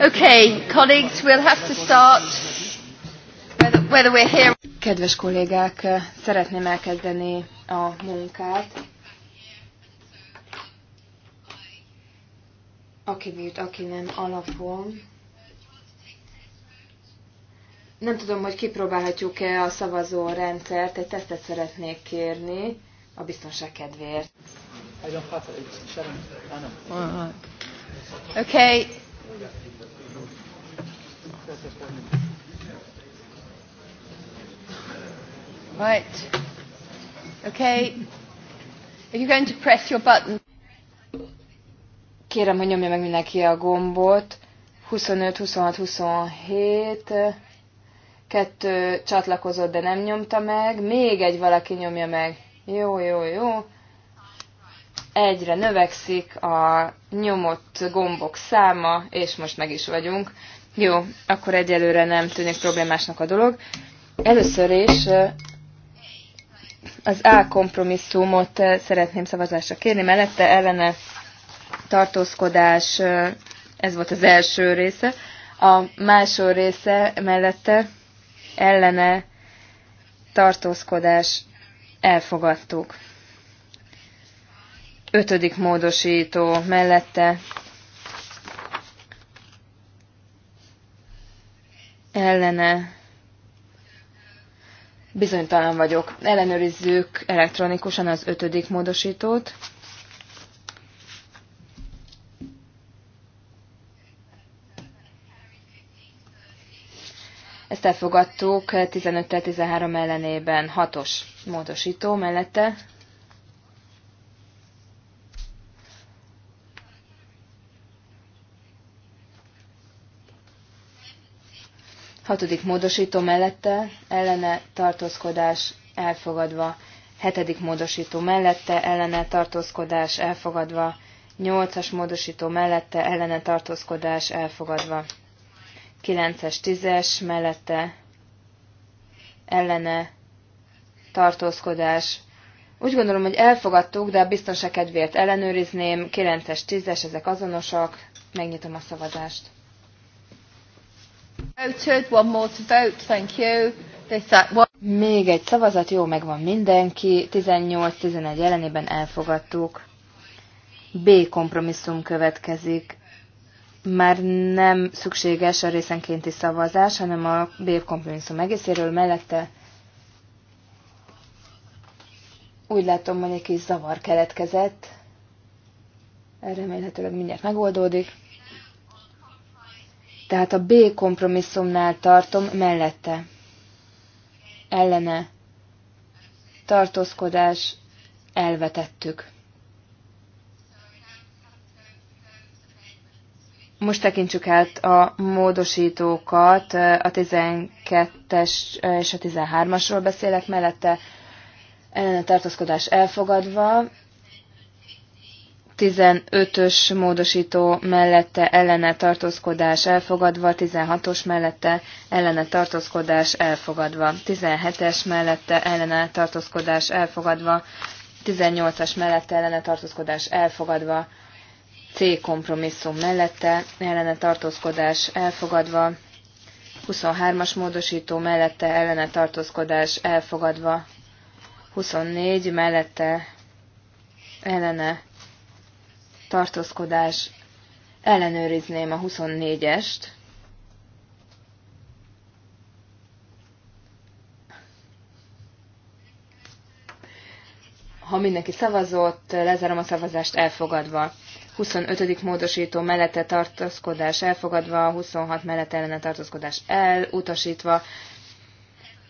Okay, colleagues, we'll have to start. Whether, whether we're here. Kedves kollégák, szeretném elkezdeni a munkát. Aki bírt, aki nem, alapon. Nem tudom, hogy kipróbálhatjuk-e a szavazó rendszert, egy tesztet szeretnék kérni a biztonság kedvéért. Okay. Right. Okay. Are you going to press your button. Kérem, hogy nyomja meg mindenki a gombot. 25, 26, 27. Kettő csatlakozott, de nem nyomta meg. Még egy valaki nyomja meg. Jó, jó, jó. Egyre növekszik a nyomott gombok száma, és most meg is vagyunk. Jó, akkor egyelőre nem tűnik problémásnak a dolog. Először is az A kompromisszumot szeretném szavazásra kérni, mellette ellene tartózkodás, ez volt az első része. A másod része mellette ellene tartózkodás elfogadtuk. Ötödik módosító mellette ellene bizonytalan vagyok. Ellenőrizzük elektronikusan az ötödik módosítót. Ezt elfogadtuk 15-13 ellenében 6-os módosító mellette Hatodik módosító mellette ellene tartózkodás elfogadva. Hetedik módosító mellette ellene tartózkodás elfogadva. Nyolcas módosító mellette ellene tartózkodás elfogadva. Kilences, tízes mellette ellene tartózkodás. Úgy gondolom, hogy elfogadtuk, de a biztonság kedvéért ellenőrizném. Kilences tízes, ezek azonosak. Megnyitom a szavazást. Még egy szavazat, jó, megvan mindenki. 18-11 ellenében elfogadtuk. B kompromisszum következik. Már nem szükséges a részenkénti szavazás, hanem a B kompromisszum egészéről mellette. Úgy látom, hogy egy kis zavar keletkezett. Remélhetőleg mindjárt megoldódik. Tehát a B kompromisszumnál tartom mellette. Ellene. Tartózkodás. Elvetettük. Most tekintsük át a módosítókat, a 12-es és a 13-asról beszélek, mellette ellene tartózkodás elfogadva, 15-ös módosító mellette ellene tartózkodás elfogadva, 16-os mellette ellene tartózkodás elfogadva, 17-es mellette ellene tartózkodás elfogadva, 18-as mellette ellene tartózkodás elfogadva, C kompromisszum mellette ellene tartózkodás elfogadva, 23-as módosító mellette ellene tartózkodás elfogadva, 24 mellette ellene tartózkodás, ellenőrizném a 24-est. Ha mindenki szavazott, lezárom a szavazást elfogadva. 25. módosító mellette tartózkodás elfogadva, 26 mellette ellene tartózkodás elutasítva,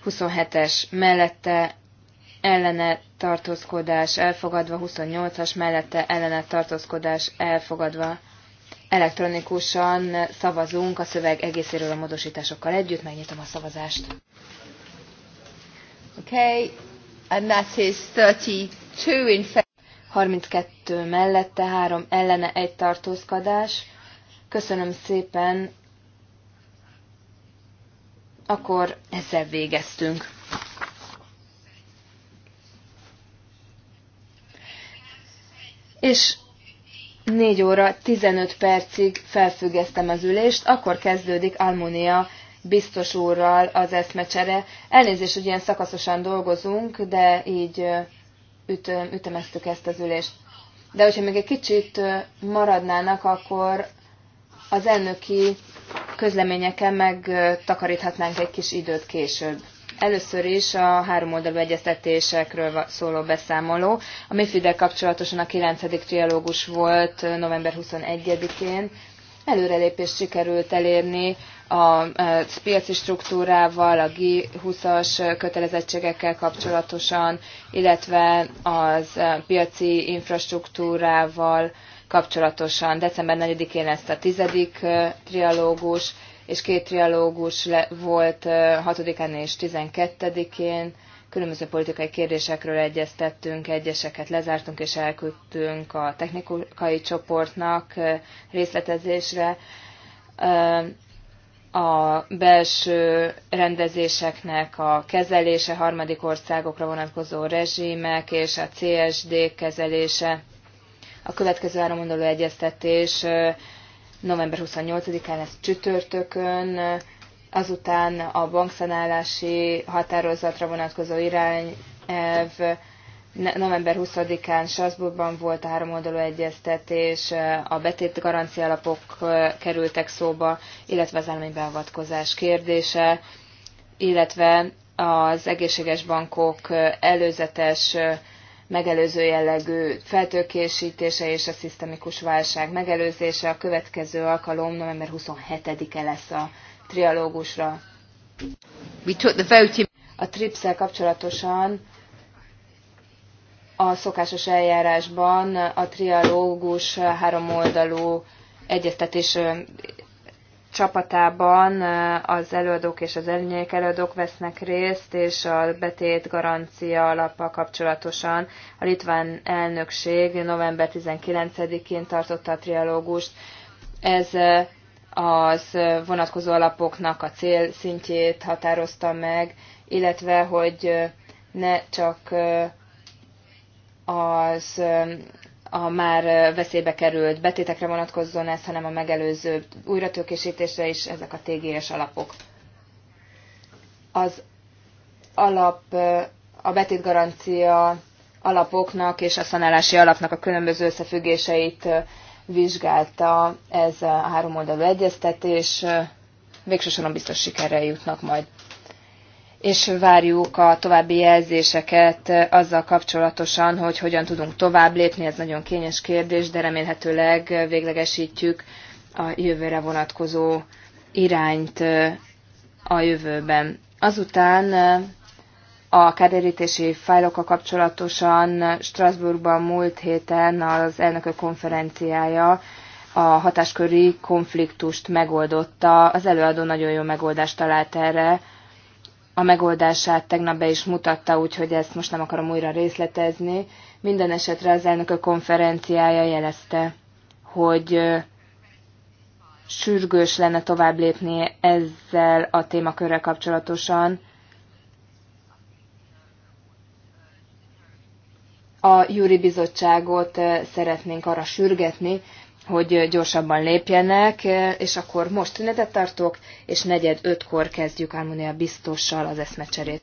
27-es mellette ellene tartózkodás elfogadva, 28-as mellette ellene tartózkodás elfogadva. Elektronikusan szavazunk a szöveg egészéről a módosításokkal együtt, megnyitom a szavazást. Okay, and that is 32 in 32 mellette, 3 ellene, 1 tartózkodás. Köszönöm szépen, akkor ezzel végeztünk. és 4 óra 15 percig felfüggesztem az ülést, akkor kezdődik Almunia biztos úrral az eszmecsere. Elnézést, hogy ilyen szakaszosan dolgozunk, de így üt, ütemeztük ezt az ülést. De hogyha még egy kicsit maradnának, akkor az elnöki közleményeken takaríthatnánk egy kis időt később. Először is a háromoldalú egyeztetésekről szóló beszámoló. A mifid kapcsolatosan a 9. trialógus volt november 21-én. Előrelépést sikerült elérni a piaci struktúrával, a G20-as kötelezettségekkel kapcsolatosan, illetve az piaci infrastruktúrával kapcsolatosan. December 4-én lesz a tizedik trialógus, és két trialógus le, volt 6-án és 12-én. Különböző politikai kérdésekről egyeztettünk, egyeseket lezártunk és elküldtünk a technikai csoportnak részletezésre. A belső rendezéseknek a kezelése, harmadik országokra vonatkozó rezsímek és a CSD kezelése. A következő áramondoló egyeztetés november 28-án ez csütörtökön, azután a bankszanálási határozatra vonatkozó irányelv november 20-án Strasbourgban volt a háromoldalú egyeztetés, a betét garancia alapok kerültek szóba, illetve az állami beavatkozás kérdése, illetve az egészséges bankok előzetes megelőző jellegű feltőkésítése és a szisztemikus válság megelőzése. A következő alkalom november 27-e lesz a trialógusra. A trips kapcsolatosan a szokásos eljárásban a trialógus oldalú egyeztetés csapatában eh, az előadók és az előnyék előadók vesznek részt, és a betét garancia alappal kapcsolatosan a litván elnökség november 19-én tartotta a trialógust. Ez eh, az eh, vonatkozó alapoknak a cél szintjét határozta meg, illetve hogy ne csak az a már veszélybe került betétekre vonatkozzon ez, hanem a megelőző újratőkésítésre is ezek a TGS alapok. Az alap, a betétgarancia alapoknak és a szanálási alapnak a különböző összefüggéseit vizsgálta ez a oldalú egyeztetés. Végső biztos sikerrel jutnak majd és várjuk a további jelzéseket azzal kapcsolatosan, hogy hogyan tudunk tovább lépni, ez nagyon kényes kérdés, de remélhetőleg véglegesítjük a jövőre vonatkozó irányt eh, a jövőben. Azután eh, a kaderítési fájlokkal kapcsolatosan Strasbourgban múlt héten az elnökök konferenciája a hatásköri konfliktust megoldotta. Az előadó nagyon jó megoldást talált erre, a megoldását tegnap be is mutatta, úgyhogy ezt most nem akarom újra részletezni. Minden esetre az elnökök konferenciája jelezte, hogy sürgős lenne tovább lépni ezzel a témakörrel kapcsolatosan. A júri bizottságot szeretnénk arra sürgetni, hogy gyorsabban lépjenek, és akkor most tünetet tartok, és negyed ötkor kezdjük Almunia biztossal az eszmecserét.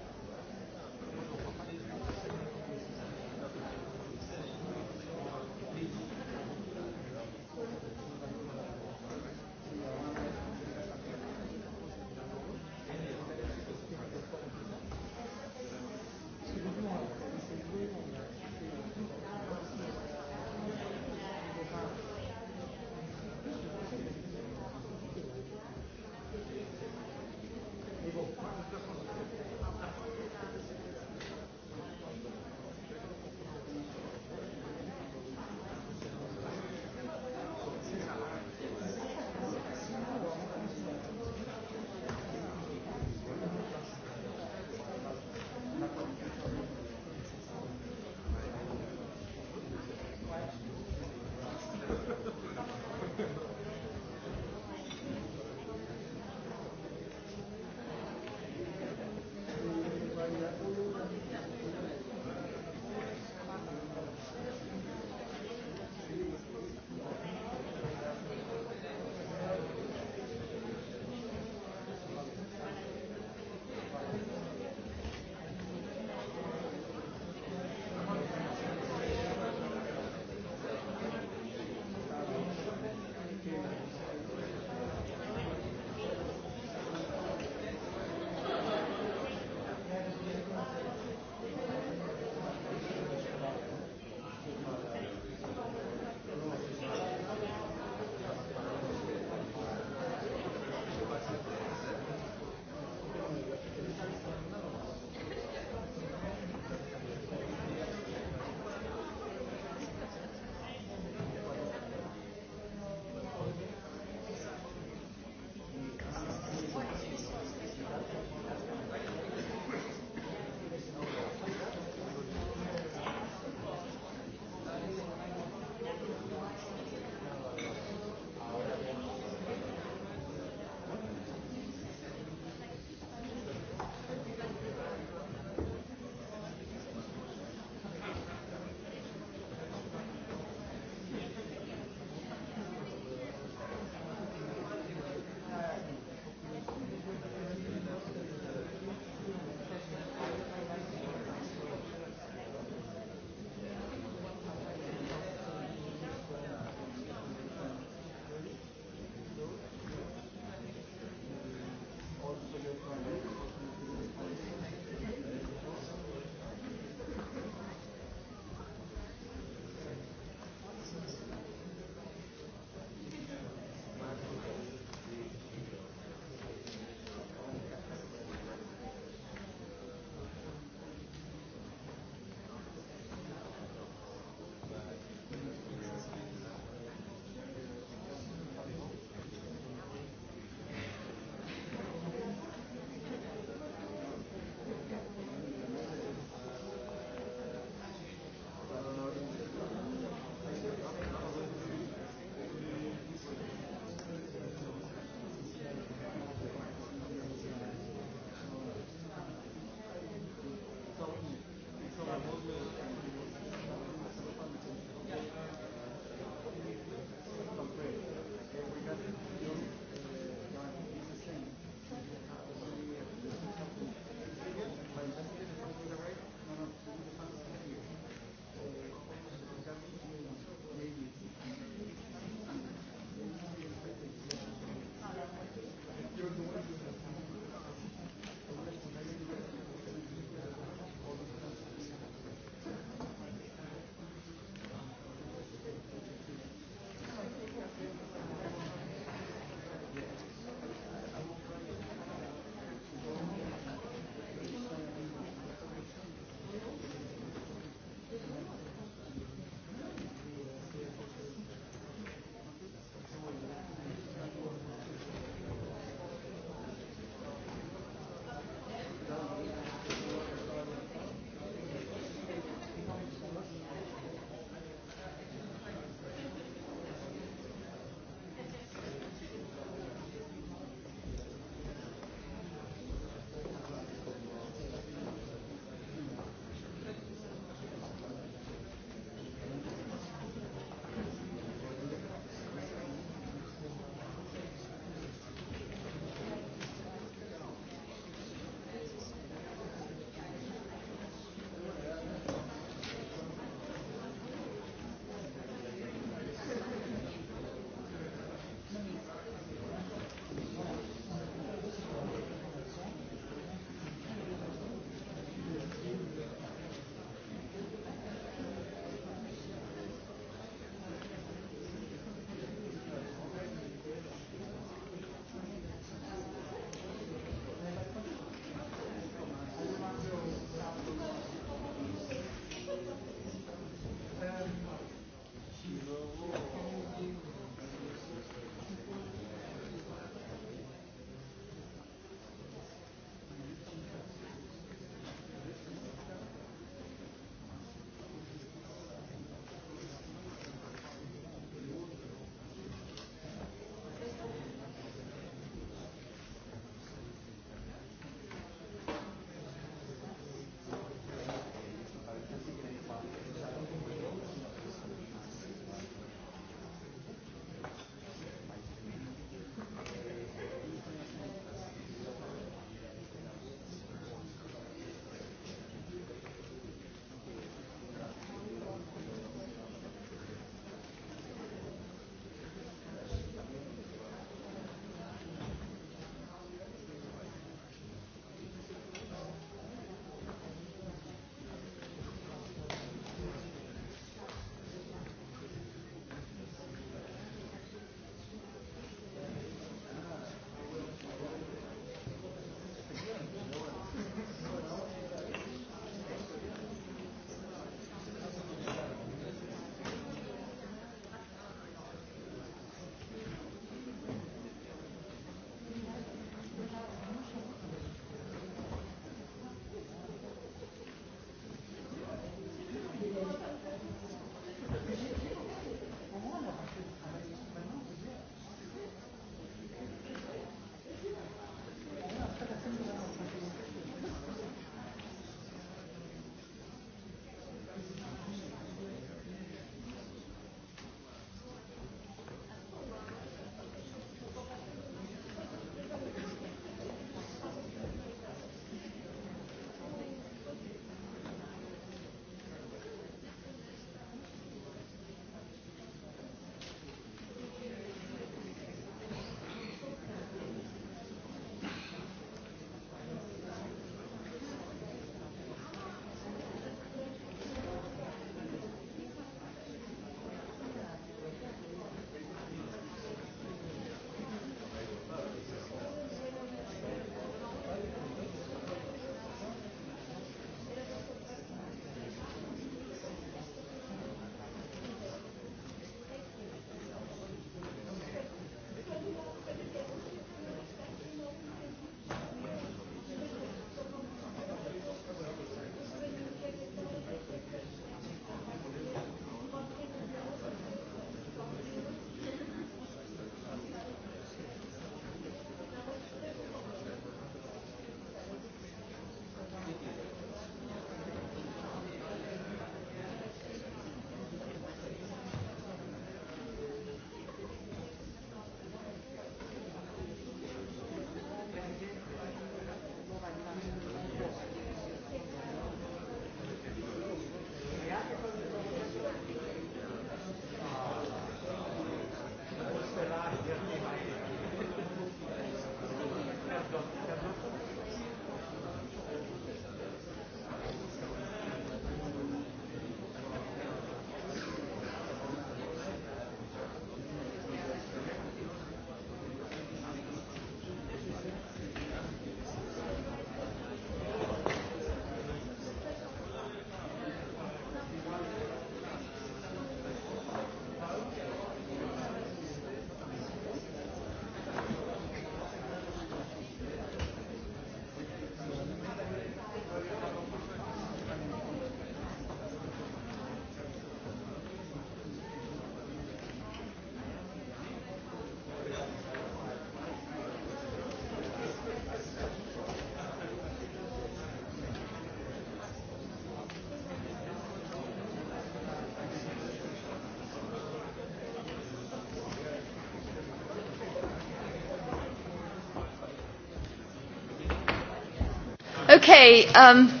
Um,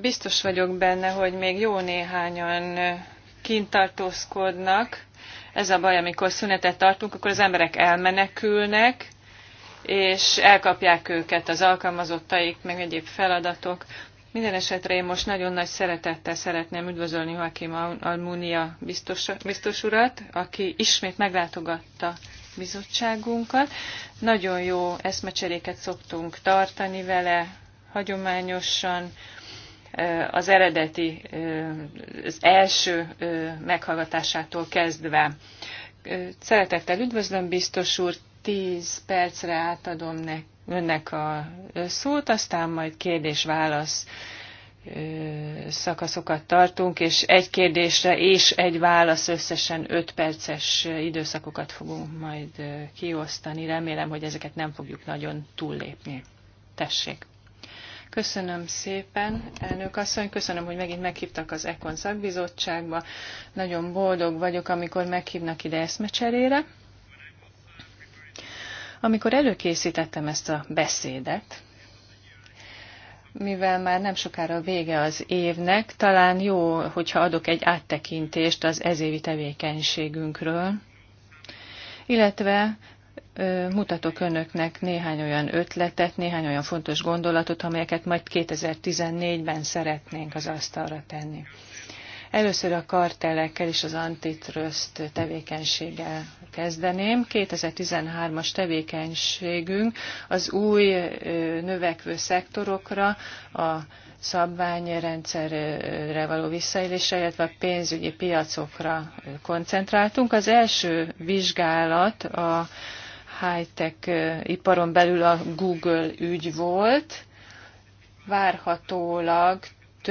biztos vagyok benne, hogy még jó néhányan kint tartózkodnak. Ez a baj, amikor szünetet tartunk, akkor az emberek elmenekülnek, és elkapják őket az alkalmazottaik, meg egyéb feladatok. Minden esetre én most nagyon nagy szeretettel szeretném üdvözölni Joachim Almunia biztos, biztos urat, aki ismét meglátogatta bizottságunkat. Nagyon jó eszmecseréket szoktunk tartani vele hagyományosan. Az eredeti, az első meghallgatásától kezdve. Szeretettel üdvözlöm, biztos úr, tíz percre átadom önnek a szót, aztán majd kérdés-válasz szakaszokat tartunk, és egy kérdésre és egy válasz összesen 5 perces időszakokat fogunk majd kiosztani. Remélem, hogy ezeket nem fogjuk nagyon túllépni. Tessék! Köszönöm szépen, elnök asszony, köszönöm, hogy megint meghívtak az Ekon szakbizottságba. Nagyon boldog vagyok, amikor meghívnak ide eszmecserére. Amikor előkészítettem ezt a beszédet, mivel már nem sokára vége az évnek, talán jó, hogyha adok egy áttekintést az ezévi tevékenységünkről, illetve mutatok önöknek néhány olyan ötletet, néhány olyan fontos gondolatot, amelyeket majd 2014-ben szeretnénk az asztalra tenni. Először a kartelekkel és az antitrust tevékenységgel kezdeném. 2013-as tevékenységünk az új növekvő szektorokra, a szabványrendszerre való visszaélésre, illetve a pénzügyi piacokra koncentráltunk. Az első vizsgálat a high-tech iparon belül a Google ügy volt. Várhatólag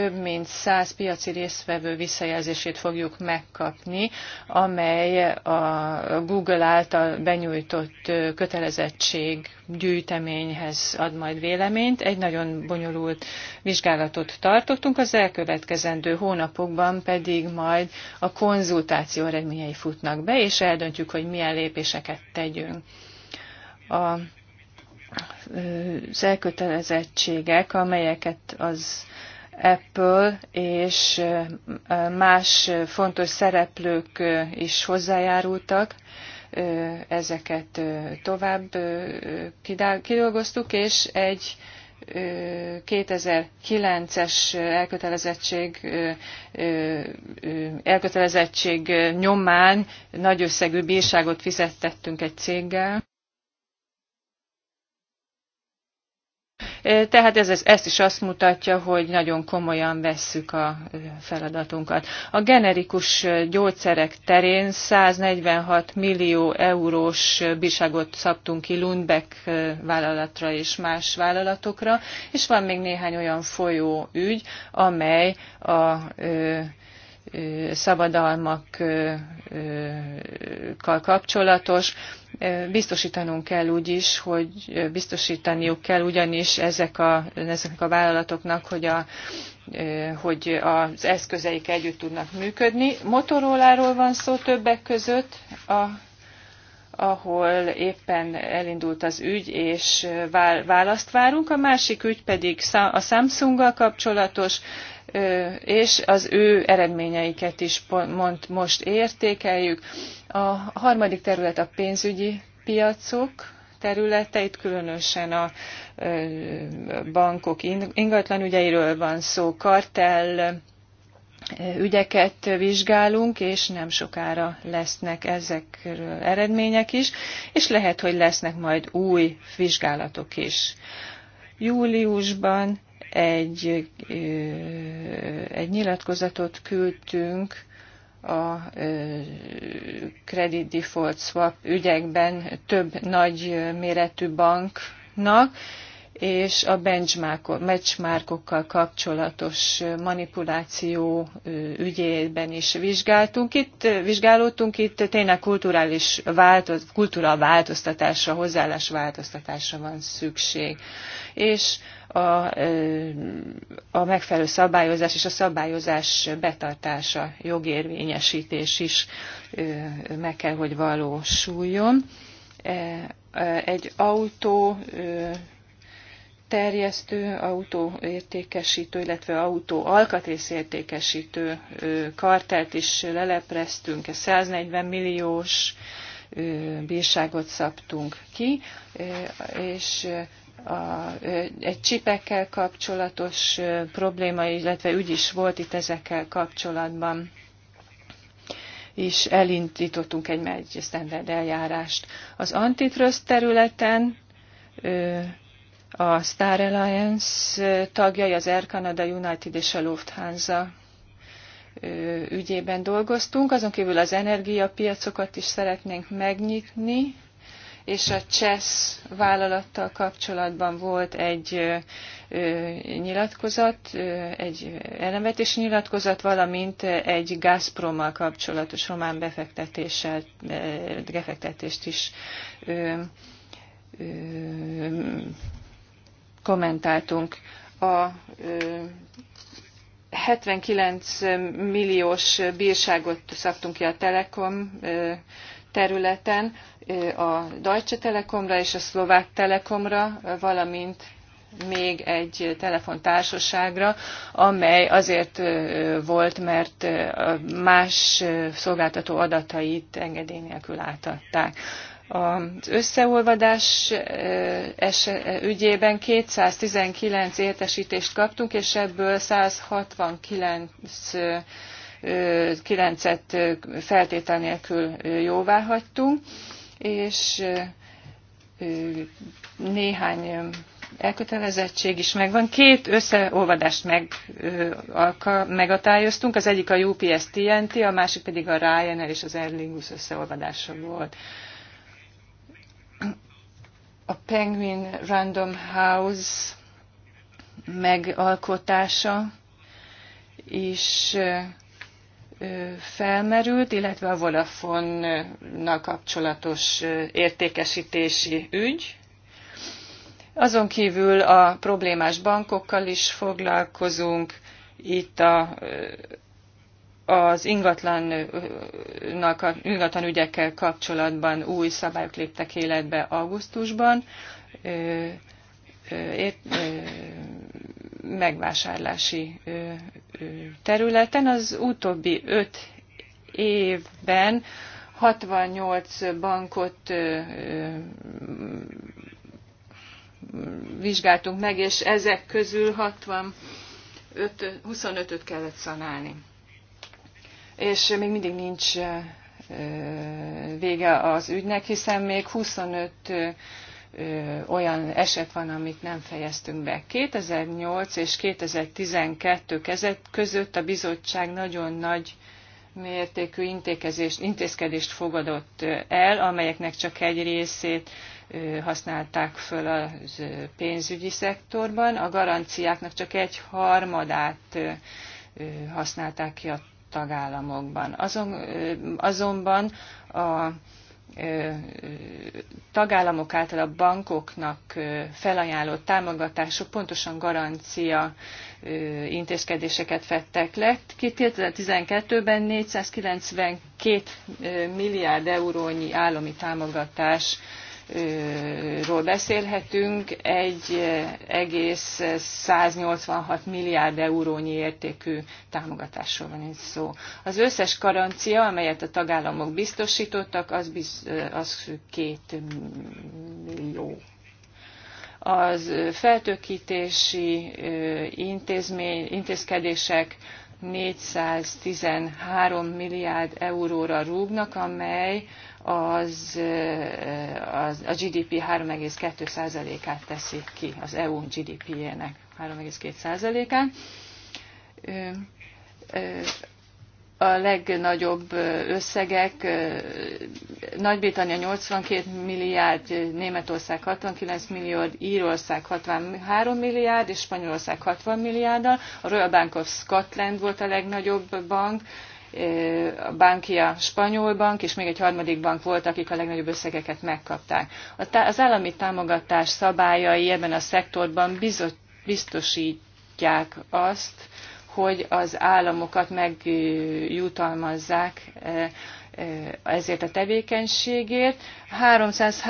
több mint száz piaci résztvevő visszajelzését fogjuk megkapni, amely a Google által benyújtott kötelezettség gyűjteményhez ad majd véleményt. Egy nagyon bonyolult vizsgálatot tartottunk, az elkövetkezendő hónapokban pedig majd a konzultáció eredményei futnak be, és eldöntjük, hogy milyen lépéseket tegyünk. A az elkötelezettségek, amelyeket az Apple és más fontos szereplők is hozzájárultak, ezeket tovább kidolgoztuk, és egy 2009-es elkötelezettség, elkötelezettség nyomán nagy összegű bírságot fizettettünk egy céggel, Tehát ez, ezt is azt mutatja, hogy nagyon komolyan vesszük a feladatunkat. A generikus gyógyszerek terén 146 millió eurós bírságot szabtunk ki Lundbeck vállalatra és más vállalatokra, és van még néhány olyan folyó ügy, amely a szabadalmakkal kapcsolatos. Biztosítanunk kell úgy is, hogy biztosítaniuk kell ugyanis ezek a, ezeknek a vállalatoknak, hogy, a, hogy az eszközeik együtt tudnak működni. Motoroláról van szó többek között, a, ahol éppen elindult az ügy, és választ várunk. A másik ügy pedig a Samsunggal kapcsolatos, és az ő eredményeiket is most értékeljük. A harmadik terület a pénzügyi piacok területe, itt különösen a bankok ügyeiről van szó, kartell ügyeket vizsgálunk, és nem sokára lesznek ezek eredmények is, és lehet, hogy lesznek majd új vizsgálatok is. Júliusban egy, egy nyilatkozatot küldtünk a credit default swap ügyekben több nagy méretű banknak, és a benchmarkokkal kapcsolatos manipuláció ügyében is vizsgáltunk. Itt, vizsgálódtunk itt tényleg kulturális változ, kultúra változtatásra, hozzáállás változtatásra van szükség. És a, a megfelelő szabályozás és a szabályozás betartása, jogérvényesítés is meg kell, hogy valósuljon. E, egy autó terjesztő, autóértékesítő, illetve autó alkatrészértékesítő kartelt is lelepreztünk, ez 140 milliós bírságot szabtunk ki, és a, egy csipekkel kapcsolatos probléma, illetve ügy is volt itt ezekkel kapcsolatban is elindítottunk egy, megy eljárást. Az antitrust területen a Star Alliance tagjai, az Air Canada United és a Lufthansa ügyében dolgoztunk. Azon kívül az energiapiacokat is szeretnénk megnyitni, és a CSESZ vállalattal kapcsolatban volt egy nyilatkozat, egy elemetési nyilatkozat, valamint egy Gazprommal kapcsolatos román befektetéssel, befektetést is kommentáltunk. A 79 milliós bírságot szabtunk ki a Telekom területen, a Deutsche Telekomra és a Szlovák Telekomra, valamint még egy telefontársaságra, amely azért volt, mert más szolgáltató adatait engedély nélkül átadták. Az összeolvadás eh, eh, ügyében 219 értesítést kaptunk, és ebből 169 et eh, feltétel nélkül jóvá hagytunk, és néhány elkötelezettség is megvan. Két összeolvadást meg, megatályoztunk, az egyik a UPS TNT, a másik pedig a Ryanair és az Erlingus összeolvadása volt a Penguin Random House megalkotása is felmerült, illetve a vodafone kapcsolatos értékesítési ügy. Azon kívül a problémás bankokkal is foglalkozunk, itt a az ingatlan ügyekkel kapcsolatban új szabályok léptek életbe augusztusban, megvásárlási területen. Az utóbbi öt évben 68 bankot vizsgáltunk meg, és ezek közül 65-öt kellett szanálni és még mindig nincs vége az ügynek, hiszen még 25 olyan eset van, amit nem fejeztünk be. 2008 és 2012 között a bizottság nagyon nagy mértékű intézkedést fogadott el, amelyeknek csak egy részét használták föl a pénzügyi szektorban. A garanciáknak csak egy harmadát használták ki a tagállamokban. Azon, azonban a tagállamok által a bankoknak felajánlott támogatások pontosan garancia intézkedéseket vettek le. 2012-ben 492 milliárd eurónyi állami támogatás ról beszélhetünk, egy egész 186 milliárd eurónyi értékű támogatásról van itt szó. Az összes garancia, amelyet a tagállamok biztosítottak, az, biz, az két millió. Az feltökítési intézmény, intézkedések 413 milliárd euróra rúgnak, amely az, az a GDP 3,2%-át teszi ki, az EU GDP-jének 32 án A legnagyobb összegek Nagy-Britannia 82 milliárd, Németország 69 milliárd, Írország 63 milliárd és Spanyolország 60 milliárd. A Royal Bank of Scotland volt a legnagyobb bank, a Bankia spanyol bank, és még egy harmadik bank volt, akik a legnagyobb összegeket megkapták. Az állami támogatás szabályai ebben a szektorban biztosítják azt, hogy az államokat megjutalmazzák ezért a tevékenységért. 300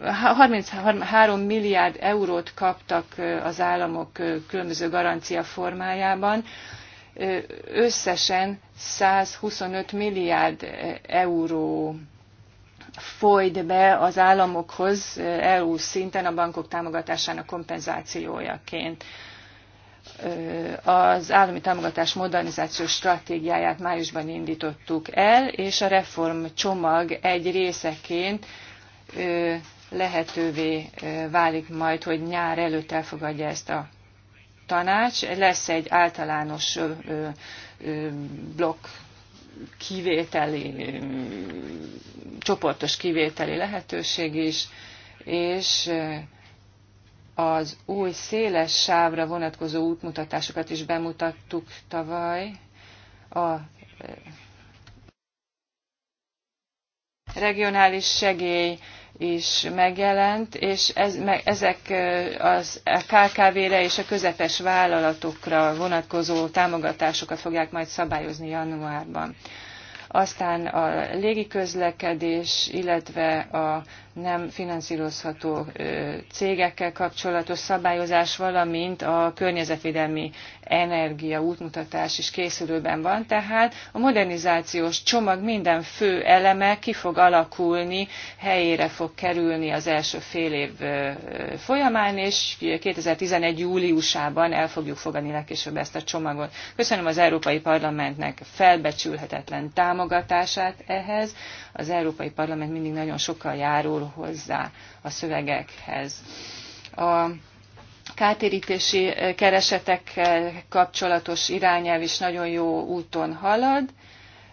33 milliárd eurót kaptak az államok különböző garancia formájában, összesen 125 milliárd eh, euró folyt be az államokhoz eh, EU szinten a bankok támogatásának kompenzációjaként. Eh, az állami támogatás modernizációs stratégiáját májusban indítottuk el, és a reform csomag egy részeként lehetővé válik majd, hogy nyár előtt elfogadja ezt a tanács, lesz egy általános ö, ö, blokk kivételi, csoportos kivételi lehetőség is, és az új széles sávra vonatkozó útmutatásokat is bemutattuk tavaly. A regionális segély is megjelent, és ez, me, ezek az a KKV-re és a közepes vállalatokra vonatkozó támogatásokat fogják majd szabályozni januárban. Aztán a légiközlekedés, illetve a nem finanszírozható cégekkel kapcsolatos szabályozás, valamint a környezetvédelmi energia útmutatás is készülőben van. Tehát a modernizációs csomag minden fő eleme ki fog alakulni, helyére fog kerülni az első fél év folyamán, és 2011. júliusában el fogjuk fogadni legkésőbb ezt a csomagot. Köszönöm az Európai Parlamentnek felbecsülhetetlen támogatását ehhez az Európai Parlament mindig nagyon sokkal járul hozzá a szövegekhez. A kártérítési keresetek kapcsolatos irányelv is nagyon jó úton halad,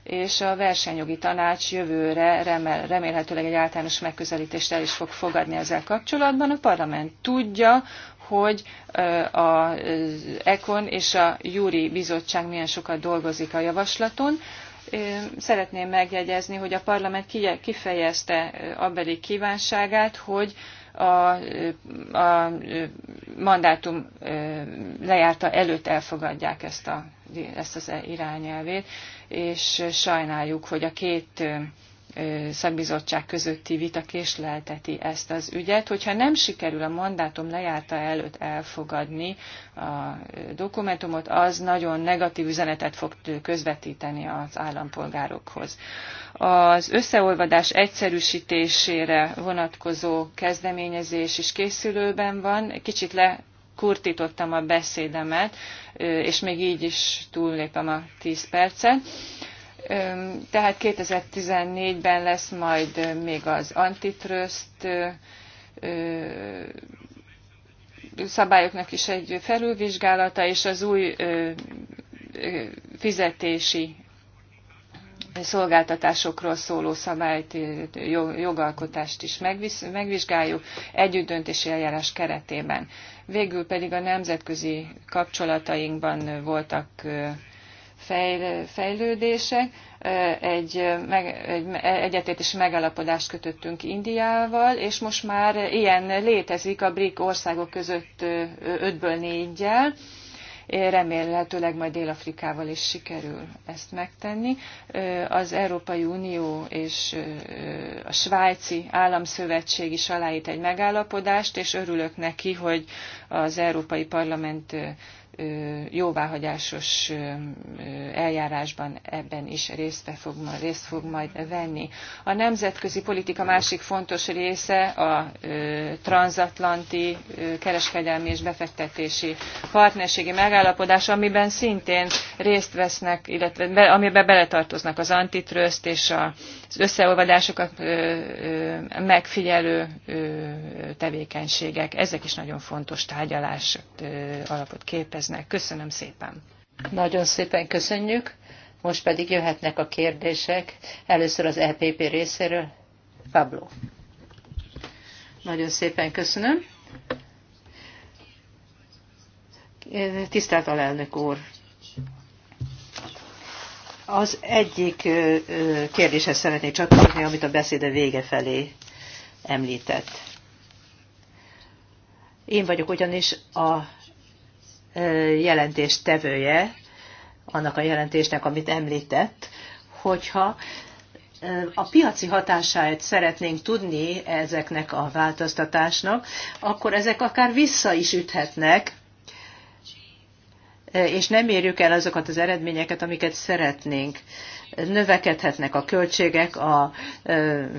és a versenyjogi tanács jövőre remel, remélhetőleg egy általános megközelítést el is fog fogadni ezzel kapcsolatban. A parlament tudja, hogy az ECON és a Júri Bizottság milyen sokat dolgozik a javaslaton szeretném megjegyezni, hogy a parlament kifejezte abbeli kívánságát, hogy a, a mandátum lejárta előtt elfogadják ezt, a, ezt az e-, irányelvét, és sajnáljuk, hogy a két szakbizottság közötti vita késlelteti ezt az ügyet. Hogyha nem sikerül a mandátum lejárta előtt elfogadni a dokumentumot, az nagyon negatív üzenetet fog közvetíteni az állampolgárokhoz. Az összeolvadás egyszerűsítésére vonatkozó kezdeményezés is készülőben van. Kicsit le kurtítottam a beszédemet, és még így is túllépem a 10 percet. Tehát 2014-ben lesz majd még az antitrust szabályoknak is egy felülvizsgálata, és az új fizetési szolgáltatásokról szóló szabályt, jogalkotást is megvizsgáljuk együttdöntési eljárás keretében. Végül pedig a nemzetközi kapcsolatainkban voltak fejlődések. Egy, meg, egy egyetértési megalapodást kötöttünk Indiával, és most már ilyen létezik a BRIC országok között ötből négyel. Remélhetőleg majd Dél-Afrikával is sikerül ezt megtenni. Az Európai Unió és a Svájci Államszövetség is aláít egy megállapodást, és örülök neki, hogy az Európai Parlament jóváhagyásos eljárásban ebben is részt fog, részt fog majd venni. A nemzetközi politika másik fontos része a transatlanti kereskedelmi és befektetési partnerségi megállapodás, amiben szintén részt vesznek, illetve amiben beletartoznak az antitrust és a összeolvadásokat megfigyelő tevékenységek, ezek is nagyon fontos tárgyalás alapot képeznek. Köszönöm szépen! Nagyon szépen köszönjük! Most pedig jöhetnek a kérdések. Először az EPP részéről. Pablo. Nagyon szépen köszönöm. Tisztelt alelnök úr, az egyik kérdéshez szeretnék csatlakozni, amit a beszéde vége felé említett. Én vagyok ugyanis a jelentés tevője, annak a jelentésnek, amit említett, hogyha a piaci hatását szeretnénk tudni ezeknek a változtatásnak, akkor ezek akár vissza is üthetnek és nem érjük el azokat az eredményeket, amiket szeretnénk. Növekedhetnek a költségek a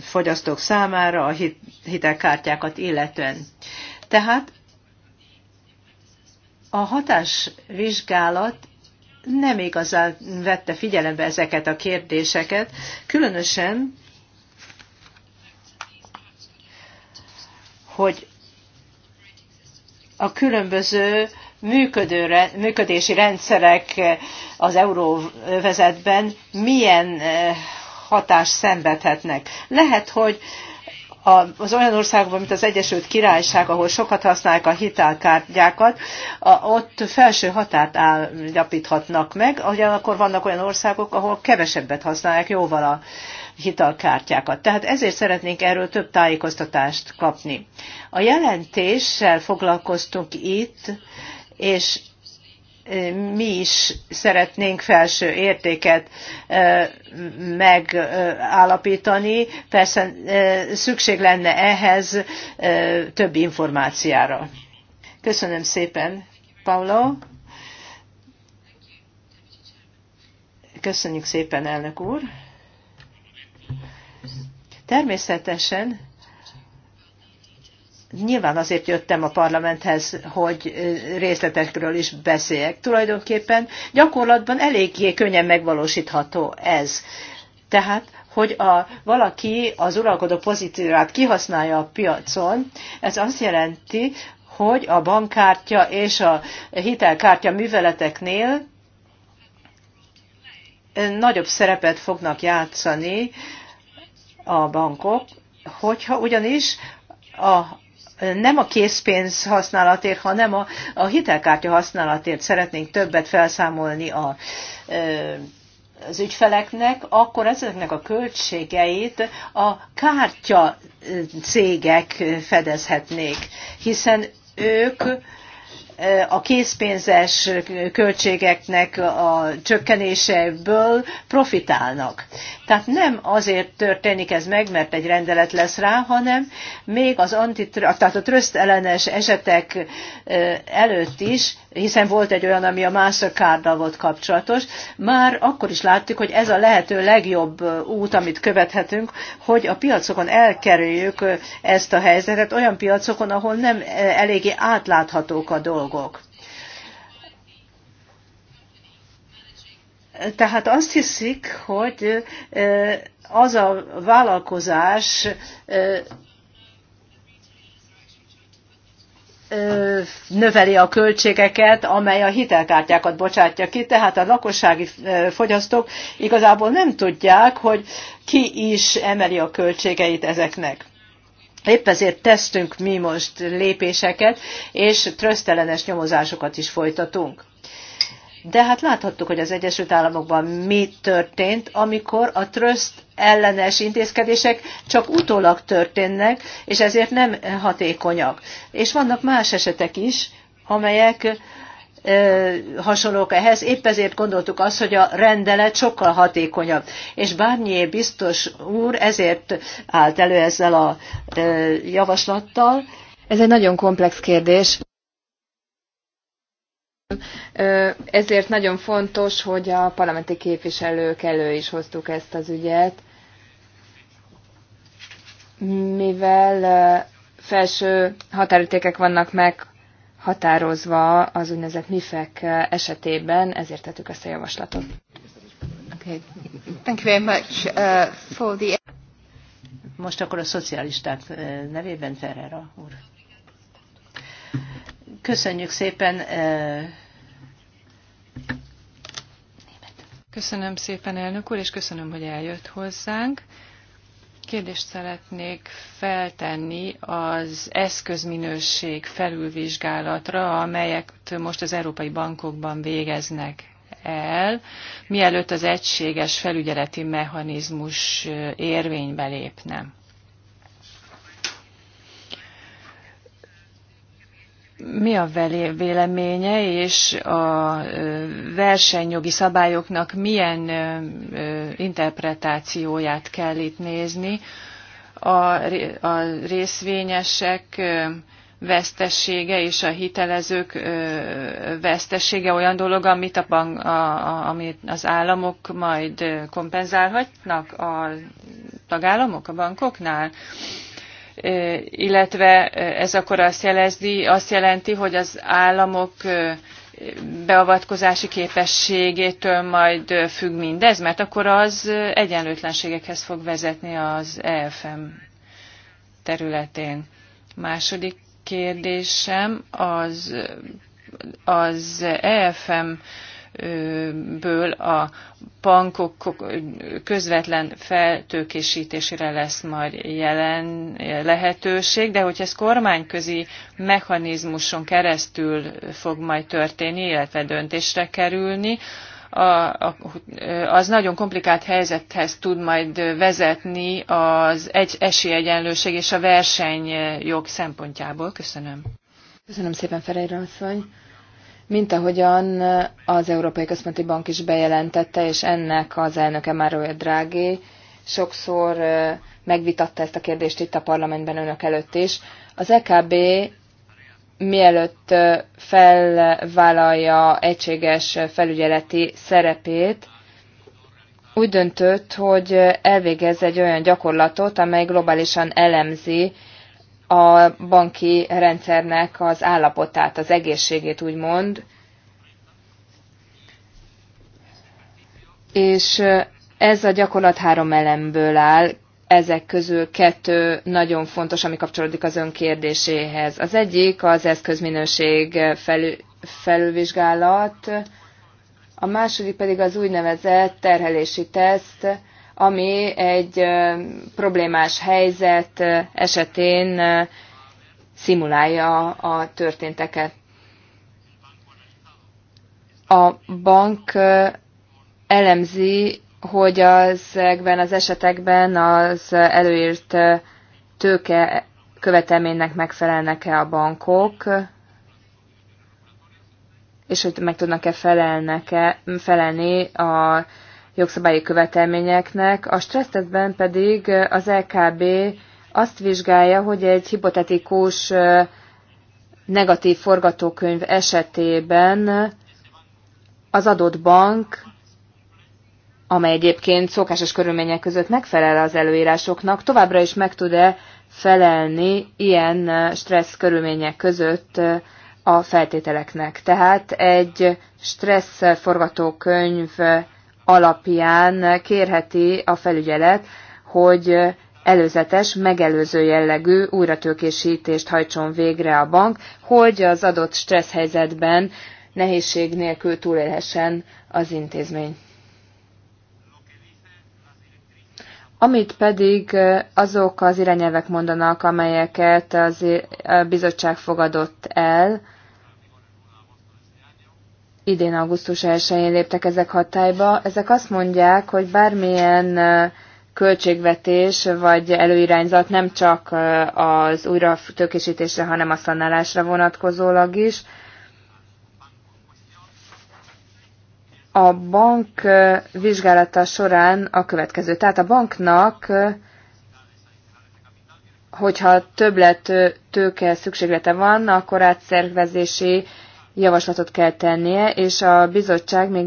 fogyasztók számára, a hitelkártyákat illetően. Tehát a hatásvizsgálat nem igazán vette figyelembe ezeket a kérdéseket, különösen, hogy a különböző működő, működési rendszerek az euróvezetben milyen eh, hatást szenvedhetnek. Lehet, hogy az olyan országokban, mint az Egyesült Királyság, ahol sokat használják a hitelkártyákat, ott felső határt állapíthatnak meg, ugyanakkor vannak olyan országok, ahol kevesebbet használják jóval a hitelkártyákat. Tehát ezért szeretnénk erről több tájékoztatást kapni. A jelentéssel foglalkoztunk itt, és mi is szeretnénk felső értéket megállapítani. Persze szükség lenne ehhez több információra. Köszönöm szépen, Paulo. Köszönjük szépen, elnök úr. Természetesen Nyilván azért jöttem a parlamenthez, hogy részletekről is beszéljek. Tulajdonképpen gyakorlatban eléggé könnyen megvalósítható ez. Tehát hogy a, valaki az uralkodó pozíciót kihasználja a piacon, ez azt jelenti, hogy a bankkártya és a hitelkártya műveleteknél nagyobb szerepet fognak játszani a bankok, hogyha ugyanis a, nem a készpénz használatért, hanem a, a hitelkártya használatért szeretnénk többet felszámolni a, az ügyfeleknek, akkor ezeknek a költségeit a kártya cégek fedezhetnék, hiszen ők a készpénzes költségeknek a csökkenéseből profitálnak. Tehát nem azért történik ez meg, mert egy rendelet lesz rá, hanem még az antitr- tehát a tröszt ellenes esetek előtt is hiszen volt egy olyan, ami a Mastercard-dal volt kapcsolatos, már akkor is láttuk, hogy ez a lehető legjobb út, amit követhetünk, hogy a piacokon elkerüljük ezt a helyzetet, olyan piacokon, ahol nem eléggé átláthatók a dolgok. Tehát azt hiszik, hogy az a vállalkozás növeli a költségeket, amely a hitelkártyákat bocsátja ki, tehát a lakossági fogyasztók igazából nem tudják, hogy ki is emeli a költségeit ezeknek. Épp ezért tesztünk mi most lépéseket, és trösztelenes nyomozásokat is folytatunk. De hát láthattuk, hogy az Egyesült Államokban mi történt, amikor a tröszt ellenes intézkedések csak utólag történnek, és ezért nem hatékonyak. És vannak más esetek is, amelyek hasonlók ehhez. Épp ezért gondoltuk azt, hogy a rendelet sokkal hatékonyabb. És bármilyen biztos úr ezért állt elő ezzel a javaslattal. Ez egy nagyon komplex kérdés. Ezért nagyon fontos, hogy a parlamenti képviselők elő is hoztuk ezt az ügyet, mivel felső határítékek vannak meghatározva az úgynevezett MIFEK esetében, ezért tettük ezt a javaslatot. Okay. Thank you very much uh, for the... Most akkor a szocialisták nevében Ferrera úr. Köszönjük szépen. Eh, köszönöm szépen, elnök úr, és köszönöm, hogy eljött hozzánk. Kérdést szeretnék feltenni az eszközminőség felülvizsgálatra, amelyet most az európai bankokban végeznek el, mielőtt az egységes felügyeleti mechanizmus eh, érvénybe lépne. mi a véleménye, és a versenyjogi szabályoknak milyen interpretációját kell itt nézni. A, részvényesek vesztessége és a hitelezők vesztessége olyan dolog, amit, a bank, a, a, amit az államok majd kompenzálhatnak, a tagállamok a bankoknál illetve ez akkor azt, jelezdi, azt jelenti, hogy az államok beavatkozási képességétől majd függ mindez, mert akkor az egyenlőtlenségekhez fog vezetni az EFM területén. Második kérdésem az, az EFM ből a bankok közvetlen feltőkésítésére lesz majd jelen lehetőség, de hogy ez kormányközi mechanizmuson keresztül fog majd történni, illetve döntésre kerülni, a, a, az nagyon komplikált helyzethez tud majd vezetni az egy, esélyegyenlőség és a versenyjog szempontjából. Köszönöm. Köszönöm szépen, Ferejra asszony mint ahogyan az Európai Központi Bank is bejelentette, és ennek az elnöke olyan drági sokszor megvitatta ezt a kérdést itt a parlamentben önök előtt is. Az EKB mielőtt felvállalja egységes felügyeleti szerepét, úgy döntött, hogy elvégez egy olyan gyakorlatot, amely globálisan elemzi a banki rendszernek az állapotát, az egészségét úgymond. És ez a gyakorlat három elemből áll, ezek közül kettő nagyon fontos, ami kapcsolódik az ön kérdéséhez. Az egyik az eszközminőség felül, felülvizsgálat, a második pedig az úgynevezett terhelési teszt, ami egy problémás helyzet esetén szimulálja a történteket. A bank elemzi, hogy ezekben az esetekben az előírt tőke követelménynek megfelelnek-e a bankok, és hogy meg tudnak-e felelni a jogszabályi követelményeknek, a stressztesztben pedig az LKB azt vizsgálja, hogy egy hipotetikus negatív forgatókönyv esetében az adott bank, amely egyébként szokásos körülmények között megfelel az előírásoknak, továbbra is meg tud-e felelni ilyen stressz körülmények között a feltételeknek. Tehát egy stressz forgatókönyv alapján kérheti a felügyelet, hogy előzetes, megelőző jellegű újratőkésítést hajtson végre a bank, hogy az adott stressz helyzetben nehézség nélkül túlélhessen az intézmény. Amit pedig azok az irányelvek mondanak, amelyeket az bizottság fogadott el, idén augusztus 1-én léptek ezek hatályba. Ezek azt mondják, hogy bármilyen költségvetés vagy előirányzat nem csak az újra tökésítésre, hanem a szanálásra vonatkozólag is. A bank vizsgálata során a következő. Tehát a banknak, hogyha többlet tőke szükséglete van, akkor átszervezési javaslatot kell tennie, és a bizottság még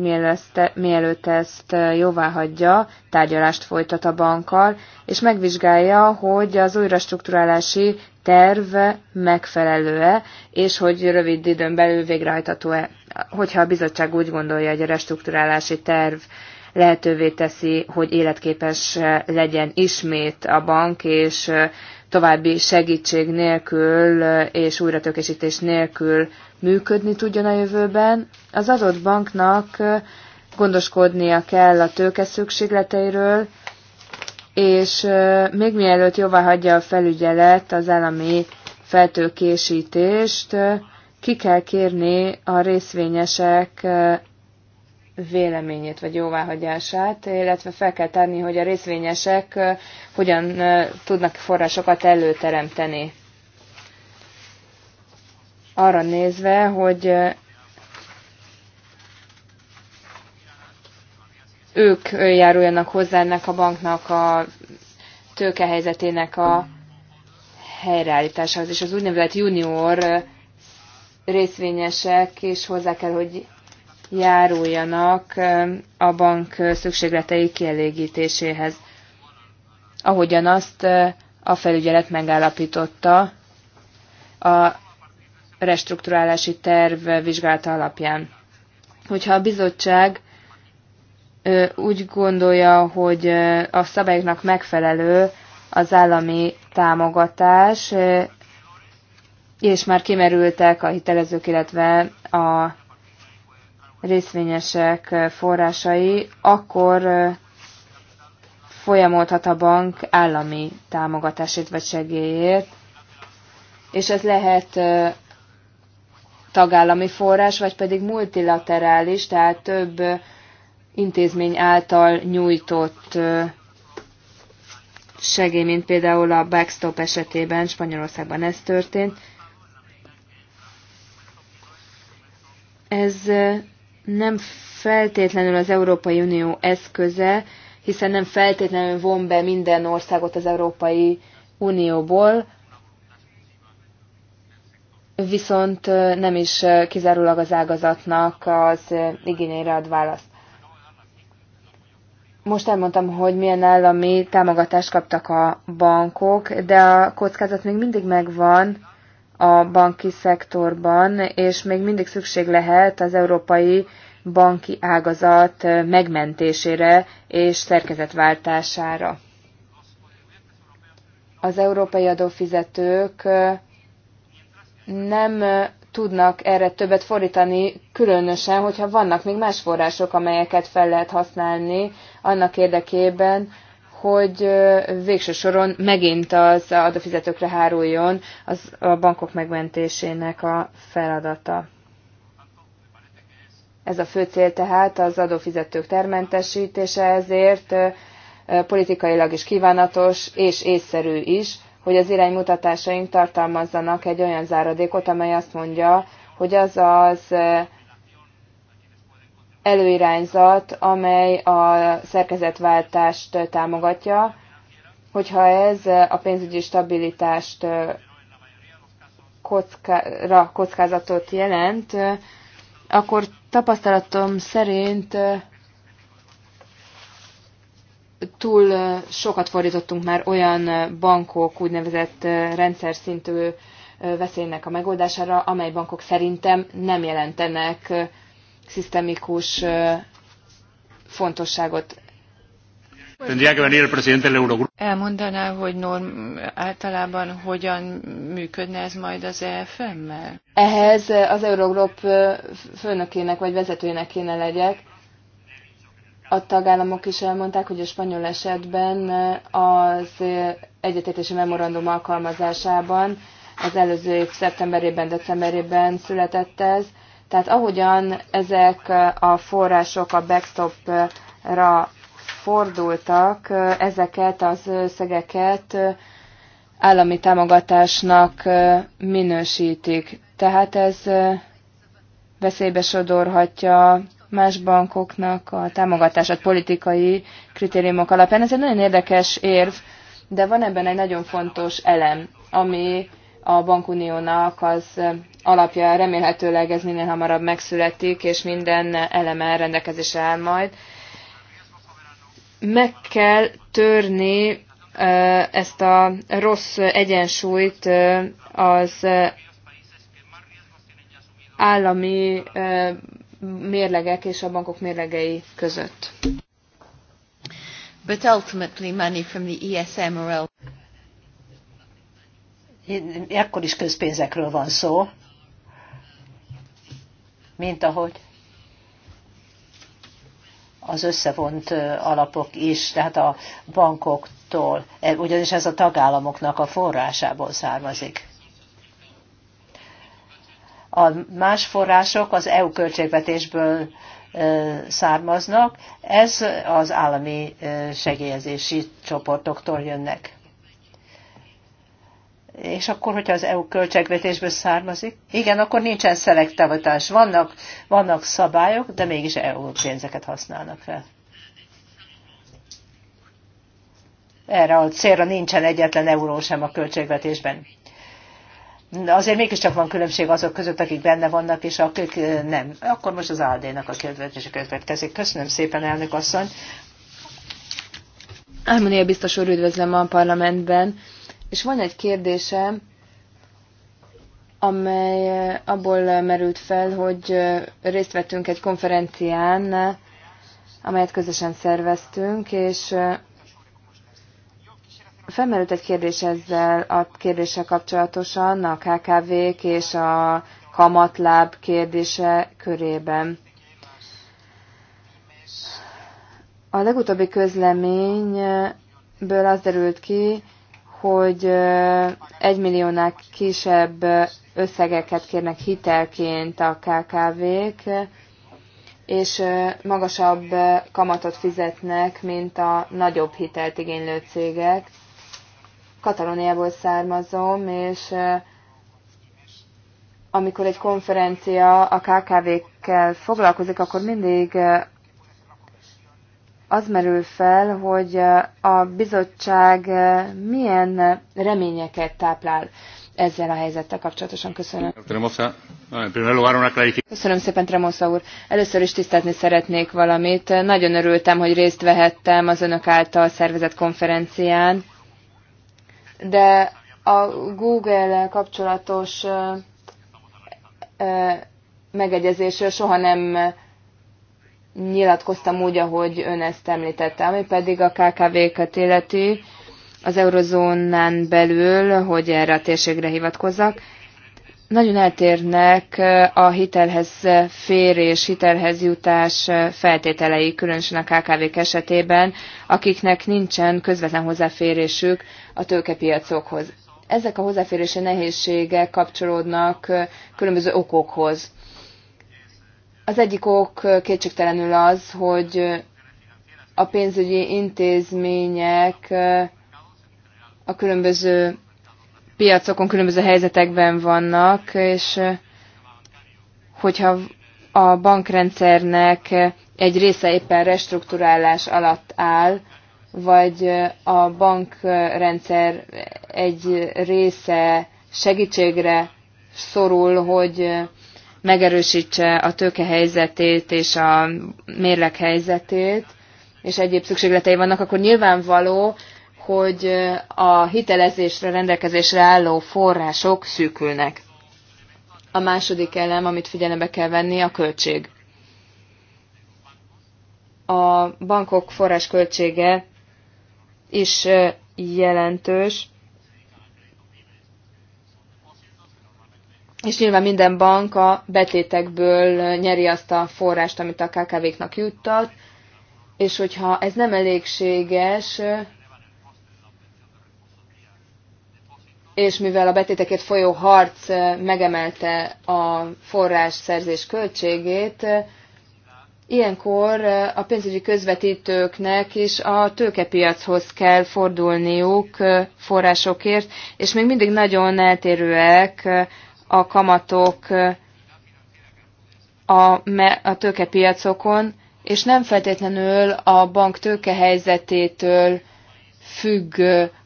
mielőtt ezt eh, jóvá hagyja, tárgyalást folytat a bankkal, és megvizsgálja, hogy az újrastruktúrálási terv megfelelő-e, és hogy rövid időn belül végrehajtható-e. Hogyha a bizottság úgy gondolja, hogy a restruktúrálási terv lehetővé teszi, hogy életképes eh, legyen ismét a bank, és eh, további segítség nélkül és újratökésítés nélkül működni tudjon a jövőben, az adott banknak gondoskodnia kell a tőke szükségleteiről, és még mielőtt jóvá hagyja a felügyelet az állami feltőkésítést, ki kell kérni a részvényesek véleményét vagy jóváhagyását, illetve fel kell tárni, hogy a részvényesek hogyan tudnak forrásokat előteremteni arra nézve, hogy ők járuljanak hozzá ennek a banknak a tőkehelyzetének a helyreállításához, és az úgynevezett junior részvényesek is hozzá kell, hogy járuljanak a bank szükségletei kielégítéséhez. Ahogyan azt a felügyelet megállapította, a restrukturálási terv vizsgálata alapján. Hogyha a bizottság úgy gondolja, hogy a szabályoknak megfelelő az állami támogatás, és már kimerültek a hitelezők, illetve a részvényesek forrásai, akkor folyamodhat a bank állami támogatásért vagy segélyért, és ez lehet tagállami forrás, vagy pedig multilaterális, tehát több intézmény által nyújtott segély, mint például a backstop esetében Spanyolországban ez történt. Ez nem feltétlenül az Európai Unió eszköze, hiszen nem feltétlenül von be minden országot az Európai Unióból, viszont nem is kizárólag az ágazatnak az igényeire ad választ. Most elmondtam, hogy milyen állami támogatást kaptak a bankok, de a kockázat még mindig megvan a banki szektorban, és még mindig szükség lehet az európai banki ágazat megmentésére és szerkezetváltására. Az európai adófizetők nem tudnak erre többet fordítani, különösen, hogyha vannak még más források, amelyeket fel lehet használni annak érdekében, hogy végső soron megint az adófizetőkre háruljon az a bankok megmentésének a feladata. Ez a fő cél tehát az adófizetők termentesítése, ezért politikailag is kívánatos és észszerű is, hogy az iránymutatásaink tartalmazzanak egy olyan záradékot, amely azt mondja, hogy az az eh, előirányzat, amely a szerkezetváltást eh, támogatja, hogyha ez eh, a pénzügyi stabilitást kockázatot jelent, akkor tapasztalatom szerint túl sokat fordítottunk már olyan bankok úgynevezett rendszer szintű veszélynek a megoldására, amely bankok szerintem nem jelentenek szisztemikus fontosságot. Elmondaná, hogy norm, általában hogyan működne ez majd az EFM-mel? Ehhez az Eurogroup főnökének vagy vezetőjének kéne legyek, a tagállamok is elmondták, hogy a spanyol esetben az egyetértési memorandum alkalmazásában az előző év szeptemberében, decemberében született ez. Tehát ahogyan ezek a források a backstopra fordultak, ezeket az összegeket állami támogatásnak minősítik. Tehát ez veszélybe sodorhatja más bankoknak a támogatását politikai kritériumok alapján. Ez egy nagyon érdekes érv, de van ebben egy nagyon fontos elem, ami a bankuniónak az alapja remélhetőleg ez minél hamarabb megszületik, és minden eleme rendelkezésre áll majd. Meg kell törni ezt a rossz egyensúlyt az állami mérlegek és a bankok mérlegei között. But ultimately money from the ESMRL. Ekkor is közpénzekről van szó, mint ahogy az összevont alapok is, tehát a bankoktól, e, ugyanis ez a tagállamoknak a forrásából származik. A más források az EU költségvetésből származnak, ez az állami segélyezési csoportoktól jönnek. És akkor, hogyha az EU költségvetésből származik, igen, akkor nincsen szelektivitás. Vannak, vannak szabályok, de mégis EU pénzeket használnak fel. Erre a célra nincsen egyetlen euró sem a költségvetésben de azért mégiscsak van különbség azok között, akik benne vannak, és akik nem. Akkor most az ALD-nak a kérdés következik. Köszönöm szépen, elnök asszony. Ármonia biztos úr üdvözlöm a parlamentben, és van egy kérdésem, amely abból merült fel, hogy részt vettünk egy konferencián, amelyet közösen szerveztünk, és Felmerült egy kérdés ezzel a kérdéssel kapcsolatosan a KKV-k és a kamatláb kérdése körében. A legutóbbi közleményből az derült ki, hogy egymilliónál kisebb összegeket kérnek hitelként a KKV-k, és magasabb kamatot fizetnek, mint a nagyobb hitelt igénylő cégek. Katalóniából származom, és amikor egy konferencia a KKV-kkel foglalkozik, akkor mindig az merül fel, hogy a bizottság milyen reményeket táplál ezzel a helyzettel kapcsolatosan. Köszönöm. Köszönöm szépen, Tremosza úr. Először is tisztázni szeretnék valamit. Nagyon örültem, hogy részt vehettem az önök által szervezett konferencián de a Google-el kapcsolatos megegyezésről soha nem nyilatkoztam úgy, ahogy ön ezt említette, ami pedig a KKV-kat illeti az eurozónán belül, hogy erre a térségre hivatkozzak. Nagyon eltérnek a hitelhez férés, hitelhez jutás feltételei, különösen a KKV-k esetében, akiknek nincsen közvetlen hozzáférésük a tőkepiacokhoz. Ezek a hozzáférési nehézségek kapcsolódnak különböző okokhoz. Az egyik ok kétségtelenül az, hogy a pénzügyi intézmények a különböző piacokon különböző helyzetekben vannak, és hogyha a bankrendszernek egy része éppen restruktúrálás alatt áll, vagy a bankrendszer egy része segítségre szorul, hogy megerősítse a tőke helyzetét és a mérleg helyzetét, és egyéb szükségletei vannak, akkor nyilvánvaló, hogy a hitelezésre, rendelkezésre álló források szűkülnek. A második elem, amit figyelembe kell venni, a költség. A bankok forrásköltsége is jelentős. És nyilván minden bank a betétekből nyeri azt a forrást, amit a KKV-knak juttat, és hogyha ez nem elégséges, és mivel a betétekért folyó harc megemelte a forrás szerzés költségét, Ilyenkor a pénzügyi közvetítőknek is a tőkepiachoz kell fordulniuk forrásokért, és még mindig nagyon eltérőek a kamatok a, a tőkepiacokon, és nem feltétlenül a bank tőkehelyzetétől függ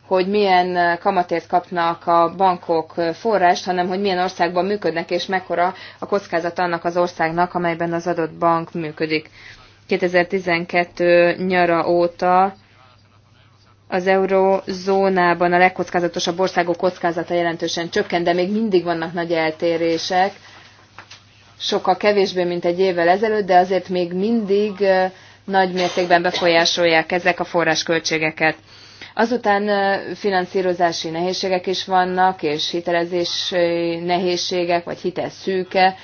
hogy milyen kamatért kapnak a bankok forrást, hanem hogy milyen országban működnek, és mekkora a kockázat annak az országnak, amelyben az adott bank működik. 2012 nyara óta az eurozónában a legkockázatosabb országok kockázata jelentősen csökkent, de még mindig vannak nagy eltérések, sokkal kevésbé, mint egy évvel ezelőtt, de azért még mindig eh, nagy mértékben befolyásolják ezek a forrásköltségeket. Azután finanszírozási nehézségek is vannak, és hitelezés nehézségek, vagy hitel szűke.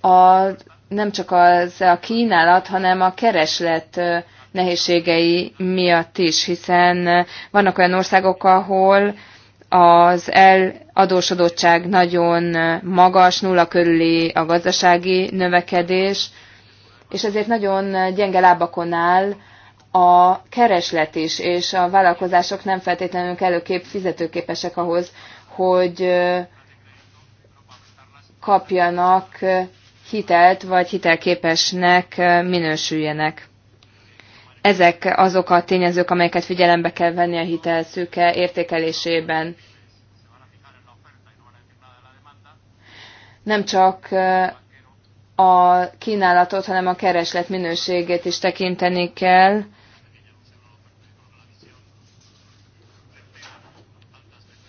A, nem csak az, a kínálat, hanem a kereslet nehézségei miatt is, hiszen vannak olyan országok, ahol az eladósodottság nagyon magas, nulla körüli a gazdasági növekedés, és ezért nagyon gyenge lábakon áll a kereslet is, és a vállalkozások nem feltétlenül előképp fizetőképesek ahhoz, hogy kapjanak hitelt, vagy hitelképesnek minősüljenek. Ezek azok a tényezők, amelyeket figyelembe kell venni a hitelszüke értékelésében. Nem csak a kínálatot, hanem a kereslet minőségét is tekinteni kell,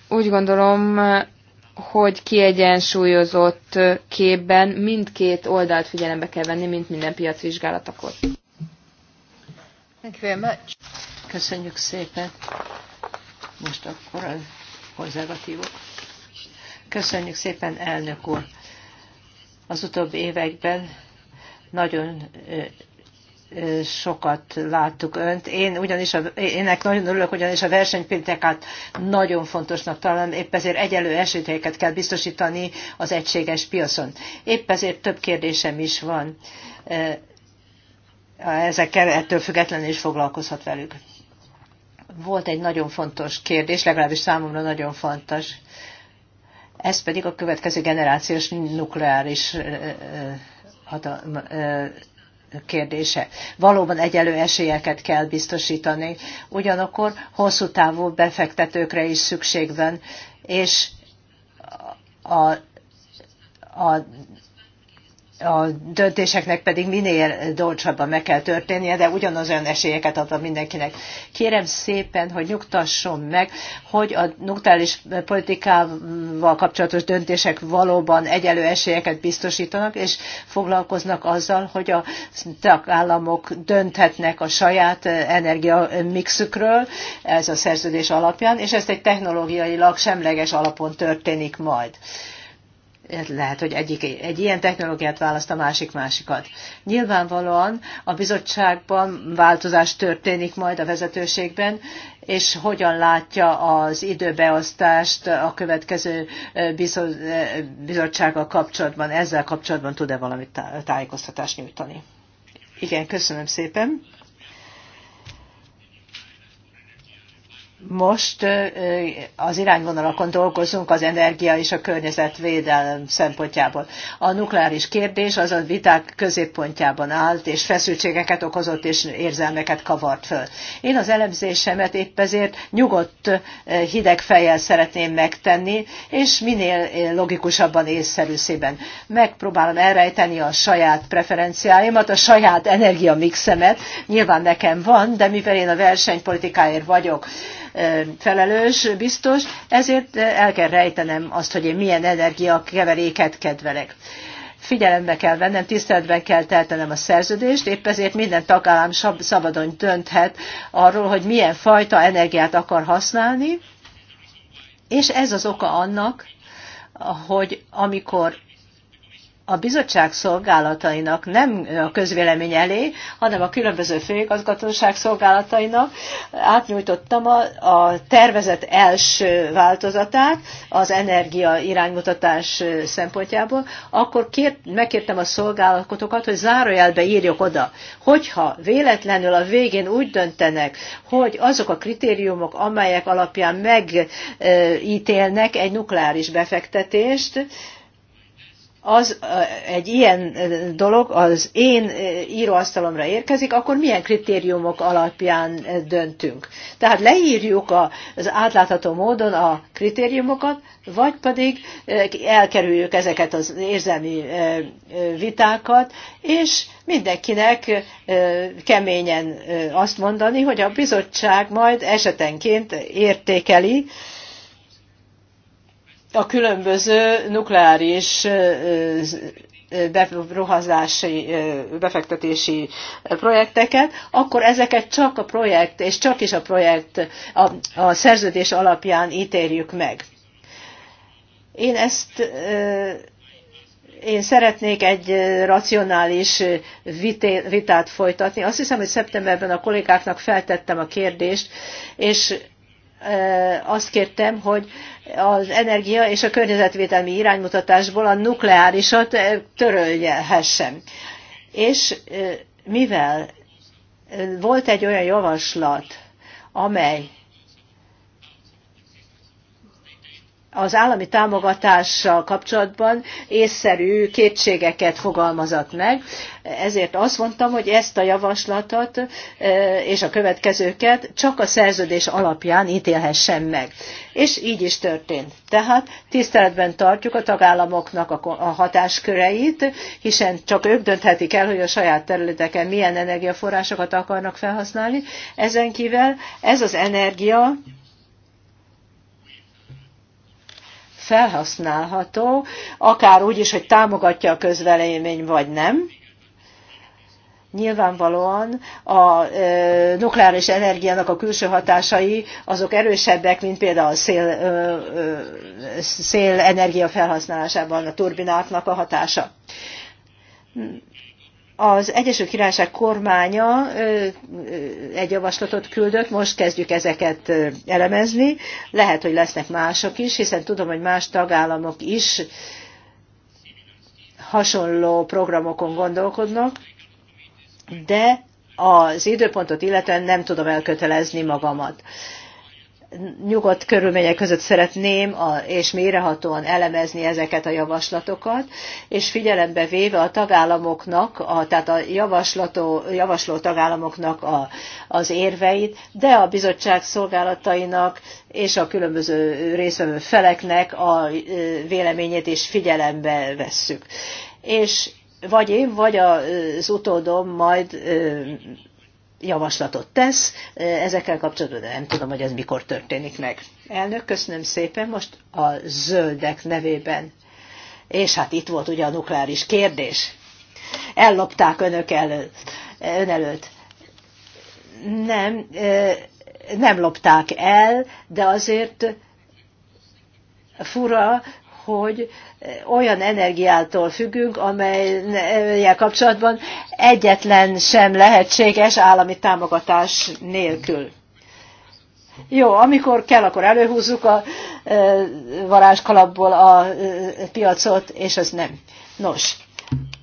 Úgy gondolom, hogy kiegyensúlyozott képben mindkét oldalt figyelembe kell venni, mint minden piacvizsgálatakor. Thank you very much. Köszönjük szépen. Most akkor a konzervatívok. Köszönjük szépen, elnök úr. Az utóbbi években nagyon sokat láttuk önt. Én ugyanis, a, énnek nagyon örülök, ugyanis a versenypintekát nagyon fontosnak talán, épp ezért egyelő esélyeket kell biztosítani az egységes piacon. Épp ezért több kérdésem is van. E, ezekkel ettől függetlenül is foglalkozhat velük. Volt egy nagyon fontos kérdés, legalábbis számomra nagyon fontos. Ez pedig a következő generációs nukleáris e, e, hatalma, kérdése. Valóban egyelő esélyeket kell biztosítani, ugyanakkor hosszú távú befektetőkre is szükség van, és a, a a döntéseknek pedig minél dolcsabban meg kell történnie, de ugyanaz olyan esélyeket adva mindenkinek. Kérem szépen, hogy nyugtasson meg, hogy a nukleáris politikával kapcsolatos döntések valóban egyelő esélyeket biztosítanak, és foglalkoznak azzal, hogy a tagállamok dönthetnek a saját energiamixükről, ez a szerződés alapján, és ezt egy technológiailag semleges alapon történik majd lehet, hogy egyik egy ilyen technológiát választ, a másik másikat. Nyilvánvalóan a bizottságban változás történik majd a vezetőségben, és hogyan látja az időbeosztást a következő bizottsággal kapcsolatban, ezzel kapcsolatban tud-e valamit tájékoztatást nyújtani? Igen, köszönöm szépen. most az irányvonalakon dolgozunk az energia és a környezetvédelem szempontjából. A nukleáris kérdés az a viták középpontjában állt, és feszültségeket okozott, és érzelmeket kavart föl. Én az elemzésemet épp ezért nyugodt hideg fejjel szeretném megtenni, és minél logikusabban észszerűszében. Megpróbálom elrejteni a saját preferenciáimat, a saját energiamixemet. Nyilván nekem van, de mivel én a versenypolitikáért vagyok, felelős, biztos, ezért el kell rejtenem azt, hogy én milyen energiakeveréket kedvelek figyelembe kell vennem, tiszteletben kell teltenem a szerződést, épp ezért minden tagállam szabadon dönthet arról, hogy milyen fajta energiát akar használni, és ez az oka annak, hogy amikor a bizottság szolgálatainak, nem a közvélemény elé, hanem a különböző főigazgatóság szolgálatainak átnyújtottam a, a tervezett első változatát az energia iránymutatás szempontjából, akkor kért, megkértem a szolgálatokat, hogy zárójelbe írjuk oda, hogyha véletlenül a végén úgy döntenek, hogy azok a kritériumok, amelyek alapján megítélnek egy nukleáris befektetést, az egy ilyen dolog az én íróasztalomra érkezik, akkor milyen kritériumok alapján döntünk. Tehát leírjuk az átlátható módon a kritériumokat, vagy pedig elkerüljük ezeket az érzelmi vitákat, és mindenkinek keményen azt mondani, hogy a bizottság majd esetenként értékeli, a különböző nukleáris beruházási, befektetési projekteket, akkor ezeket csak a projekt, és csak is a projekt, a, a szerződés alapján ítéljük meg. Én ezt én szeretnék egy racionális vitát folytatni. Azt hiszem, hogy szeptemberben a kollégáknak feltettem a kérdést, és azt kértem, hogy az energia és a környezetvédelmi iránymutatásból a nukleárisat törölhessem. És mivel volt egy olyan javaslat, amely az állami támogatással kapcsolatban észszerű kétségeket fogalmazott meg. Ezért azt mondtam, hogy ezt a javaslatot e, és a következőket csak a szerződés alapján ítélhessen meg. És így is történt. Tehát tiszteletben tartjuk a tagállamoknak a hatásköreit, hiszen csak ők dönthetik el, hogy a saját területeken milyen energiaforrásokat akarnak felhasználni. Ezen kívül ez az energia felhasználható, akár úgy is, hogy támogatja a közvelemény, vagy nem. Nyilvánvalóan a nukleáris energiának a külső hatásai azok erősebbek, mint például a szél, szélenergia felhasználásában a turbináknak a hatása az Egyesült Királyság kormánya egy javaslatot küldött, most kezdjük ezeket elemezni. Lehet, hogy lesznek mások is, hiszen tudom, hogy más tagállamok is hasonló programokon gondolkodnak, de az időpontot illetően nem tudom elkötelezni magamat nyugodt körülmények között szeretném a, és mérehatóan elemezni ezeket a javaslatokat, és figyelembe véve a tagállamoknak, a, tehát a javaslató, javasló tagállamoknak a, az érveit, de a bizottság szolgálatainak és a különböző részvevő feleknek a véleményét is figyelembe vesszük. És vagy én, vagy az utódom majd javaslatot tesz, ezekkel kapcsolatban de nem tudom, hogy ez mikor történik meg. Elnök, köszönöm szépen most a zöldek nevében. És hát itt volt ugye a nukleáris kérdés. Ellopták önök előtt. ön előtt. Nem, nem lopták el, de azért fura, hogy eh, olyan energiától függünk, amelyel kapcsolatban egyetlen sem lehetséges állami támogatás nélkül. Jó, amikor kell, akkor előhúzzuk a eh, varázskalapból a eh, piacot, és az nem. Nos,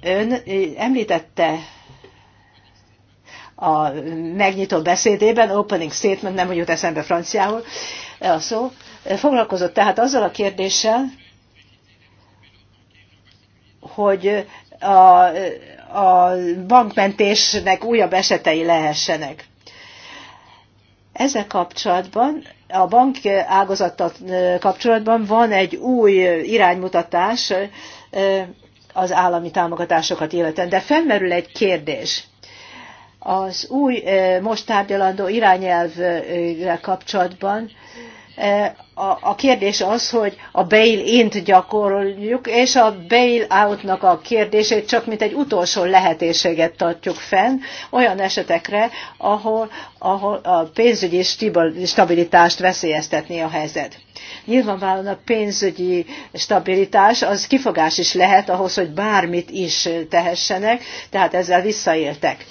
ön említette a megnyitó beszédében, opening statement, nem jut eszembe franciául a szó, foglalkozott tehát azzal a kérdéssel, hogy a, a bankmentésnek újabb esetei lehessenek. Ezzel kapcsolatban, a bank ágazattal kapcsolatban van egy új iránymutatás az állami támogatásokat illetően, de felmerül egy kérdés. Az új, most tárgyalandó irányelvre kapcsolatban Eh, a kérdés az, hogy a bail-int gyakoroljuk, és a bail-outnak a kérdését csak mint egy utolsó lehetőséget tartjuk fenn olyan esetekre, ahol, ahol a pénzügyi stabilitást veszélyeztetné a helyzet. Nyilvánvalóan a pénzügyi stabilitás az kifogás is lehet ahhoz, hogy bármit is tehessenek, tehát ezzel visszaéltek.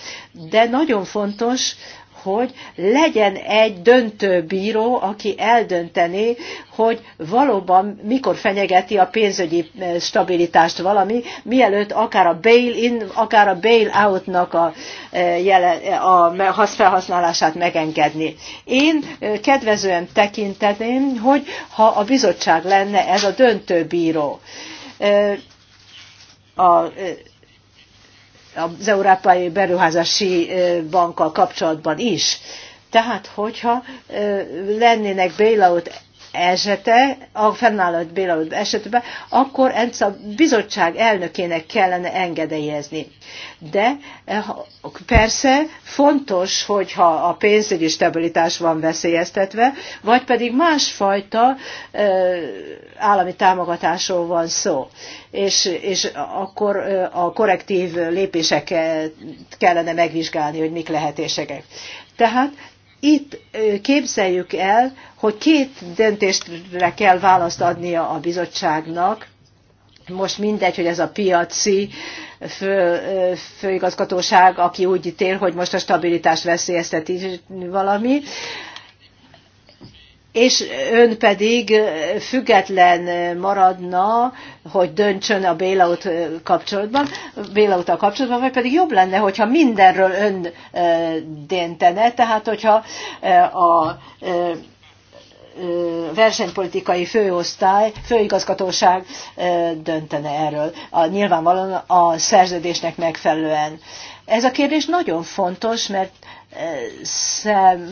De nagyon fontos, hogy legyen egy döntő bíró, aki eldönteni, hogy valóban mikor fenyegeti a pénzügyi eh, stabilitást valami, mielőtt akár a bail-in, akár a bail-out-nak a, eh, a felhasználását megengedni. Én eh, kedvezően tekinteném, hogy ha a bizottság lenne ez a döntő bíró. A az Európai Beruházási Bankkal kapcsolatban is. Tehát, hogyha lennének bailout esete, a fennállott bírálat esetben, akkor ezt a bizottság elnökének kellene engedélyezni. De eh, persze fontos, hogyha a pénzügyi stabilitás van veszélyeztetve, vagy pedig másfajta eh, állami támogatásról van szó. És, és akkor eh, a korrektív lépéseket kellene megvizsgálni, hogy mik lehetések. Tehát itt képzeljük el, hogy két döntésre kell választ adnia a bizottságnak, most mindegy, hogy ez a piaci fő, főigazgatóság, aki úgy ítél, hogy most a stabilitást veszélyezteti valami, és ön pedig független maradna, hogy döntsön a bélaut kapcsolatban, bailout kapcsolatban, vagy pedig jobb lenne, hogyha mindenről ön döntene, tehát hogyha a versenypolitikai főosztály, főigazgatóság döntene erről, a, nyilvánvalóan a szerződésnek megfelelően. Ez a kérdés nagyon fontos, mert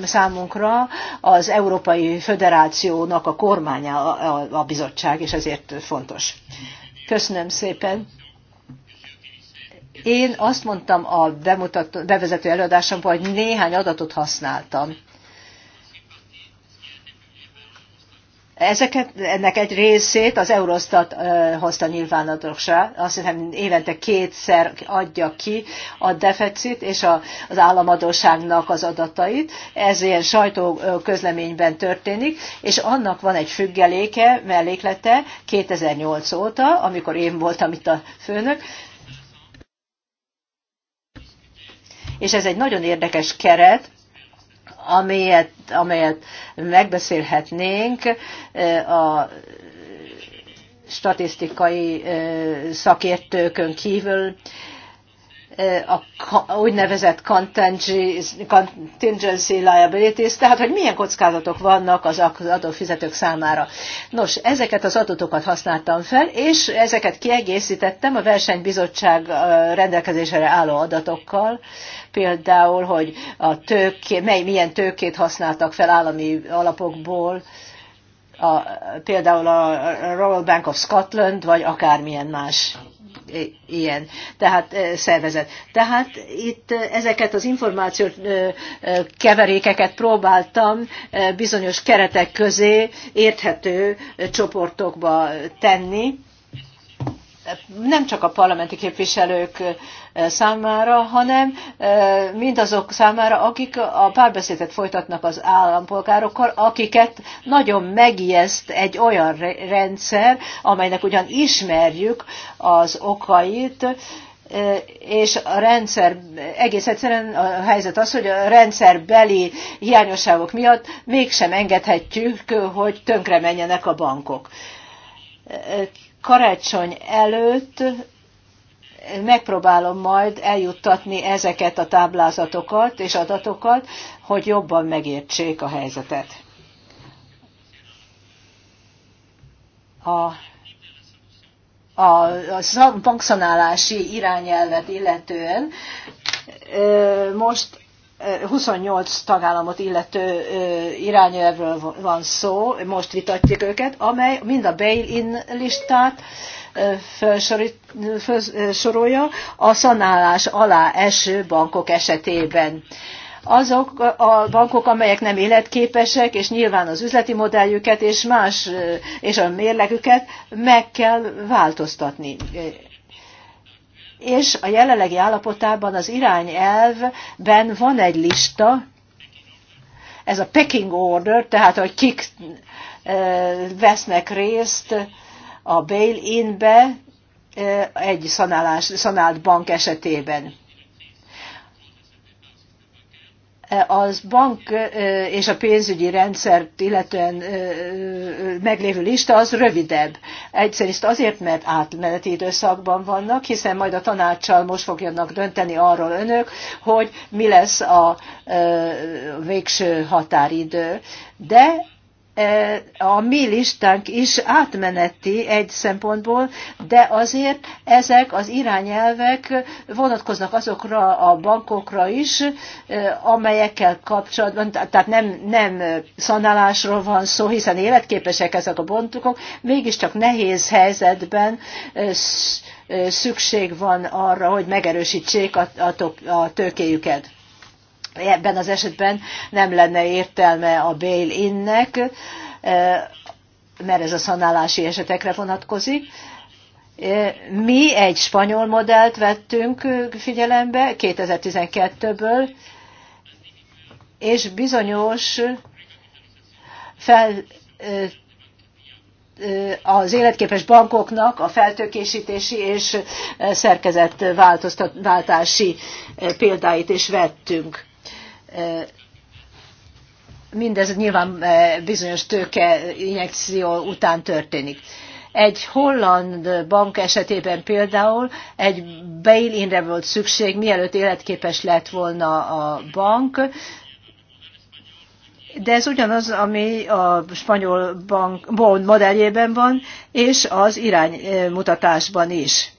számunkra az Európai Föderációnak a kormánya a bizottság, és ezért fontos. Köszönöm szépen. Én azt mondtam a bemutató, bevezető előadásomban, hogy néhány adatot használtam. Ezeket, ennek egy részét az Eurostat hozta nyilvánosra, azt hiszem évente kétszer adja ki a deficit és a, az államadóságnak az adatait. Ez ilyen sajtóközleményben történik, és annak van egy függeléke, melléklete 2008 óta, amikor én voltam itt a főnök, és ez egy nagyon érdekes keret, amelyet, amelyet megbeszélhetnénk a statisztikai szakértőkön kívül a úgynevezett contingency liabilities, tehát hogy milyen kockázatok vannak az adófizetők számára. Nos, ezeket az adatokat használtam fel, és ezeket kiegészítettem a versenybizottság rendelkezésére álló adatokkal, például, hogy a tőké, mely, milyen tőkét használtak fel állami alapokból, a, például a Royal Bank of Scotland, vagy akármilyen más ilyen tehát szervezet. Tehát itt ezeket az információ keverékeket próbáltam bizonyos keretek közé érthető csoportokba tenni, nem csak a parlamenti képviselők számára, hanem mindazok számára, akik a párbeszédet folytatnak az állampolgárokkal, akiket nagyon megijeszt egy olyan rendszer, amelynek ugyan ismerjük az okait, és a rendszer, egész egyszerűen a helyzet az, hogy a rendszerbeli hiányosságok miatt mégsem engedhetjük, hogy tönkre menjenek a bankok. Karácsony előtt megpróbálom majd eljuttatni ezeket a táblázatokat és adatokat, hogy jobban megértsék a helyzetet. A a, a bankszanálási irányelvet illetően most 28 tagállamot illető irányelvről van szó, most vitatjuk őket, amely mind a bail-in listát, felsorolja a szanálás alá eső bankok esetében azok a bankok, amelyek nem életképesek, és nyilván az üzleti modelljüket és más, és a mérlegüket meg kell változtatni. És a jelenlegi állapotában az irányelvben van egy lista, ez a packing order, tehát hogy kik vesznek részt, a bail-inbe egy szanálás, szanált bank esetében. Az bank és a pénzügyi rendszert illetően meglévő lista az rövidebb. Egyszerűen azért, mert átmeneti időszakban vannak, hiszen majd a tanácssal most fogjanak dönteni arról önök, hogy mi lesz a végső határidő. De E, a mi listánk is átmeneti egy szempontból, de azért ezek az irányelvek vonatkoznak azokra a bankokra is, e, amelyekkel kapcsolatban, tehát nem, nem szanálásról van szó, hiszen életképesek ezek a bontukok, mégiscsak nehéz helyzetben e, szükség van arra, hogy megerősítsék a, a, a tőkéjüket ebben az esetben nem lenne értelme a bail-innek, e, mert ez a szanálási esetekre vonatkozik. E, mi egy spanyol modellt vettünk figyelembe 2012-ből, és bizonyos fel, az életképes bankoknak a feltőkésítési és szerkezetváltási példáit is vettünk mindez nyilván bizonyos tőke injekció után történik. Egy holland bank esetében például egy bail-inre volt szükség, mielőtt életképes lett volna a bank, de ez ugyanaz, ami a spanyol bank bond modelljében van, és az iránymutatásban is.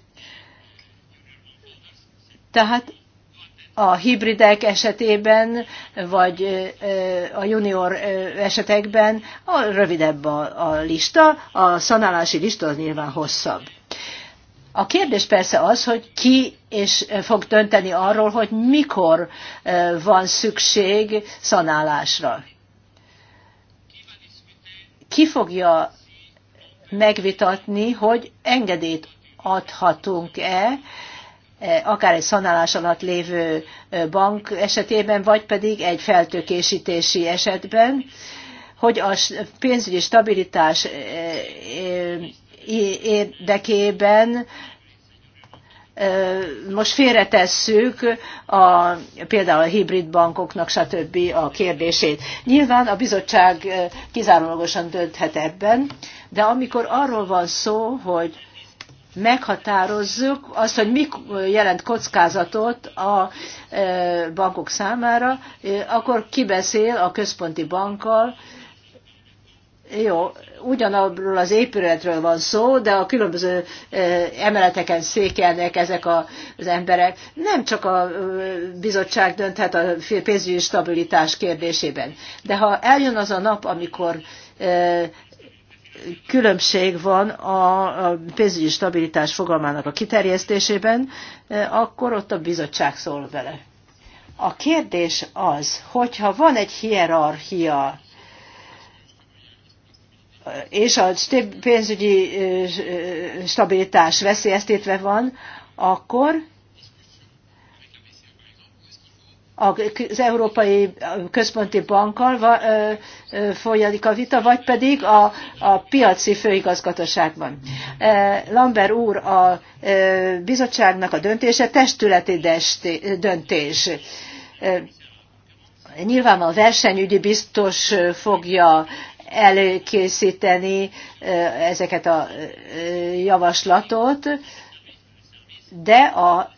Tehát a hibridek esetében, vagy a junior esetekben a rövidebb a, a lista, a szanálási lista az nyilván hosszabb. A kérdés persze az, hogy ki és fog dönteni arról, hogy mikor van szükség szanálásra. Ki fogja megvitatni, hogy engedélyt adhatunk-e Eh, akár egy szanálás alatt lévő eh, bank esetében, vagy pedig egy feltökésítési esetben, hogy a pénzügyi stabilitás eh, érdekében most félretesszük a, például a hibrid bankoknak, stb. a kérdését. Nyilván a bizottság kizárólagosan dönthet ebben, de amikor arról van szó, hogy meghatározzuk azt, hogy mi jelent kockázatot a e, bankok számára, e, akkor kibeszél a központi bankkal, jó, ugyanabról az épületről van szó, de a különböző e, emeleteken székelnek ezek az emberek. Nem csak a bizottság dönthet a pénzügyi stabilitás kérdésében, de ha eljön az a nap, amikor különbség van a pénzügyi stabilitás fogalmának a kiterjesztésében, e, akkor ott a bizottság szól vele. A kérdés az, hogyha van egy hierarchia, e, és a pénzügyi e, stabilitás veszélyeztetve van, akkor az Európai Központi Bankkal folyadik a vita, vagy pedig a, a piaci főigazgatóságban. Lambert úr, a bizottságnak a döntése testületi döntés. Nyilván a versenyügyi biztos fogja előkészíteni ezeket a javaslatot, de a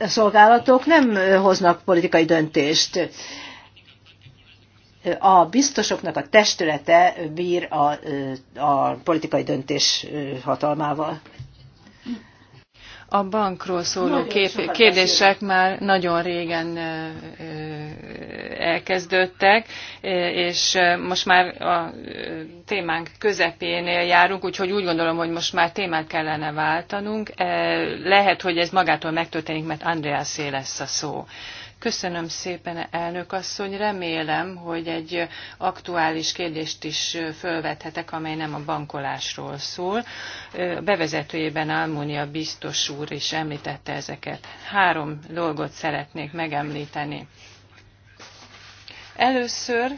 szolgálatok nem hoznak politikai döntést. A biztosoknak a testülete bír a, a politikai döntés hatalmával. A bankról szóló kép- kérdések már nagyon régen elkezdődtek, és most már a témánk közepénél járunk, úgyhogy úgy gondolom, hogy most már témát kellene váltanunk. Lehet, hogy ez magától megtörténik, mert Andreas lesz a szó. Köszönöm szépen, elnök asszony. Remélem, hogy egy aktuális kérdést is fölvethetek, amely nem a bankolásról szól. A bevezetőjében Almónia biztos úr is említette ezeket. Három dolgot szeretnék megemlíteni. Először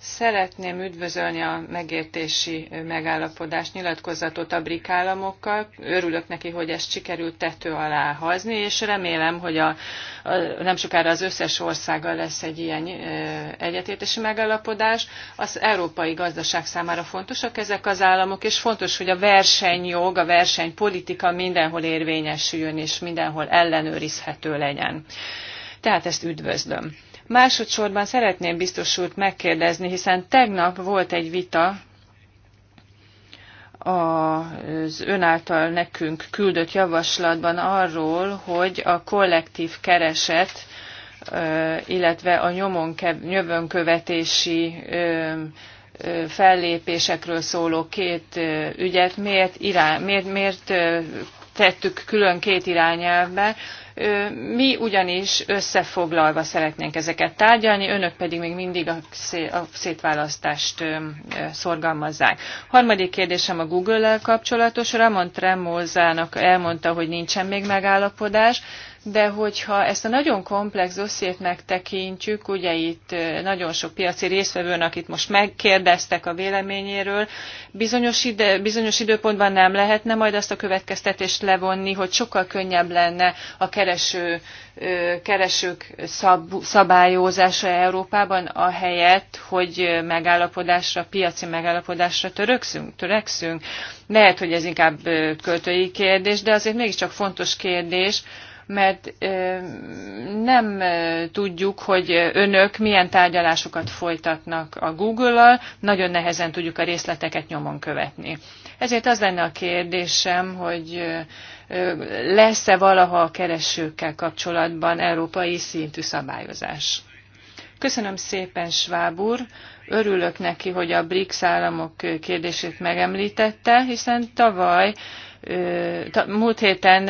Szeretném üdvözölni a megértési megállapodás nyilatkozatot a BRIK államokkal. Örülök neki, hogy ezt sikerült tető alá hazni, és remélem, hogy a, a, nem sokára az összes országgal lesz egy ilyen e, egyetértési megállapodás. Az európai gazdaság számára fontosak ezek az államok, és fontos, hogy a versenyjog, a versenypolitika mindenhol érvényesüljön, és mindenhol ellenőrizhető legyen. Tehát ezt üdvözlöm. Másodszorban szeretném biztos úrt megkérdezni, hiszen tegnap volt egy vita az által nekünk küldött javaslatban arról, hogy a kollektív kereset, illetve a nyomon nyövönkövetési fellépésekről szóló két ügyet miért, irány, miért, miért tettük külön két irányelvbe, mi ugyanis összefoglalva szeretnénk ezeket tárgyalni, önök pedig még mindig a szétválasztást szorgalmazzák. Harmadik kérdésem a Google-lel kapcsolatos. Ramon Tremózának elmondta, hogy nincsen még megállapodás de hogyha ezt a nagyon komplex dossziét megtekintjük, ugye itt nagyon sok piaci részvevőn, akit most megkérdeztek a véleményéről, bizonyos, ide, bizonyos időpontban nem lehetne majd azt a következtetést levonni, hogy sokkal könnyebb lenne a kereső, keresők szab, szabályozása Európában, a helyett, hogy megállapodásra, piaci megállapodásra törökszünk, törekszünk. Lehet, hogy ez inkább költői kérdés, de azért mégiscsak fontos kérdés, mert nem tudjuk, hogy önök milyen tárgyalásokat folytatnak a Google-al, nagyon nehezen tudjuk a részleteket nyomon követni. Ezért az lenne a kérdésem, hogy lesz-e valaha a keresőkkel kapcsolatban európai szintű szabályozás? Köszönöm szépen, Schwab úr. Örülök neki, hogy a BRICS államok kérdését megemlítette, hiszen tavaly múlt héten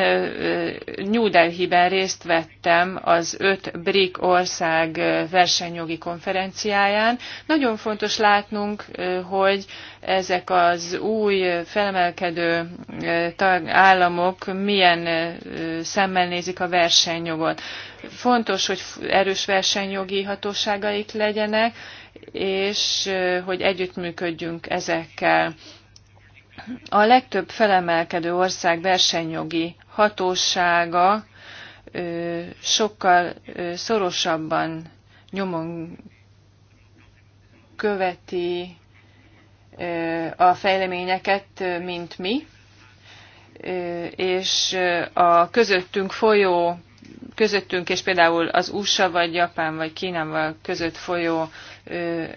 New Delhi-ben részt vettem az öt BRIC ország versenyjogi konferenciáján. Nagyon fontos látnunk, hogy ezek az új felemelkedő államok milyen szemmel nézik a versenyjogot. Fontos, hogy erős versenyjogi hatóságaik legyenek, és hogy együttműködjünk ezekkel a legtöbb felemelkedő ország versenyjogi hatósága sokkal szorosabban nyomon követi a fejleményeket, mint mi, és a közöttünk folyó, közöttünk és például az USA vagy Japán vagy Kínával között folyó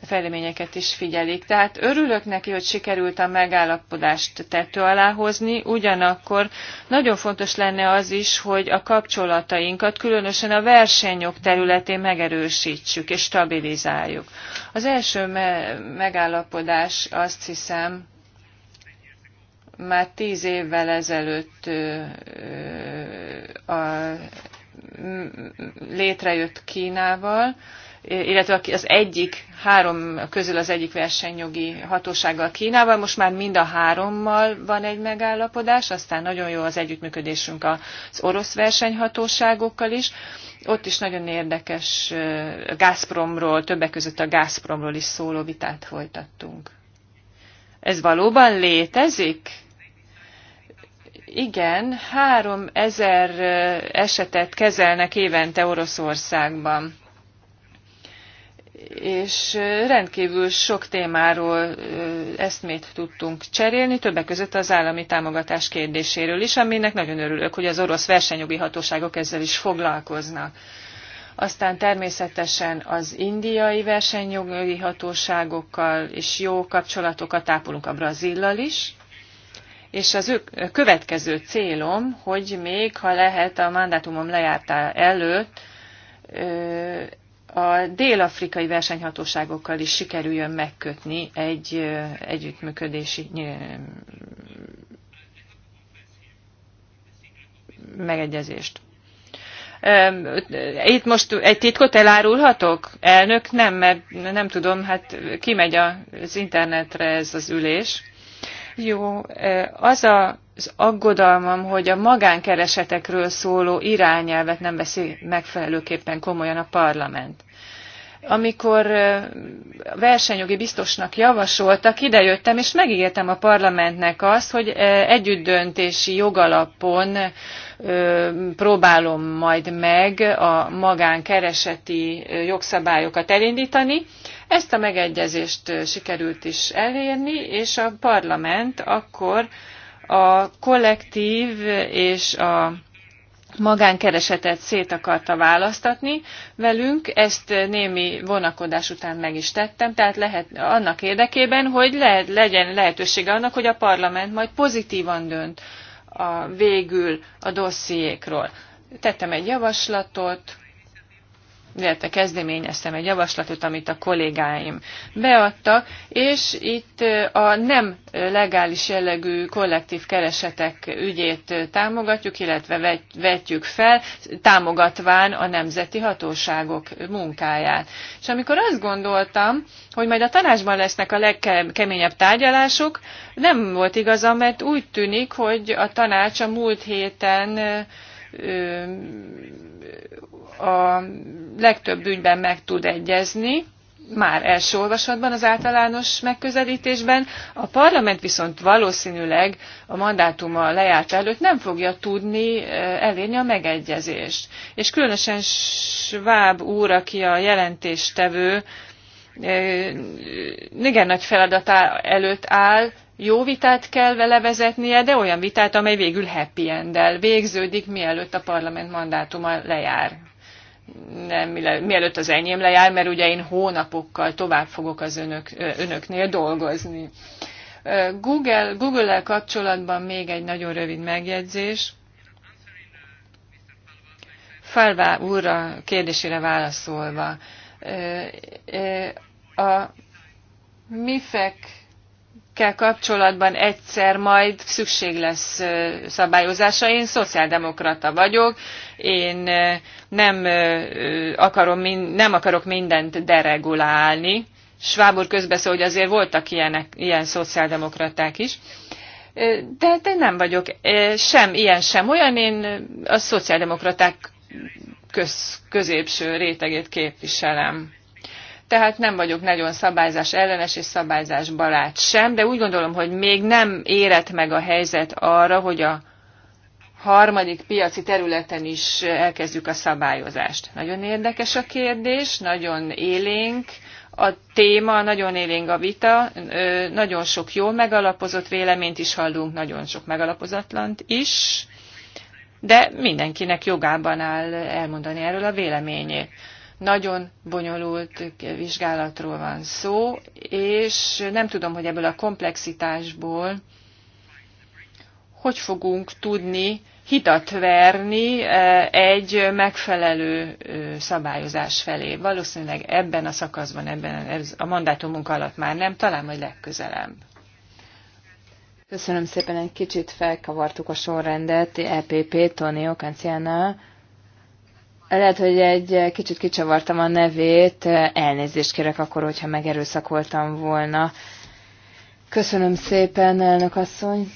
fejleményeket is figyelik. Tehát örülök neki, hogy sikerült a megállapodást tető alá hozni, ugyanakkor nagyon fontos lenne az is, hogy a kapcsolatainkat különösen a versenyok területén megerősítsük és stabilizáljuk. Az első me megállapodás azt hiszem már tíz évvel ezelőtt ö, ö, a, létrejött Kínával, illetve az egyik három közül az egyik versenyjogi hatósággal Kínával, most már mind a hárommal van egy megállapodás, aztán nagyon jó az együttműködésünk az orosz versenyhatóságokkal is. Ott is nagyon érdekes Gazpromról, többek között a Gazpromról is szóló vitát folytattunk. Ez valóban létezik? Igen, három ezer esetet kezelnek évente Oroszországban és rendkívül sok témáról eszmét tudtunk cserélni, többek között az állami támogatás kérdéséről is, aminek nagyon örülök, hogy az orosz versenyjogi hatóságok ezzel is foglalkoznak. Aztán természetesen az indiai versenyjogi hatóságokkal is jó kapcsolatokat ápolunk a Brazillal is, és az ő következő célom, hogy még ha lehet a mandátumom lejártá előtt, a dél-afrikai versenyhatóságokkal is sikerüljön megkötni egy együttműködési megegyezést. Itt most egy titkot elárulhatok? Elnök, nem, mert nem tudom, hát kimegy az internetre ez az ülés. Jó, az a az aggodalmam, hogy a magánkeresetekről szóló irányelvet nem veszi megfelelőképpen komolyan a parlament. Amikor versenyjogi biztosnak javasoltak, idejöttem, és megígértem a parlamentnek azt, hogy együttdöntési jogalapon próbálom majd meg a magánkereseti jogszabályokat elindítani. Ezt a megegyezést sikerült is elérni, és a parlament akkor a kollektív és a magánkeresetet szét akarta választatni velünk, ezt némi vonakodás után meg is tettem, tehát lehet annak érdekében, hogy le, legyen lehetősége annak, hogy a parlament majd pozitívan dönt a, végül a dossziékról. Tettem egy javaslatot, illetve kezdeményeztem egy javaslatot, amit a kollégáim beadtak, és itt a nem legális jellegű kollektív keresetek ügyét támogatjuk, illetve vetjük fel, támogatván a nemzeti hatóságok munkáját. És amikor azt gondoltam, hogy majd a tanácsban lesznek a legkeményebb tárgyalások, nem volt igazam, mert úgy tűnik, hogy a tanács a múlt héten a legtöbb ügyben meg tud egyezni, már első olvasatban az általános megközelítésben, a parlament viszont valószínűleg a mandátuma lejárt előtt nem fogja tudni eh, elérni a megegyezést. És különösen Schwab úr, aki a jelentéstevő, eh, igen nagy feladat előtt áll, jó vitát kell vele vezetnie, de olyan vitát, amely végül happy end végződik, mielőtt a parlament mandátuma lejár nem, mielőtt az enyém lejár, mert ugye én hónapokkal tovább fogok az önök, önöknél dolgozni. Google, google kapcsolatban még egy nagyon rövid megjegyzés. Falvá úrra kérdésére válaszolva. A MIFEK kell kapcsolatban egyszer majd szükség lesz szabályozása. Én szociáldemokrata vagyok, én nem, akarom, nem akarok mindent deregulálni. Schwabur közbeszól, hogy azért voltak ilyenek, ilyen szociáldemokraták is. De, de nem vagyok sem ilyen, sem olyan. Én a szociáldemokraták köz, középső rétegét képviselem tehát nem vagyok nagyon szabályzás ellenes és szabályzás barát sem, de úgy gondolom, hogy még nem érett meg a helyzet arra, hogy a harmadik piaci területen is elkezdjük a szabályozást. Nagyon érdekes a kérdés, nagyon élénk a téma, nagyon élénk a vita, nagyon sok jól megalapozott véleményt is hallunk, nagyon sok megalapozatlant is, de mindenkinek jogában áll elmondani erről a véleményét. Nagyon bonyolult vizsgálatról van szó, és nem tudom, hogy ebből a komplexitásból hogy fogunk tudni hitat verni eh, egy megfelelő eh, szabályozás felé. Valószínűleg ebben a szakaszban, ebben a mandátumunk alatt már nem, talán majd legközelebb. Köszönöm szépen, egy kicsit felkavartuk a sorrendet, EPP, Tony Okanciana. Lehet, hogy egy kicsit kicsavartam a nevét, elnézést kérek akkor, hogyha megerőszakoltam volna. Köszönöm szépen, elnök asszony.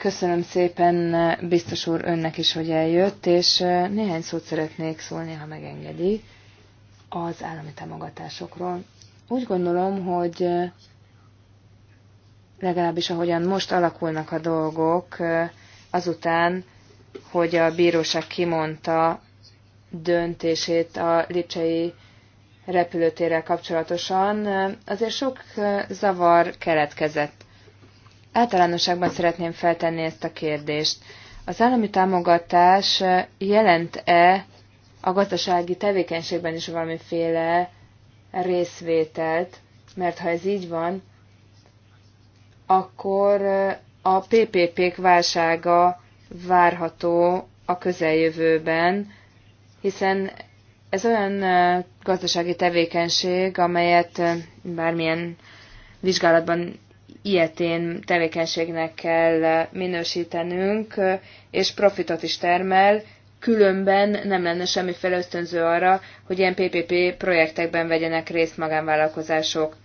Köszönöm szépen, biztos úr, önnek is, hogy eljött, és néhány szót szeretnék szólni, ha megengedi, az állami támogatásokról. Úgy gondolom, hogy legalábbis ahogyan most alakulnak a dolgok, azután, hogy a bíróság kimondta döntését a licsei repülőtérrel kapcsolatosan, azért sok zavar keletkezett Általánosságban szeretném feltenni ezt a kérdést. Az állami támogatás eh, jelent-e a gazdasági tevékenységben is valamiféle részvételt? Mert ha ez így van, akkor eh, a PPP-k válsága várható a közeljövőben, hiszen ez olyan eh, gazdasági tevékenység, amelyet bármilyen vizsgálatban ilyetén tevékenységnek kell minősítenünk, és profitot is termel, különben nem lenne semmiféle ösztönző arra, hogy ilyen PPP projektekben vegyenek részt magánvállalkozások.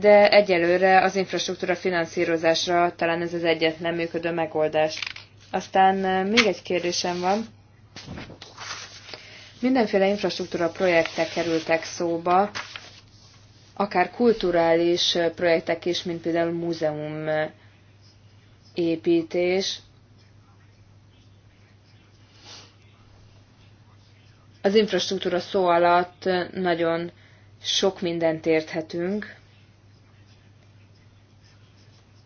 De egyelőre az infrastruktúra finanszírozásra talán ez az egyetlen működő megoldás. Aztán eh, még egy kérdésem van. Mindenféle infrastruktúra projektek kerültek szóba, akár kulturális projektek is, mint például múzeum építés. Az infrastruktúra szó alatt nagyon sok mindent érthetünk,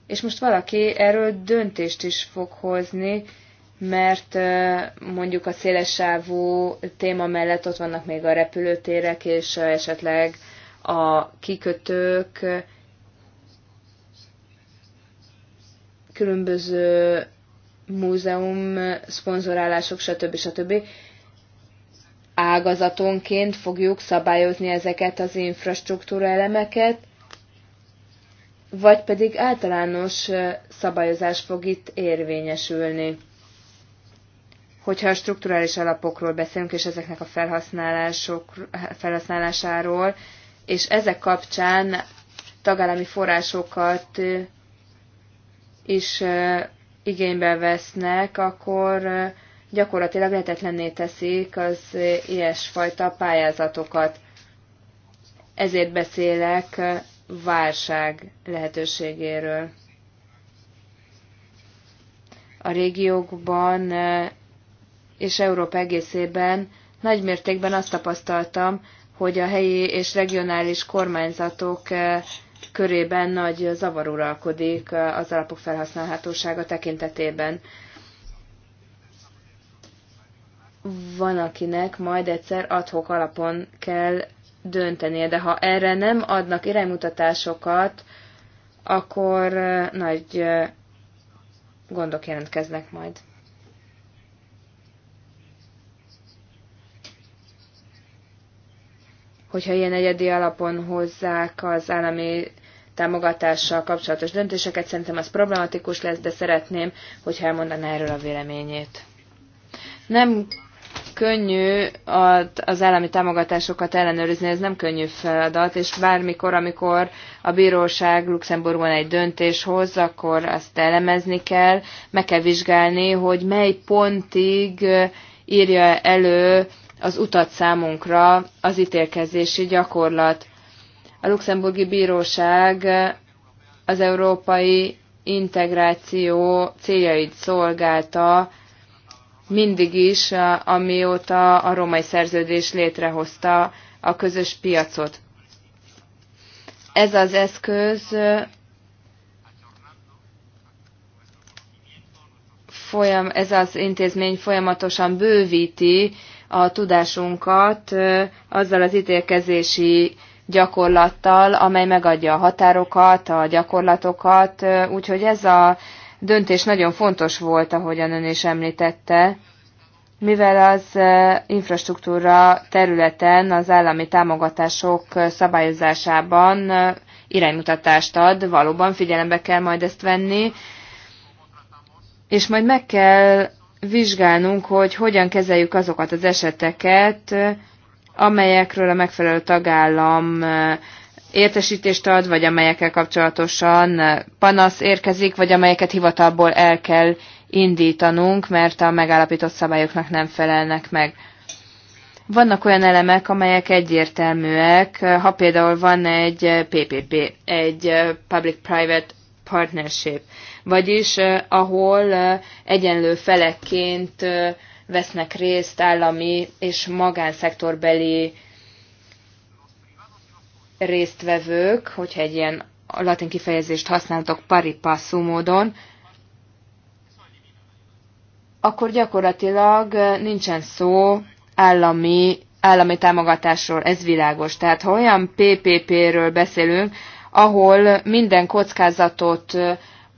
és most valaki erről döntést is fog hozni, mert mondjuk a szélesávú téma mellett ott vannak még a repülőtérek, és esetleg a kikötők különböző múzeum, szponzorálások, stb. stb. ágazatonként fogjuk szabályozni ezeket az infrastruktúra elemeket, vagy pedig általános szabályozás fog itt érvényesülni. Hogyha a strukturális alapokról beszélünk, és ezeknek a felhasználások, felhasználásáról, és ezek kapcsán tagállami forrásokat is igénybe vesznek, akkor gyakorlatilag lehetetlenné teszik az ilyesfajta pályázatokat. Ezért beszélek válság lehetőségéről. A régiókban és Európa egészében nagy mértékben azt tapasztaltam, hogy a helyi és regionális kormányzatok eh, körében nagy zavar uralkodik eh, az alapok felhasználhatósága tekintetében. Van, akinek majd egyszer adhok alapon kell döntenie, de ha erre nem adnak iránymutatásokat, akkor eh, nagy gondok jelentkeznek majd. hogyha ilyen egyedi alapon hozzák az állami támogatással kapcsolatos döntéseket, szerintem az problematikus lesz, de szeretném, hogyha elmondaná erről a véleményét. Nem könnyű az állami támogatásokat ellenőrizni, ez nem könnyű feladat, és bármikor, amikor a bíróság Luxemburgban egy döntés hoz, akkor azt elemezni kell, meg kell vizsgálni, hogy mely pontig eh, írja elő az utat számunkra az ítélkezési gyakorlat. A luxemburgi bíróság az európai integráció céljait szolgálta mindig is, amióta a római szerződés létrehozta a közös piacot. Ez az eszköz folyam, ez az intézmény folyamatosan bővíti a tudásunkat azzal az ítélkezési gyakorlattal, amely megadja a határokat, a gyakorlatokat, úgyhogy ez a döntés nagyon fontos volt, ahogyan ön is említette, mivel az infrastruktúra területen az állami támogatások szabályozásában iránymutatást ad, valóban figyelembe kell majd ezt venni, és majd meg kell vizsgálnunk, hogy hogyan kezeljük azokat az eseteket, amelyekről a megfelelő tagállam értesítést ad, vagy amelyekkel kapcsolatosan panasz érkezik, vagy amelyeket hivatalból el kell indítanunk, mert a megállapított szabályoknak nem felelnek meg. Vannak olyan elemek, amelyek egyértelműek, ha például van egy PPP, egy Public-Private Partnership, vagyis eh, ahol eh, egyenlő felekként eh, vesznek részt állami és magánszektorbeli résztvevők, hogyha egy ilyen latin kifejezést használtok paripasszú módon, akkor gyakorlatilag nincsen szó állami, állami támogatásról, ez világos. Tehát ha olyan PPP-ről beszélünk, ahol minden kockázatot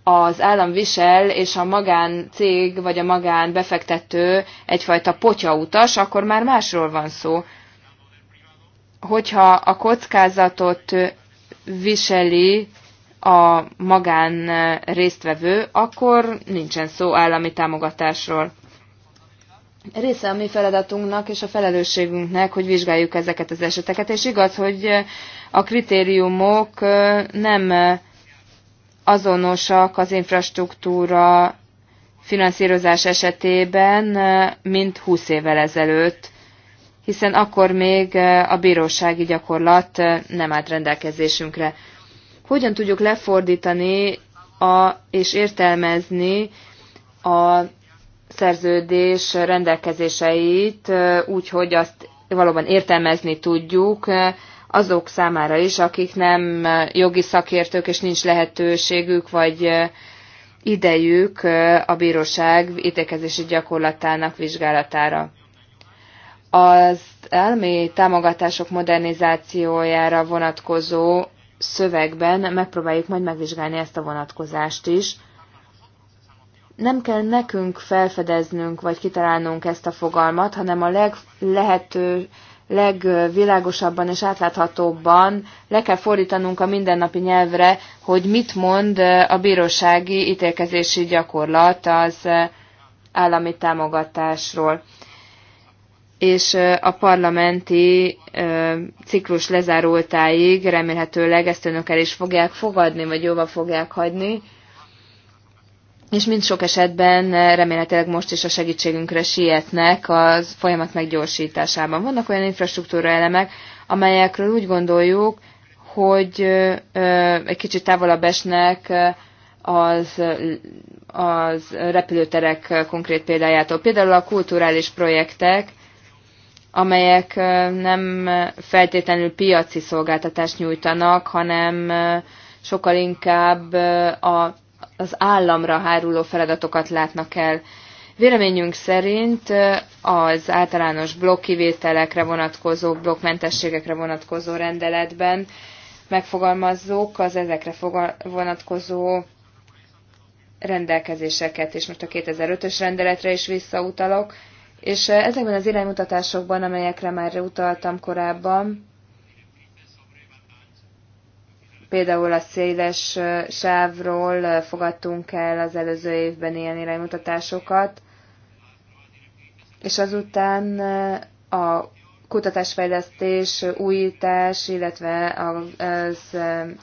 az állam visel, és a magáncég vagy a magánbefektető egyfajta potyautas, akkor már másról van szó. Hogyha a kockázatot viseli a magán résztvevő, akkor nincsen szó állami támogatásról. Része a mi feladatunknak és a felelősségünknek, hogy vizsgáljuk ezeket az eseteket, és igaz, hogy a kritériumok nem azonosak az infrastruktúra finanszírozás esetében, mint 20 évvel ezelőtt, hiszen akkor még a bírósági gyakorlat nem állt rendelkezésünkre. Hogyan tudjuk lefordítani a, és értelmezni a szerződés rendelkezéseit úgy, hogy azt valóban értelmezni tudjuk, azok számára is, akik nem jogi szakértők, és nincs lehetőségük, vagy idejük a bíróság ítékezési gyakorlatának vizsgálatára. Az elmi támogatások modernizációjára vonatkozó szövegben megpróbáljuk majd megvizsgálni ezt a vonatkozást is. Nem kell nekünk felfedeznünk vagy kitalálnunk ezt a fogalmat, hanem a leg lehető legvilágosabban és átláthatóbban le kell fordítanunk a mindennapi nyelvre, hogy mit mond a bírósági ítélkezési gyakorlat az állami támogatásról. És a parlamenti ciklus lezárultáig remélhetőleg ezt önök el is fogják fogadni, vagy jóval fogják hagyni és mint sok esetben eh, remélhetőleg most is a segítségünkre sietnek az folyamat meggyorsításában. Vannak olyan infrastruktúra elemek, amelyekről úgy gondoljuk, hogy egy kicsit távolabb esnek az, az repülőterek konkrét példájától. Például a kulturális projektek, amelyek nem feltétlenül piaci szolgáltatást nyújtanak, hanem sokkal inkább a az államra háruló feladatokat látnak el. Véleményünk szerint az általános blokkivételekre vonatkozó, blokkmentességekre vonatkozó rendeletben megfogalmazzuk az ezekre vonatkozó rendelkezéseket, és most a 2005-ös rendeletre is visszautalok, és ezekben az iránymutatásokban, amelyekre már utaltam korábban, Például a széles sávról fogadtunk el az előző évben ilyen iránymutatásokat, és azután a kutatásfejlesztés, újítás, illetve az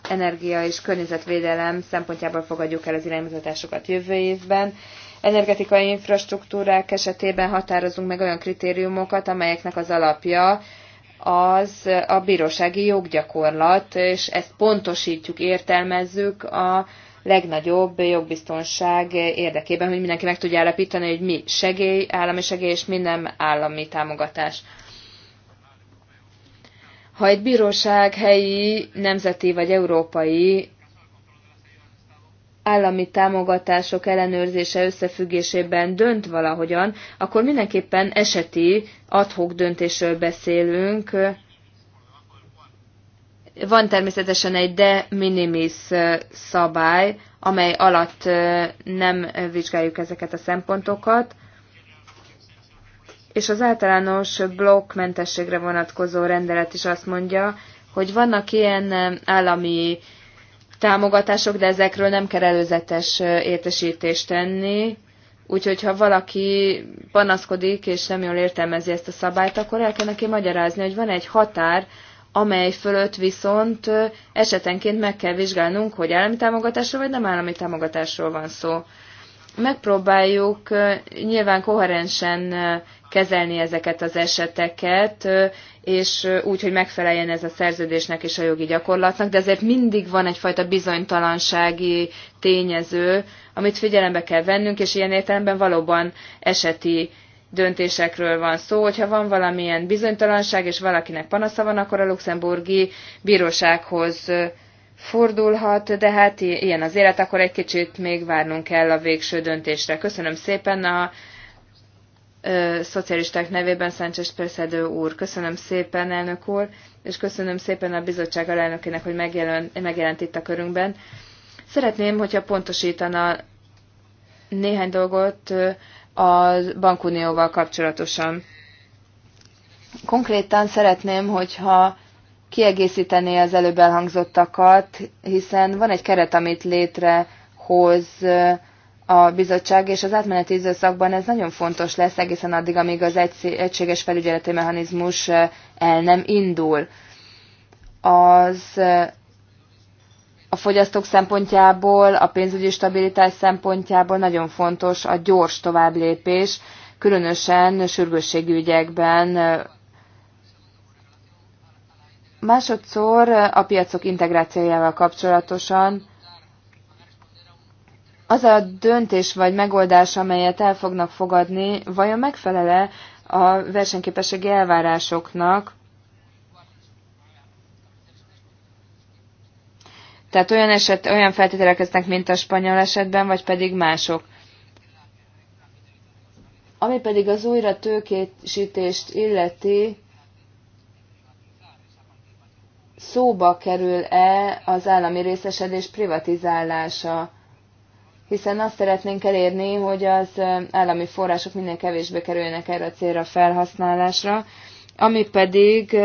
energia és környezetvédelem szempontjából fogadjuk el az iránymutatásokat jövő évben. Energetikai infrastruktúrák esetében határozunk meg olyan kritériumokat, amelyeknek az alapja az a bírósági joggyakorlat, és ezt pontosítjuk, értelmezzük a legnagyobb jogbiztonság érdekében, hogy mindenki meg tudja állapítani, hogy mi segély, állami segély, és mi nem állami támogatás. Ha egy bíróság helyi, nemzeti vagy európai állami támogatások ellenőrzése összefüggésében dönt valahogyan, akkor mindenképpen eseti adhok döntésről beszélünk. Van természetesen egy de minimis szabály, amely alatt nem vizsgáljuk ezeket a szempontokat, és az általános blokkmentességre vonatkozó rendelet is azt mondja, hogy vannak ilyen állami támogatások, de ezekről nem kell előzetes értesítést tenni. Úgyhogy, ha valaki panaszkodik és nem jól értelmezi ezt a szabályt, akkor el kell neki magyarázni, hogy van egy határ, amely fölött viszont esetenként meg kell vizsgálnunk, hogy állami támogatásról vagy nem állami támogatásról van szó megpróbáljuk nyilván koherensen kezelni ezeket az eseteket, és úgy, hogy megfeleljen ez a szerződésnek és a jogi gyakorlatnak, de azért mindig van egyfajta bizonytalansági tényező, amit figyelembe kell vennünk, és ilyen értelemben valóban eseti döntésekről van szó, hogyha van valamilyen bizonytalanság, és valakinek panasza van, akkor a luxemburgi bírósághoz fordulhat, de hát ilyen az élet, akkor egy kicsit még várnunk kell a végső döntésre. Köszönöm szépen a ö, szocialisták nevében Sánchez Perszedő úr. Köszönöm szépen, elnök úr, és köszönöm szépen a bizottság alelnökének, hogy megjelent, megjelent itt a körünkben. Szeretném, hogyha pontosítana néhány dolgot a bankunióval kapcsolatosan. Konkrétan szeretném, hogyha kiegészíteni az előbb elhangzottakat, hiszen van egy keret, amit létrehoz a bizottság, és az átmeneti időszakban ez nagyon fontos lesz egészen addig, amíg az egységes felügyeleti mechanizmus el nem indul. Az a fogyasztók szempontjából, a pénzügyi stabilitás szempontjából nagyon fontos a gyors továbblépés, különösen sürgősségügyekben, Másodszor a piacok integrációjával kapcsolatosan az a döntés vagy megoldás, amelyet el fognak fogadni, vajon megfelele a versenyképességi elvárásoknak? Tehát olyan, eset, olyan feltételek lesznek, mint a spanyol esetben, vagy pedig mások. Ami pedig az újra tőkésítést illeti, szóba kerül-e az állami részesedés privatizálása, hiszen azt szeretnénk elérni, hogy az állami források minél kevésbé kerüljenek erre a célra felhasználásra, ami pedig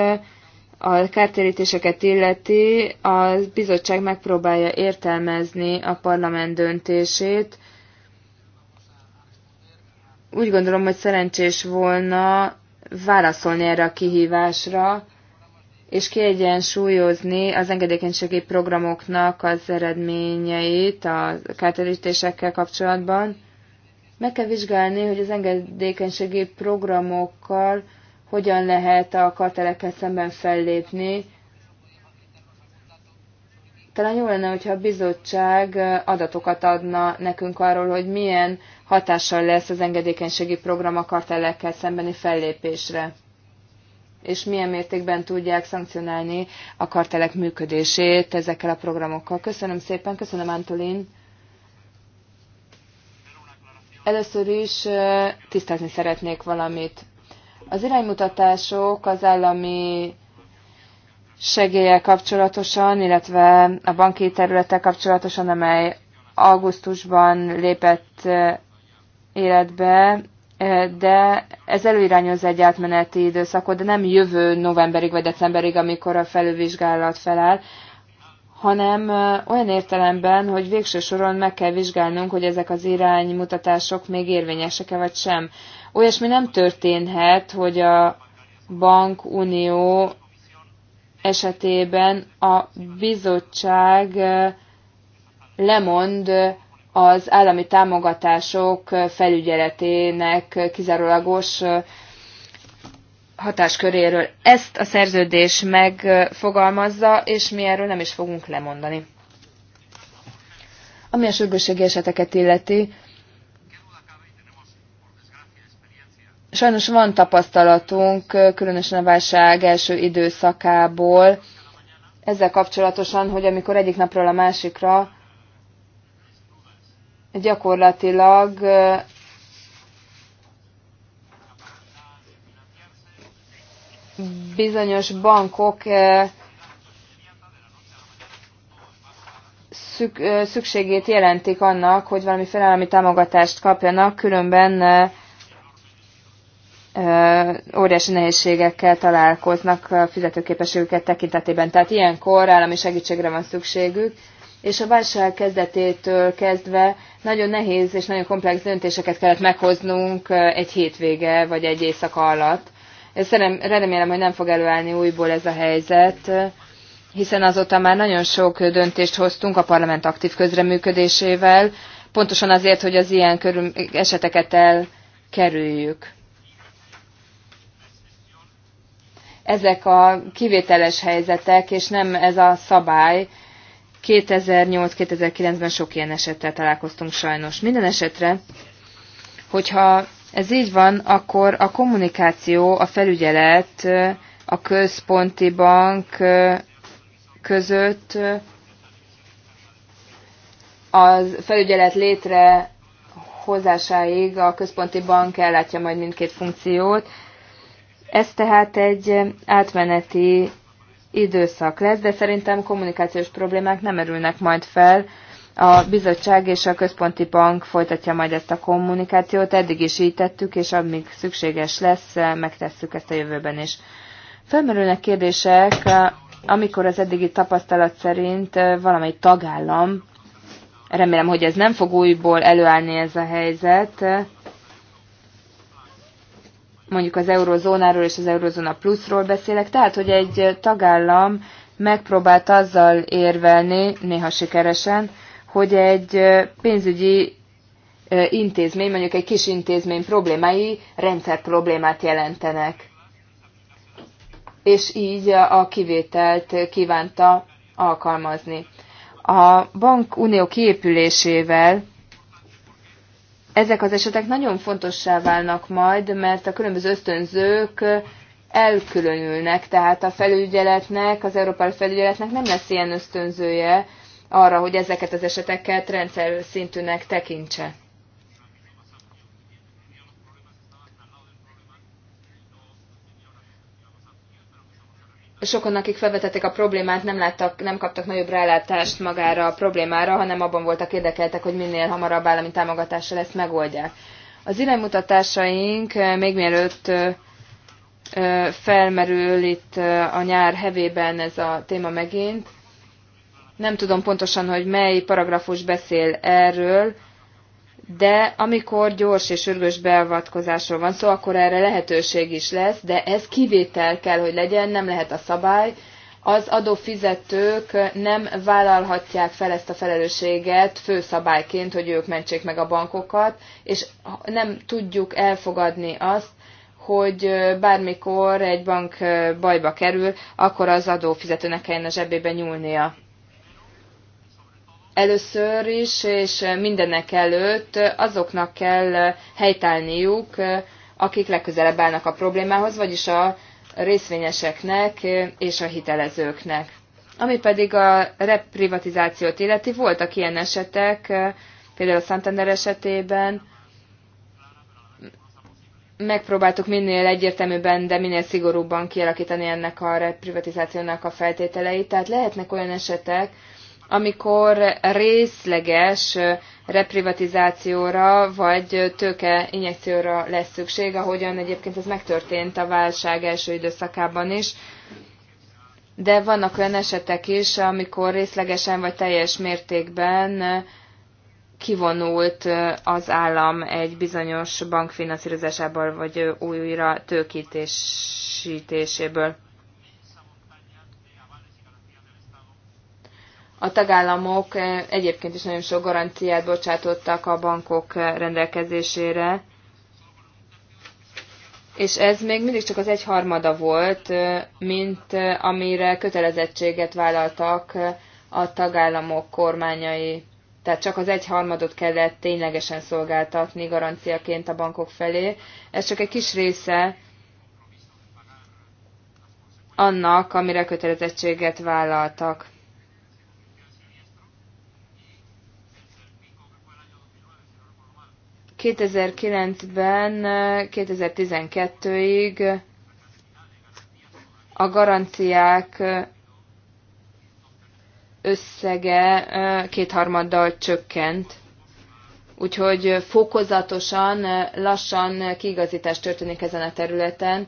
a kártérítéseket illeti, a bizottság megpróbálja értelmezni a parlament döntését. Úgy gondolom, hogy szerencsés volna válaszolni erre a kihívásra, és kiegyensúlyozni az engedékenységi programoknak az eredményeit a kártérítésekkel kapcsolatban. Meg kell vizsgálni, hogy az engedékenységi programokkal hogyan lehet a kartelekkel szemben fellépni. Talán jó lenne, hogyha a bizottság adatokat adna nekünk arról, hogy milyen hatással lesz az engedékenységi program a kartelekkel szembeni fellépésre és milyen mértékben tudják szankcionálni a kartelek működését ezekkel a programokkal. Köszönöm szépen, köszönöm Antolin. Először is tisztázni szeretnék valamit. Az iránymutatások az állami segélyek kapcsolatosan, illetve a banki területtel kapcsolatosan, amely augusztusban lépett életbe, Eh, de ez előirányozza egy átmeneti időszakot, de nem jövő novemberig vagy decemberig, amikor a felülvizsgálat feláll, hanem eh, olyan értelemben, hogy végső soron meg kell vizsgálnunk, hogy ezek az iránymutatások még érvényesek-e vagy sem. Olyasmi nem történhet, hogy a bankunió esetében a bizottság eh, lemond az állami támogatások felügyeletének kizárólagos hatásköréről. Ezt a szerződés megfogalmazza, és mi erről nem is fogunk lemondani. Ami a sürgősségi eseteket illeti, sajnos van tapasztalatunk, különösen a válság első időszakából, ezzel kapcsolatosan, hogy amikor egyik napról a másikra gyakorlatilag bizonyos bankok szükségét jelentik annak, hogy valami felállami támogatást kapjanak, különben óriási nehézségekkel találkoznak a fizetőképességüket tekintetében. Tehát ilyenkor állami segítségre van szükségük, és a válság kezdetétől kezdve nagyon nehéz és nagyon komplex döntéseket kellett meghoznunk eh, egy hétvége vagy egy éjszaka alatt. Ezt remélem, hogy nem fog előállni újból ez a helyzet, hiszen azóta már nagyon sok döntést hoztunk a parlament aktív közreműködésével, pontosan azért, hogy az ilyen körül eseteket elkerüljük. Ezek a kivételes helyzetek, és nem ez a szabály, 2008-2009-ben sok ilyen esettel találkoztunk sajnos. Minden esetre, hogyha ez így van, akkor a kommunikáció, a felügyelet, a központi bank között a felügyelet létre hozásáig a központi bank ellátja majd mindkét funkciót. Ez tehát egy átmeneti időszak lesz, de szerintem kommunikációs problémák nem erülnek majd fel. A bizottság és a központi bank folytatja majd ezt a kommunikációt, eddig is így tettük, és amíg szükséges lesz, megtesszük ezt a jövőben is. Felmerülnek kérdések, amikor az eddigi tapasztalat szerint valamely tagállam, remélem, hogy ez nem fog újból előállni ez a helyzet, mondjuk az eurozónáról és az eurozóna pluszról beszélek, tehát hogy egy tagállam megpróbált azzal érvelni, néha sikeresen, hogy egy pénzügyi intézmény, mondjuk egy kis intézmény problémái rendszer problémát jelentenek. És így a kivételt kívánta alkalmazni. A bankunió kiépülésével ezek az esetek nagyon fontossá válnak majd, mert a különböző ösztönzők elkülönülnek, tehát a felügyeletnek, az európai felügyeletnek nem lesz ilyen ösztönzője arra, hogy ezeket az eseteket rendszer szintűnek tekintse. sokan, akik felvetették a problémát, nem, láttak, nem kaptak nagyobb rálátást magára a problémára, hanem abban voltak érdekeltek, hogy minél hamarabb állami támogatással ezt megoldják. Az iránymutatásaink eh, még mielőtt eh, eh, felmerül itt a nyár hevében ez a téma megint. Nem tudom pontosan, hogy mely paragrafus beszél erről, de amikor gyors és sürgős beavatkozásról van szó, akkor erre lehetőség is lesz, de ez kivétel kell, hogy legyen, nem lehet a szabály. Az adófizetők nem vállalhatják fel ezt a felelősséget főszabályként, hogy ők mentsék meg a bankokat, és nem tudjuk elfogadni azt, hogy bármikor egy bank bajba kerül, akkor az adófizetőnek kellene zsebébe nyúlnia. Először is, és mindenek előtt azoknak kell helytállniuk, akik legközelebb állnak a problémához, vagyis a részvényeseknek és a hitelezőknek. Ami pedig a reprivatizációt illeti, voltak ilyen esetek, például a Santander esetében, megpróbáltuk minél egyértelműbben, de minél szigorúbban kialakítani ennek a reprivatizációnak a feltételeit. Tehát lehetnek olyan esetek, amikor részleges reprivatizációra vagy tőke injekcióra lesz szükség, ahogyan egyébként ez megtörtént a válság első időszakában is. De vannak olyan esetek is, amikor részlegesen vagy teljes mértékben kivonult az állam egy bizonyos bankfinanszírozásából, vagy újra tőkítésítéséből. a tagállamok eh, egyébként is nagyon sok garanciát bocsátottak a bankok eh, rendelkezésére, és ez még mindig csak az egyharmada volt, eh, mint amire kötelezettséget vállaltak a tagállamok kormányai. Tehát csak az egyharmadot kellett ténylegesen szolgáltatni garanciaként a bankok felé. Ez csak egy kis része annak, amire kötelezettséget vállaltak. 2009-ben 2012-ig a garanciák összege kétharmaddal csökkent. Úgyhogy fokozatosan, lassan kiigazítás történik ezen a területen.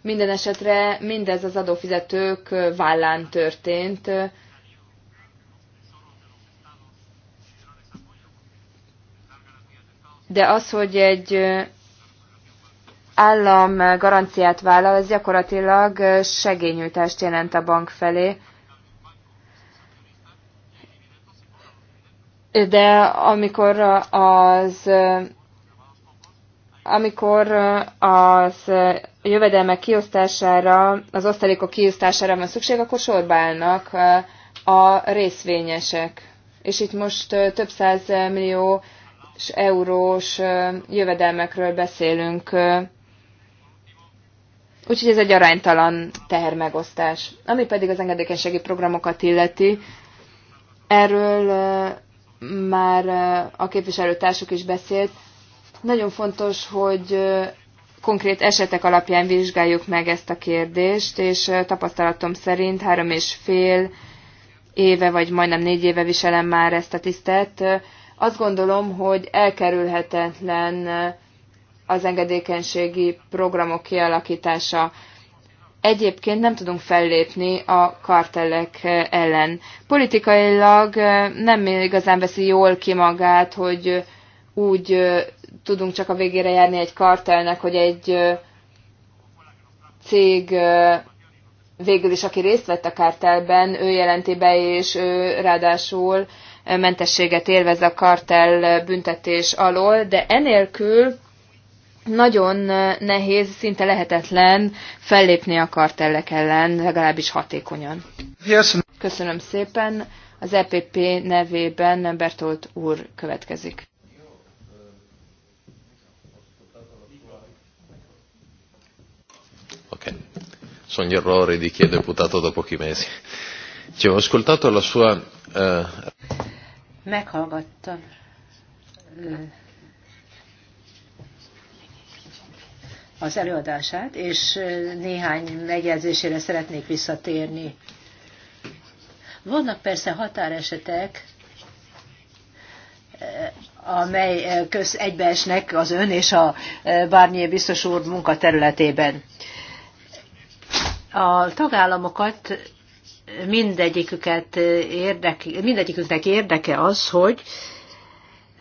Minden esetre mindez az adófizetők vállán történt, de az, hogy egy állam garanciát vállal, ez gyakorlatilag segényújtást jelent a bank felé. De amikor az amikor az jövedelmek kiosztására, az osztalékok kiosztására van szükség, akkor sorba állnak a részvényesek. És itt most több száz millió és eurós jövedelmekről beszélünk. Úgyhogy ez egy aránytalan tehermegosztás. Ami pedig az engedékenységi programokat illeti, erről már a képviselőtársuk is beszélt. Nagyon fontos, hogy konkrét esetek alapján vizsgáljuk meg ezt a kérdést, és tapasztalatom szerint három és fél éve, vagy majdnem négy éve viselem már ezt a tisztet, azt gondolom, hogy elkerülhetetlen eh, az engedékenységi programok kialakítása. Egyébként nem tudunk fellépni a kartellek eh, ellen. Politikailag eh, nem igazán veszi jól ki magát, hogy úgy tudunk csak a végére járni egy kartelnek, hogy egy cég végül is, aki részt vett a kártelben, ő jelenti be, és ő ráadásul mentességet élvez a kartel büntetés alól, de enélkül nagyon nehéz, szinte lehetetlen fellépni a kartellek ellen, legalábbis hatékonyan. Yes. Köszönöm szépen. Az EPP nevében Bertolt úr következik. Ok. Sono gli errori di chi è deputato dopo chi mesi. Ci ho ascoltato la sua... Uh meghallgattam az előadását, és néhány megjegyzésére szeretnék visszatérni. Vannak persze határesetek, eh, amely eh, köz egybeesnek az ön és a eh, bármilyen biztos úr munkaterületében. A tagállamokat mindegyiküket érdeke, mindegyiküknek érdeke az, hogy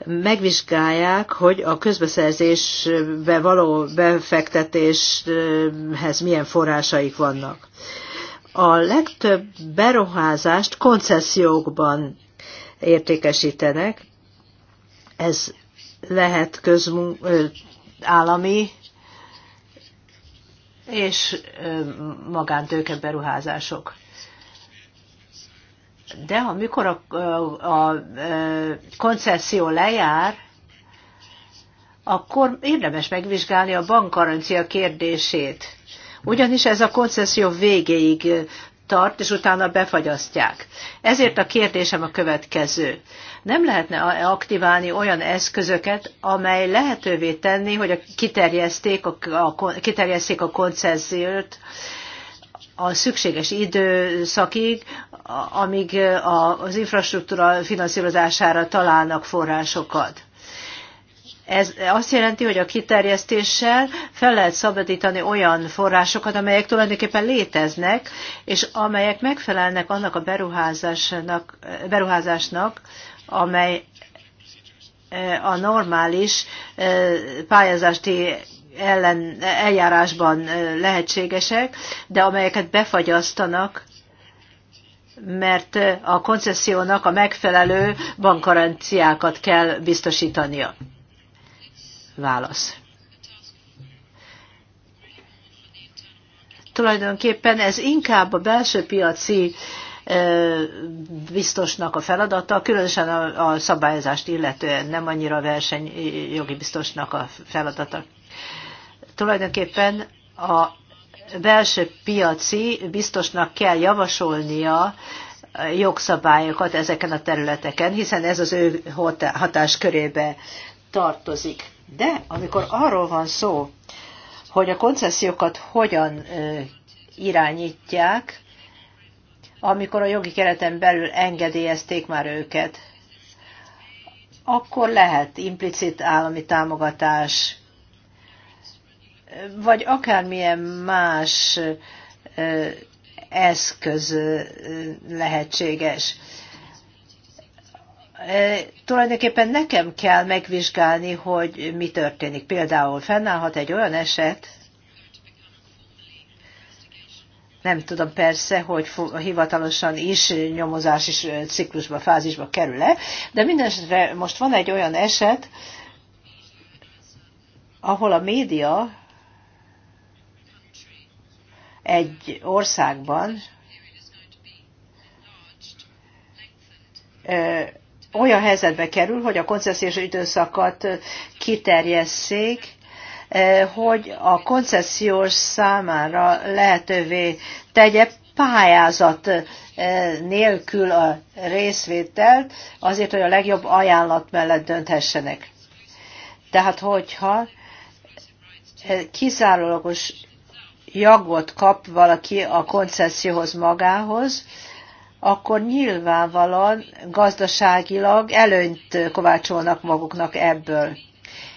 megvizsgálják, hogy a közbeszerzésbe való befektetéshez milyen forrásaik vannak. A legtöbb beruházást koncesziókban értékesítenek. Ez lehet közmun- állami és magántőke beruházások. De amikor a, a, a koncesszió lejár, akkor érdemes megvizsgálni a bankgarancia kérdését. Ugyanis ez a koncesszió végéig tart, és utána befagyasztják. Ezért a kérdésem a következő. Nem lehetne aktiválni olyan eszközöket, amely lehetővé tenni, hogy a, kiterjeszték a, a, a koncesziót, a szükséges időszakig, amíg az infrastruktúra finanszírozására találnak forrásokat. Ez azt jelenti, hogy a kiterjesztéssel fel lehet szabadítani olyan forrásokat, amelyek tulajdonképpen léteznek, és amelyek megfelelnek annak a beruházásnak, beruházásnak amely a normális pályázati ellen, eljárásban lehetségesek, de amelyeket befagyasztanak, mert a koncesziónak a megfelelő bankgaranciákat kell biztosítania. Válasz. Tulajdonképpen ez inkább a belső piaci biztosnak a feladata, különösen a, a szabályozást illetően, nem annyira a versenyjogi biztosnak a feladata tulajdonképpen a belső piaci biztosnak kell javasolnia jogszabályokat ezeken a területeken, hiszen ez az ő hatáskörébe tartozik. De amikor arról van szó, hogy a koncesziókat hogyan irányítják, amikor a jogi kereten belül engedélyezték már őket, akkor lehet implicit állami támogatás, vagy akármilyen más eszköz lehetséges. Tulajdonképpen nekem kell megvizsgálni, hogy mi történik. Például fennállhat egy olyan eset, nem tudom persze, hogy hivatalosan is nyomozás is ciklusba, fázisba kerül-e, de mindenesetre most van egy olyan eset, ahol a média egy országban olyan helyzetbe kerül, hogy a koncesziós időszakat kiterjesszék, hogy a koncesziós számára lehetővé tegye pályázat nélkül a részvételt, azért, hogy a legjobb ajánlat mellett dönthessenek. Tehát, hogyha kizárólagos jagot kap valaki a koncesszióhoz magához, akkor nyilvánvalóan gazdaságilag előnyt kovácsolnak maguknak ebből.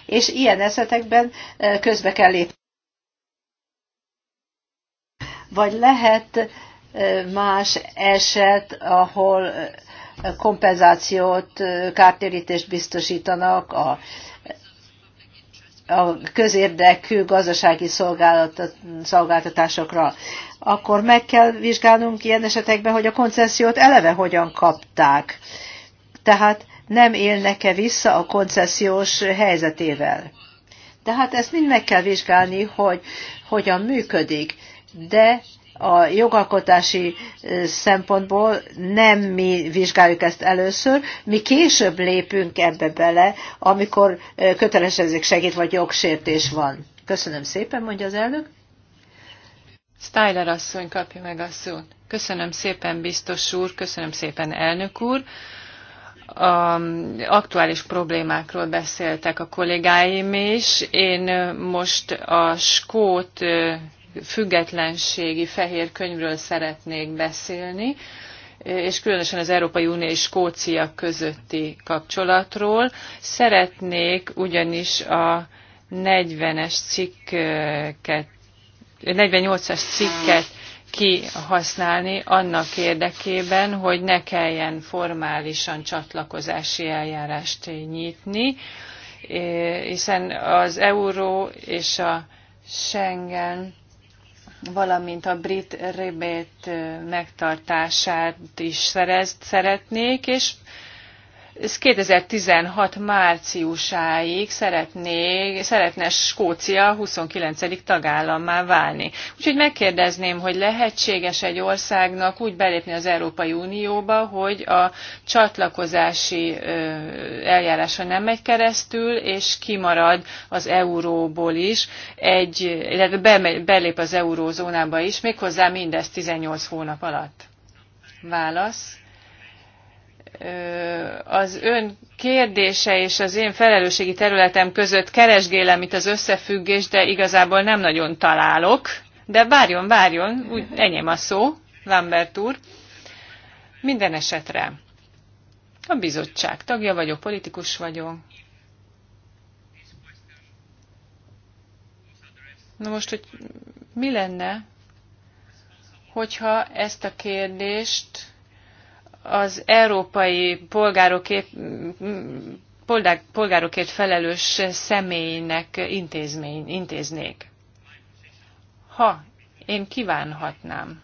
És ilyen esetekben e, közbe kell lépni. Vagy lehet e, más eset, ahol e, kompenzációt, kártérítést biztosítanak a a közérdekű gazdasági szolgáltatásokra, akkor meg kell vizsgálnunk ilyen esetekben, hogy a koncesziót eleve hogyan kapták. Tehát nem élnek-e vissza a koncesziós helyzetével. Tehát ezt mind meg kell vizsgálni, hogy hogyan működik. De a jogalkotási szempontból nem mi vizsgáljuk ezt először, mi később lépünk ebbe bele, amikor kötelezettségsegít segít vagy jogsértés van. Köszönöm szépen, mondja az elnök. Styler asszony kapja meg a szót. Köszönöm szépen, biztos úr, köszönöm szépen, elnök úr. A aktuális problémákról beszéltek a kollégáim is. Én most a skót függetlenségi fehér könyvről szeretnék beszélni, és különösen az Európai Unió és Skócia közötti kapcsolatról. Szeretnék ugyanis a 40-es cikket, 48-as cikket kihasználni annak érdekében, hogy ne kelljen formálisan csatlakozási eljárást nyitni, hiszen az euró és a Schengen valamint a brit rebét megtartását is szerezt, szeretnék, és 2016 márciusáig szeretné, szeretne Skócia 29. tagállammá válni. Úgyhogy megkérdezném, hogy lehetséges egy országnak úgy belépni az Európai Unióba, hogy a csatlakozási eljárása nem megy keresztül, és kimarad az euróból is, egy, illetve belép az eurózónába is, méghozzá mindez 18 hónap alatt. Válasz az ön kérdése és az én felelősségi területem között keresgélem itt az összefüggés, de igazából nem nagyon találok. De várjon, várjon, úgy enyém a szó, Lambert úr. Minden esetre a bizottság tagja vagyok, politikus vagyok. Na most, hogy mi lenne, hogyha ezt a kérdést az európai polgárok polgárokért felelős személynek intézmény, intéznék. Ha én kívánhatnám,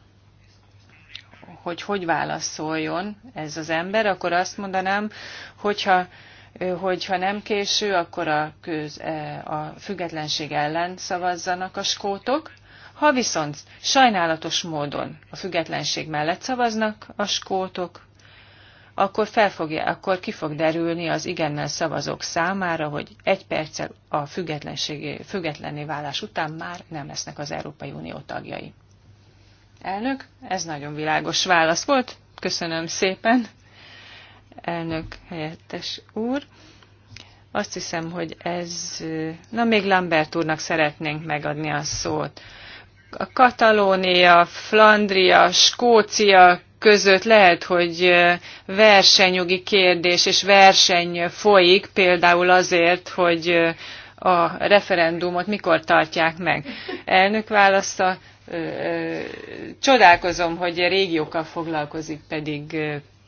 hogy hogy válaszoljon ez az ember, akkor azt mondanám, hogyha, hogyha nem késő, akkor a, köz, e, a függetlenség ellen szavazzanak a skótok, ha viszont sajnálatos módon a függetlenség mellett szavaznak a skótok, akkor, fel fogja, akkor ki fog derülni az igennel szavazók számára, hogy egy perccel a függetlenné válás után már nem lesznek az Európai Unió tagjai. Elnök, ez nagyon világos válasz volt. Köszönöm szépen, elnök helyettes úr. Azt hiszem, hogy ez... Na, még Lambert úrnak szeretnénk megadni a szót. A Katalónia, Flandria, Skócia, között lehet, hogy versenyjogi kérdés és verseny folyik, például azért, hogy a referendumot mikor tartják meg. Elnök válasza, csodálkozom, hogy a régiókkal foglalkozik, pedig,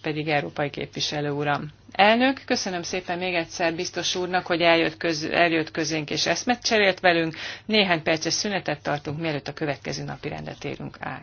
pedig európai képviselő uram. Elnök, köszönöm szépen még egyszer biztos úrnak, hogy eljött, köz, eljött közénk és eszmet cserélt velünk. Néhány perces szünetet tartunk, mielőtt a következő napi rendet érünk át.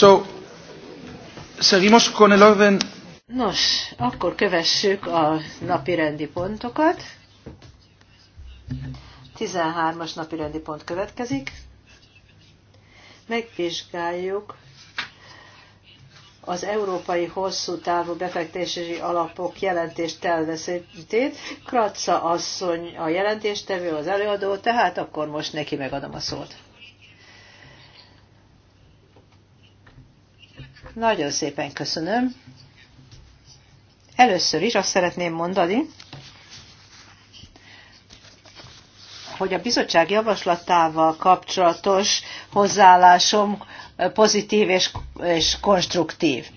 So, seguimos con el orden. Nos, akkor kövessük a napi rendi pontokat. 13-as napi rendi pont következik. Megvizsgáljuk az Európai Hosszú Távú Befektetési Alapok jelentést telveszítét. Kratza asszony a jelentéstevő, az előadó, tehát akkor most neki megadom a szót. Nagyon szépen köszönöm. Először is azt szeretném mondani, hogy a bizottság javaslatával kapcsolatos hozzáállásom pozitív és, és konstruktív.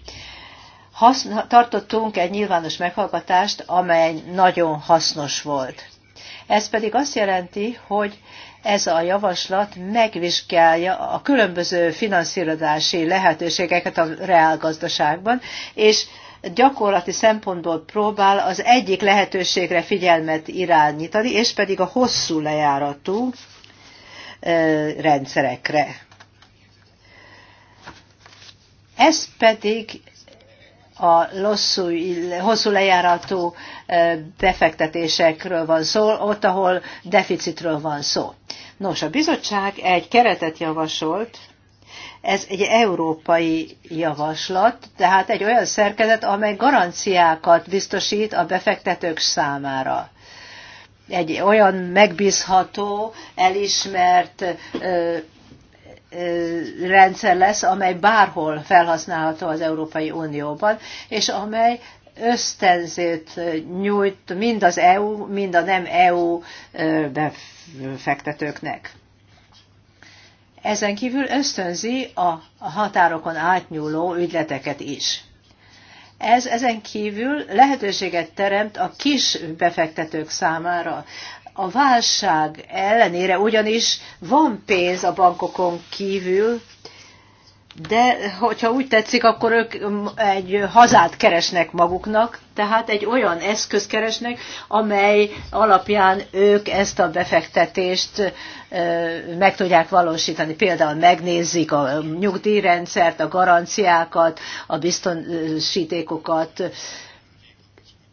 Haszn- tartottunk egy nyilvános meghallgatást, amely nagyon hasznos volt. Ez pedig azt jelenti, hogy ez a javaslat megvizsgálja a különböző finanszírozási lehetőségeket a reálgazdaságban, és gyakorlati szempontból próbál az egyik lehetőségre figyelmet irányítani, és pedig a hosszú lejáratú rendszerekre. Ez pedig a losszú, hosszú lejáratú befektetésekről van szó, ott, ahol deficitről van szó. Nos, a bizottság egy keretet javasolt, ez egy európai javaslat, tehát egy olyan szerkezet, amely garanciákat biztosít a befektetők számára egy olyan megbízható, elismert rendszer lesz, amely bárhol felhasználható az Európai Unióban, és amely ösztönzőt nyújt mind az EU, mind a nem EU befektetőknek. Ezen kívül ösztönzi a határokon átnyúló ügyleteket is. Ez ezen kívül lehetőséget teremt a kis befektetők számára, a válság ellenére ugyanis van pénz a bankokon kívül, de hogyha úgy tetszik, akkor ők egy hazát keresnek maguknak, tehát egy olyan eszköz keresnek, amely alapján ők ezt a befektetést meg tudják valósítani. Például megnézik a nyugdíjrendszert, a garanciákat, a biztonsítékokat,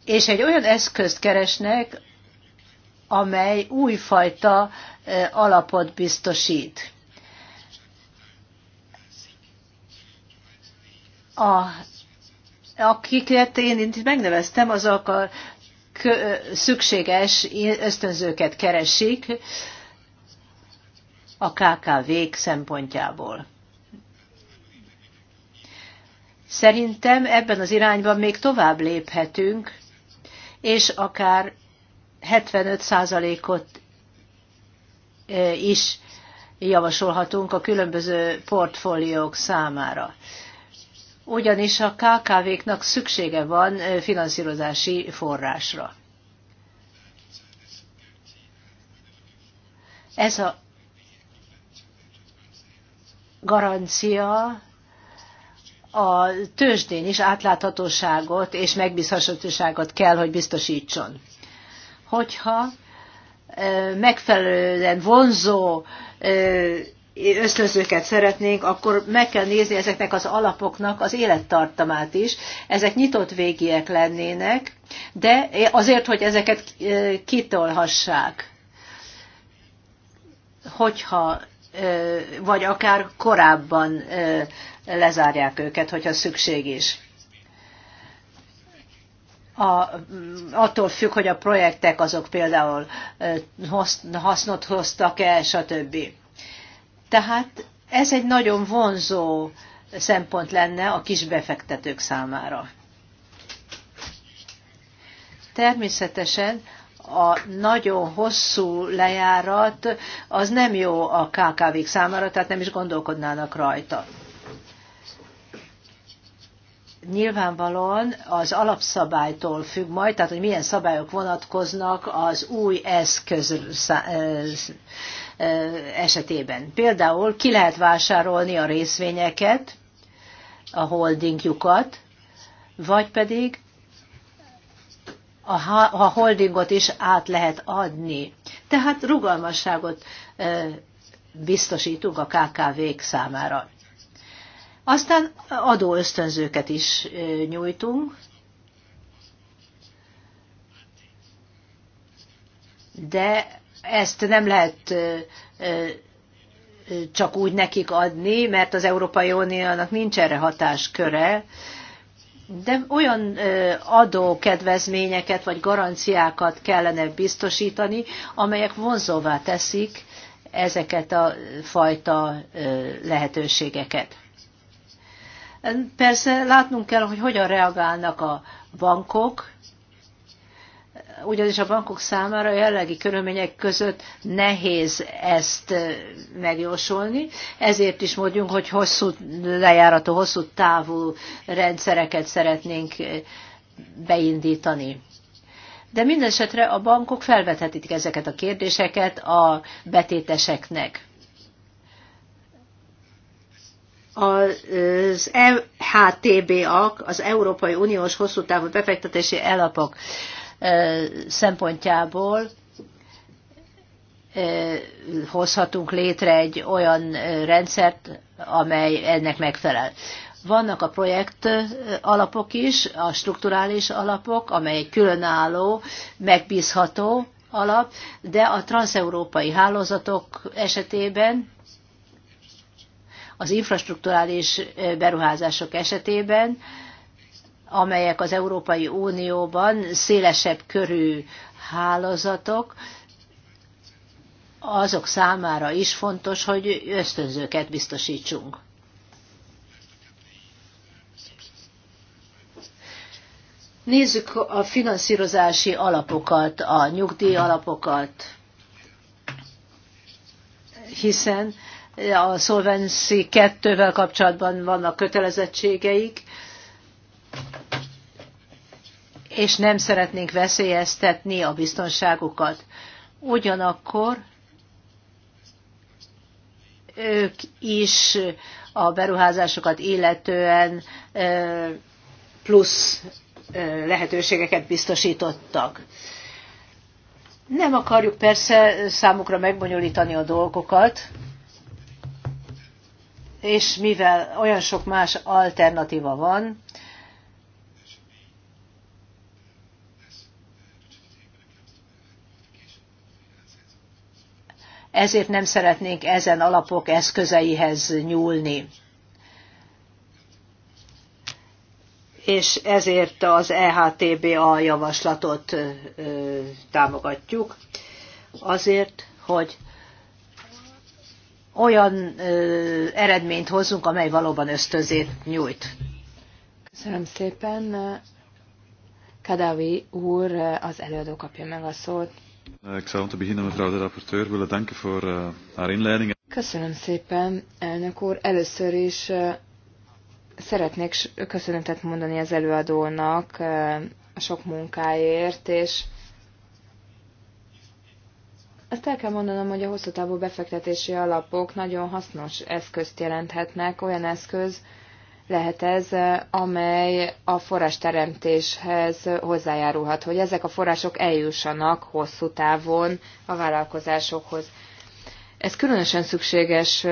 és egy olyan eszközt keresnek, amely újfajta alapot biztosít. A, akiket én itt megneveztem, azok a szükséges ösztönzőket keresik a kkv szempontjából. Szerintem ebben az irányban még tovább léphetünk, és akár 75%-ot is javasolhatunk a különböző portfóliók számára. Ugyanis a KKV-knak szüksége van finanszírozási forrásra. Ez a garancia a tőzsdén is átláthatóságot és megbízhatóságot kell, hogy biztosítson hogyha megfelelően vonzó ösztönzőket szeretnénk, akkor meg kell nézni ezeknek az alapoknak az élettartamát is. Ezek nyitott végiek lennének, de azért, hogy ezeket kitolhassák. Hogyha vagy akár korábban lezárják őket, hogyha szükség is a, attól függ, hogy a projektek azok például hasznot hoztak-e, stb. Tehát ez egy nagyon vonzó szempont lenne a kis befektetők számára. Természetesen a nagyon hosszú lejárat az nem jó a KKV-k számára, tehát nem is gondolkodnának rajta nyilvánvalóan az alapszabálytól függ majd, tehát hogy milyen szabályok vonatkoznak az új eszköz esetében. Például ki lehet vásárolni a részvényeket, a holdingjukat, vagy pedig a holdingot is át lehet adni. Tehát rugalmasságot biztosítunk a KKV-k számára. Aztán adóösztönzőket is nyújtunk, de ezt nem lehet csak úgy nekik adni, mert az Európai Uniónak nincs erre hatásköre, de olyan adókedvezményeket vagy garanciákat kellene biztosítani, amelyek vonzóvá teszik ezeket a fajta lehetőségeket. Persze látnunk kell, hogy hogyan reagálnak a bankok, ugyanis a bankok számára a jellegi körülmények között nehéz ezt megjósolni, ezért is mondjuk, hogy hosszú lejáratú, hosszú távú rendszereket szeretnénk beindítani. De mindesetre a bankok felvethetik ezeket a kérdéseket a betéteseknek. az EHTB-ak, az Európai Uniós hosszú távú befektetési elapok szempontjából hozhatunk létre egy olyan rendszert, amely ennek megfelel. Vannak a projekt alapok is, a strukturális alapok, amely különálló, megbízható alap, de a transeurópai hálózatok esetében az infrastruktúrális beruházások esetében, amelyek az Európai Unióban szélesebb körű hálózatok, azok számára is fontos, hogy ösztönzőket biztosítsunk. Nézzük a finanszírozási alapokat, a nyugdíj alapokat, hiszen a Solvency 2-vel kapcsolatban vannak kötelezettségeik, és nem szeretnénk veszélyeztetni a biztonságukat. Ugyanakkor ők is a beruházásokat illetően plusz lehetőségeket biztosítottak. Nem akarjuk persze számukra megbonyolítani a dolgokat, és mivel olyan sok más alternatíva van, ezért nem szeretnénk ezen alapok eszközeihez nyúlni. És ezért az EHTBA javaslatot támogatjuk, azért, hogy olyan eredményt hozzunk, amely valóban ösztözét nyújt. Köszönöm szépen. Kadavi úr, az előadó kapja meg a szót. Eh, eh, Köszönöm szépen, elnök úr. Először is eh, szeretnék köszönetet mondani az előadónak a sok munkáért, és azt el kell mondanom, hogy a hosszú távú befektetési alapok nagyon hasznos eszközt jelenthetnek, olyan eszköz lehet ez, amely a forrásteremtéshez hozzájárulhat, hogy ezek a források eljussanak hosszú távon a vállalkozásokhoz. Ez különösen szükséges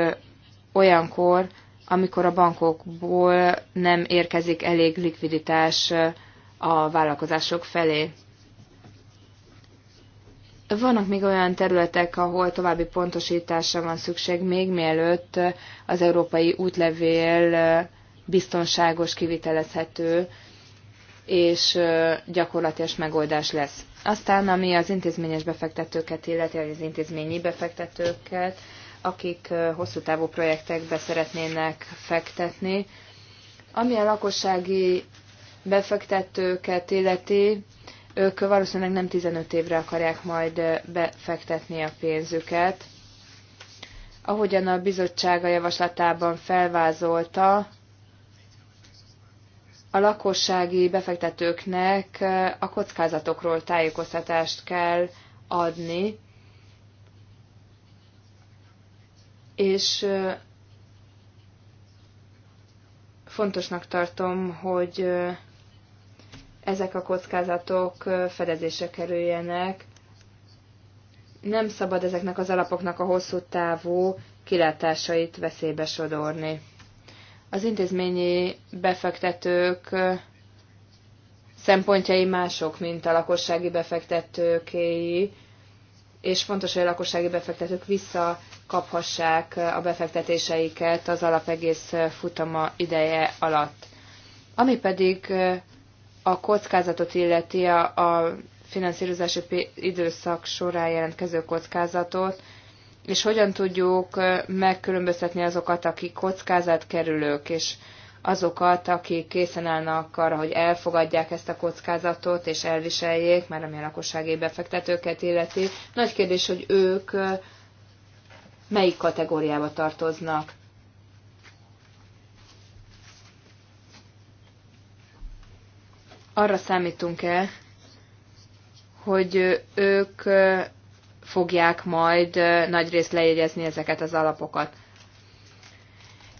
olyankor, amikor a bankokból nem érkezik elég likviditás a vállalkozások felé. Vannak még olyan területek, ahol további pontosításra van szükség, még mielőtt az európai útlevél biztonságos, kivitelezhető és gyakorlatias megoldás lesz. Aztán, ami az intézményes befektetőket illetve az intézményi befektetőket, akik hosszú távú projektekbe szeretnének fektetni, ami a lakossági befektetőket illeti, ők valószínűleg nem 15 évre akarják majd befektetni a pénzüket. Ahogyan a bizottság a javaslatában felvázolta, a lakossági befektetőknek a kockázatokról tájékoztatást kell adni, és fontosnak tartom, hogy ezek a kockázatok fedezése kerüljenek. Nem szabad ezeknek az alapoknak a hosszú távú kilátásait veszélybe sodorni. Az intézményi befektetők szempontjai mások, mint a lakossági befektetőkéi, és fontos, hogy a lakossági befektetők visszakaphassák a befektetéseiket az alapegész futama ideje alatt. Ami pedig a kockázatot illeti a, a finanszírozási időszak során jelentkező kockázatot, és hogyan tudjuk megkülönböztetni azokat, akik kockázatkerülők, és azokat, akik készen állnak arra, hogy elfogadják ezt a kockázatot, és elviseljék, már ami a lakossági befektetőket illeti. Nagy kérdés, hogy ők melyik kategóriába tartoznak. arra számítunk el, hogy ők fogják majd nagyrészt lejegyezni ezeket az alapokat.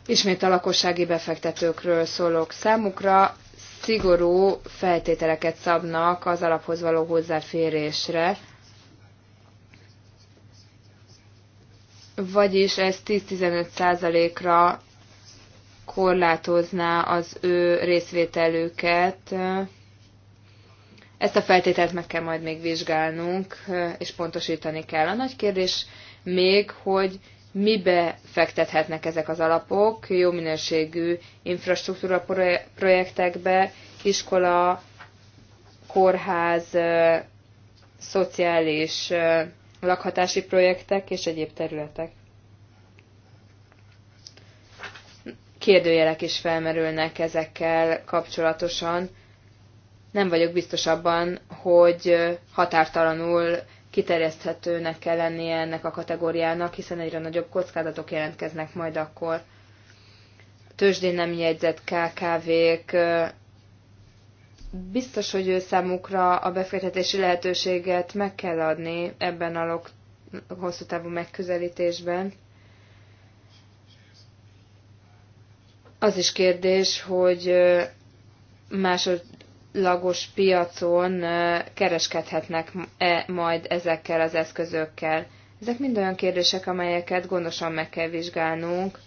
Ismét a lakossági befektetőkről szólok. Számukra szigorú feltételeket szabnak az alaphoz való hozzáférésre, vagyis ez 10-15%-ra korlátozná az ő részvételüket ezt a feltételt meg kell majd még vizsgálnunk, és pontosítani kell. A nagy kérdés még, hogy mibe fektethetnek ezek az alapok, jó minőségű infrastruktúra projektekbe, iskola, kórház, szociális lakhatási projektek és egyéb területek. Kérdőjelek is felmerülnek ezekkel kapcsolatosan, nem vagyok biztos abban, hogy határtalanul kiterjeszthetőnek kell lennie ennek a kategóriának, hiszen egyre nagyobb kockázatok jelentkeznek majd akkor. Tőzsdén nem jegyzett KKV-k, biztos, hogy ő számukra a befektetési lehetőséget meg kell adni ebben a hosszú távú megközelítésben. Az is kérdés, hogy másod, lagos piacon kereskedhetnek -e majd ezekkel az eszközökkel. Ezek mind olyan kérdések, amelyeket gondosan meg kell vizsgálnunk,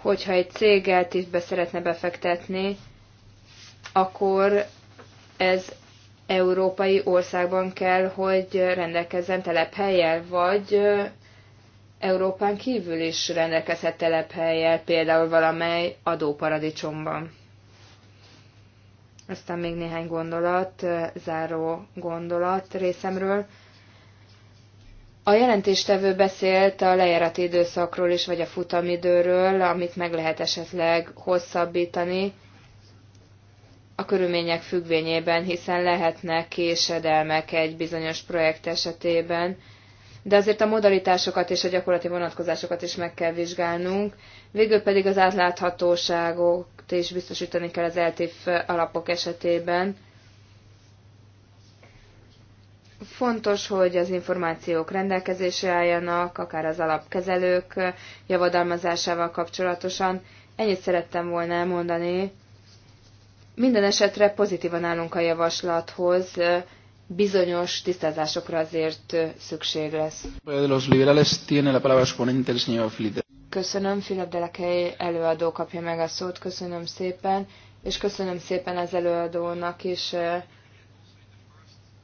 hogyha egy cég eltívbe szeretne befektetni, akkor ez európai országban kell, hogy rendelkezzen telephelyel, vagy Európán kívül is rendelkezhet telephelyel, például valamely adóparadicsomban. Aztán még néhány gondolat, záró gondolat részemről. A jelentéstevő beszélt a lejárati időszakról is, vagy a futamidőről, amit meg lehet esetleg hosszabbítani a körülmények függvényében, hiszen lehetnek késedelmek egy bizonyos projekt esetében, de azért a modalitásokat és a gyakorlati vonatkozásokat is meg kell vizsgálnunk. Végül pedig az átláthatóságot is biztosítani kell az LTIF alapok esetében. Fontos, hogy az információk rendelkezésre álljanak, akár az alapkezelők javadalmazásával kapcsolatosan. Ennyit szerettem volna elmondani. Minden esetre pozitívan állunk a javaslathoz, bizonyos tisztázásokra azért szükség lesz. Köszönöm, Filip Delekei előadó kapja meg a szót, köszönöm szépen, és köszönöm szépen az előadónak is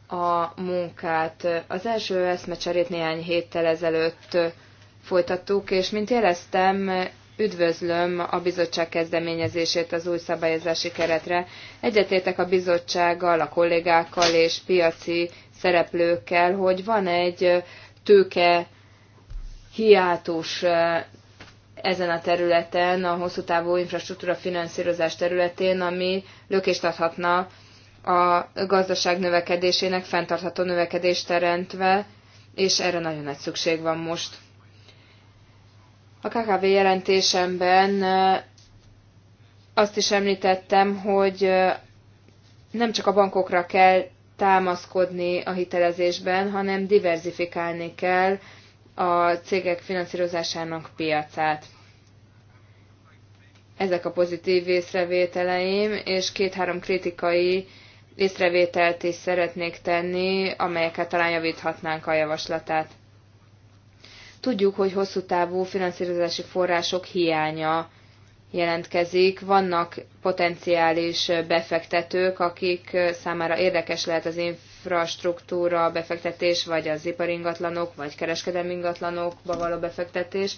a munkát. Az első eszmecserét néhány héttel ezelőtt folytattuk, és mint éreztem, Üdvözlöm a bizottság kezdeményezését az új szabályozási keretre. Egyetértek a bizottsággal, a kollégákkal és piaci szereplőkkel, hogy van egy tőke hiátus ezen a területen, a hosszú távú infrastruktúra finanszírozás területén, ami lökést adhatna a gazdaság növekedésének, fenntartható növekedést teremtve, és erre nagyon nagy szükség van most. A KKV jelentésemben azt is említettem, hogy nem csak a bankokra kell támaszkodni a hitelezésben, hanem diverzifikálni kell a cégek finanszírozásának piacát. Ezek a pozitív észrevételeim, és két-három kritikai észrevételt is szeretnék tenni, amelyeket talán javíthatnánk a javaslatát. Tudjuk, hogy hosszú távú finanszírozási források hiánya jelentkezik. Vannak potenciális befektetők, akik számára érdekes lehet az infrastruktúra befektetés, vagy az iparingatlanok, vagy kereskedelmi ingatlanokba való befektetés.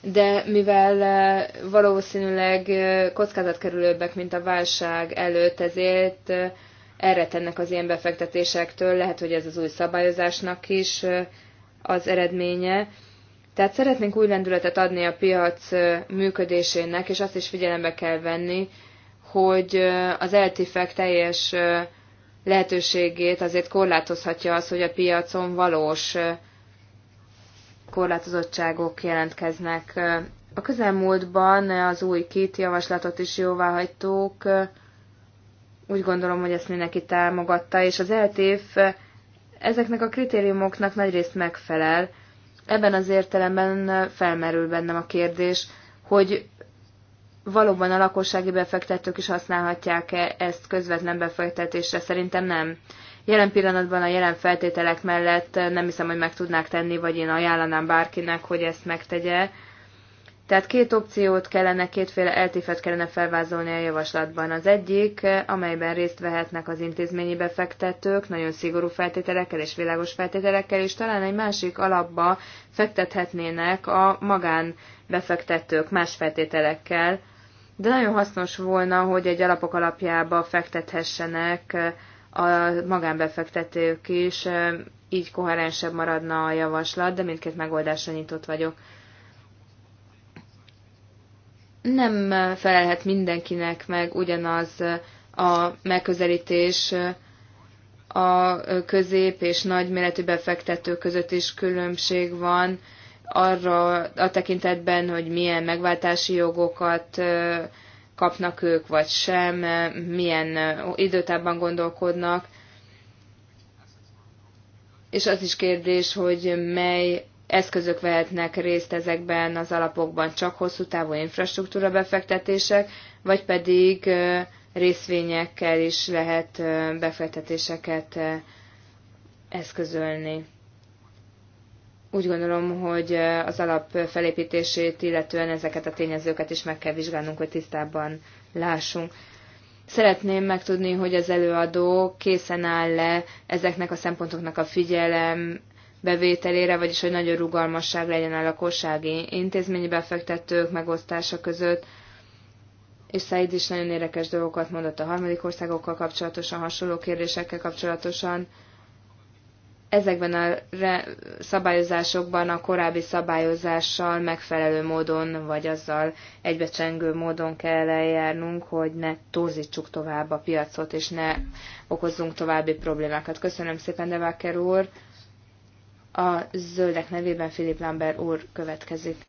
De mivel eh, valószínűleg eh, kockázatkerülőbbek, mint a válság előtt, ezért eh, erre tennek az ilyen befektetésektől, lehet, hogy ez az új szabályozásnak is az eredménye. Tehát szeretnénk új lendületet adni a piac működésének, és azt is figyelembe kell venni, hogy az LTFEK teljes lehetőségét azért korlátozhatja az, hogy a piacon valós korlátozottságok jelentkeznek. A közelmúltban az új két javaslatot is jóvá hagytuk. Úgy gondolom, hogy ezt mindenki támogatta, és az LTF ezeknek a kritériumoknak nagyrészt megfelel. Ebben az értelemben felmerül bennem a kérdés, hogy valóban a lakossági befektetők is használhatják-e ezt közvetlen befektetésre? Szerintem nem. Jelen pillanatban a jelen feltételek mellett nem hiszem, hogy meg tudnák tenni, vagy én ajánlanám bárkinek, hogy ezt megtegye. Tehát két opciót kellene, kétféle eltifet kellene felvázolni a javaslatban. Az egyik, amelyben részt vehetnek az intézményi befektetők, nagyon szigorú feltételekkel és világos feltételekkel, és talán egy másik alapba fektethetnének a magán befektetők más feltételekkel, de nagyon hasznos volna, hogy egy alapok alapjába fektethessenek a magánbefektetők is, így koherensebb maradna a javaslat, de mindkét megoldásra nyitott vagyok nem felelhet mindenkinek meg ugyanaz a megközelítés a közép és nagy méretű befektetők között is különbség van arra a tekintetben, hogy milyen megváltási jogokat kapnak ők, vagy sem, milyen időtában gondolkodnak. És az is kérdés, hogy mely eszközök vehetnek részt ezekben az alapokban, csak hosszú távú infrastruktúra befektetések, vagy pedig részvényekkel is lehet befektetéseket eszközölni. Úgy gondolom, hogy az alap felépítését, illetően ezeket a tényezőket is meg kell vizsgálnunk, hogy tisztában lássunk. Szeretném megtudni, hogy az előadó készen áll-e ezeknek a szempontoknak a figyelem bevételére, vagyis hogy nagyon rugalmasság legyen a lakossági intézményi befektetők megosztása között, és Said is nagyon érdekes dolgokat mondott a harmadik országokkal kapcsolatosan, hasonló kérdésekkel kapcsolatosan. Ezekben a szabályozásokban a korábbi szabályozással megfelelő módon, vagy azzal egybecsengő módon kell eljárnunk, hogy ne torzítsuk tovább a piacot, és ne okozzunk további problémákat. Köszönöm szépen, Devaker úr! A zöldek nevében Philip Lambert úr következik.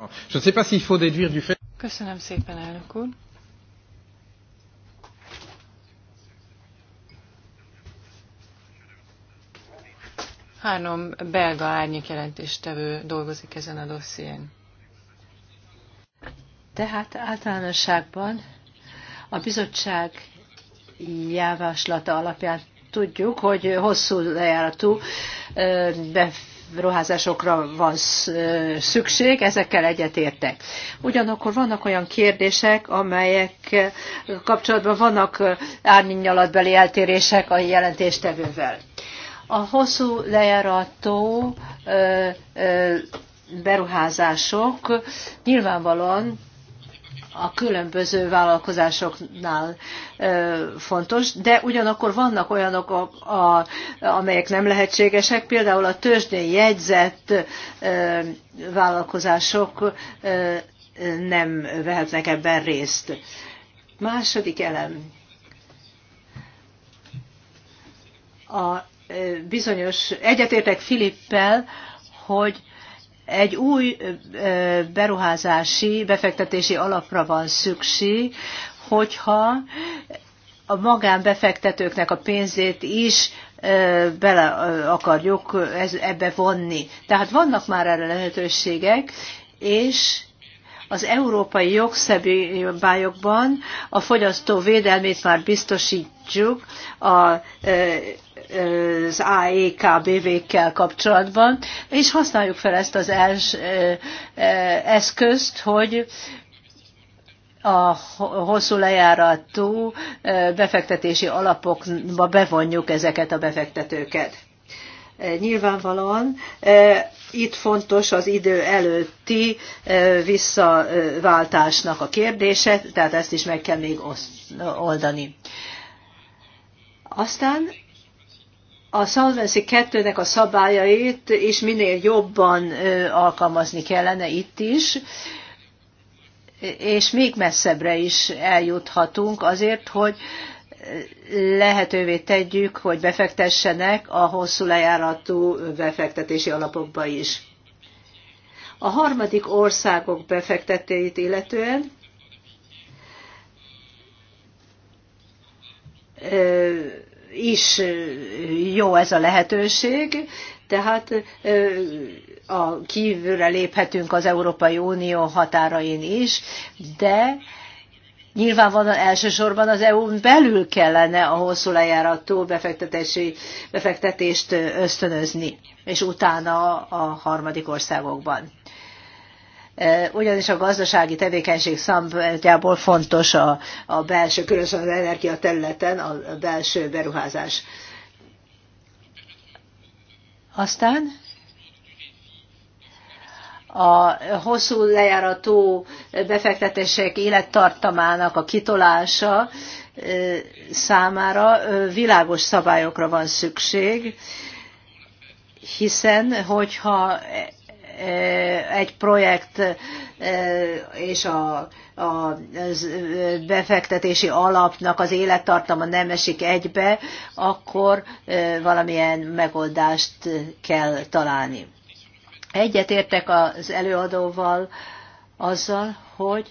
Köszönöm szépen, elnök úr. Három belga árnyék jelentéstevő dolgozik ezen a dosszién. Tehát általánosságban a bizottság javaslata alapján tudjuk, hogy hosszú lejáratú beruházásokra van szükség, ezekkel egyetértek. Ugyanakkor vannak olyan kérdések, amelyek kapcsolatban vannak árnyalatbeli eltérések a jelentéstevővel. A hosszú lejárató beruházások nyilvánvalóan a különböző vállalkozásoknál fontos, de ugyanakkor vannak olyanok, a, amelyek nem lehetségesek, például a tőzsdén jegyzett vállalkozások nem vehetnek ebben részt. Második elem. A bizonyos, egyetértek Filippel, hogy egy új beruházási, befektetési alapra van szükség, hogyha a magánbefektetőknek a pénzét is bele akarjuk ebbe vonni. Tehát vannak már erre lehetőségek, és az európai jogszabályokban a fogyasztó védelmét már biztosítjuk a az e bv kkel kapcsolatban, és használjuk fel ezt az els, eszközt, hogy a hosszú lejáratú befektetési alapokba bevonjuk ezeket a befektetőket. Nyilvánvalóan itt fontos az idő előtti visszaváltásnak a kérdése, tehát ezt is meg kell még oldani. Aztán a Solvency 2-nek a szabályait is minél jobban alkalmazni kellene itt is, és még messzebbre is eljuthatunk azért, hogy lehetővé tegyük, hogy befektessenek a hosszú lejáratú befektetési alapokba is. A harmadik országok befektetéit illetően ö, is jó ez a lehetőség, tehát a kívülre léphetünk az Európai Unió határain is, de Nyilvánvalóan elsősorban az eu belül kellene a hosszú lejáratú befektetési, befektetést ösztönözni, és utána a harmadik országokban. E, ugyanis a gazdasági tevékenység szempontjából fontos a, a belső, különösen az energia területen a belső beruházás. Aztán a hosszú lejáratú befektetések élettartamának a kitolása e, számára világos szabályokra van szükség, hiszen hogyha egy projekt és a, a befektetési alapnak az élettartama nem esik egybe, akkor valamilyen megoldást kell találni. értek az előadóval azzal, hogy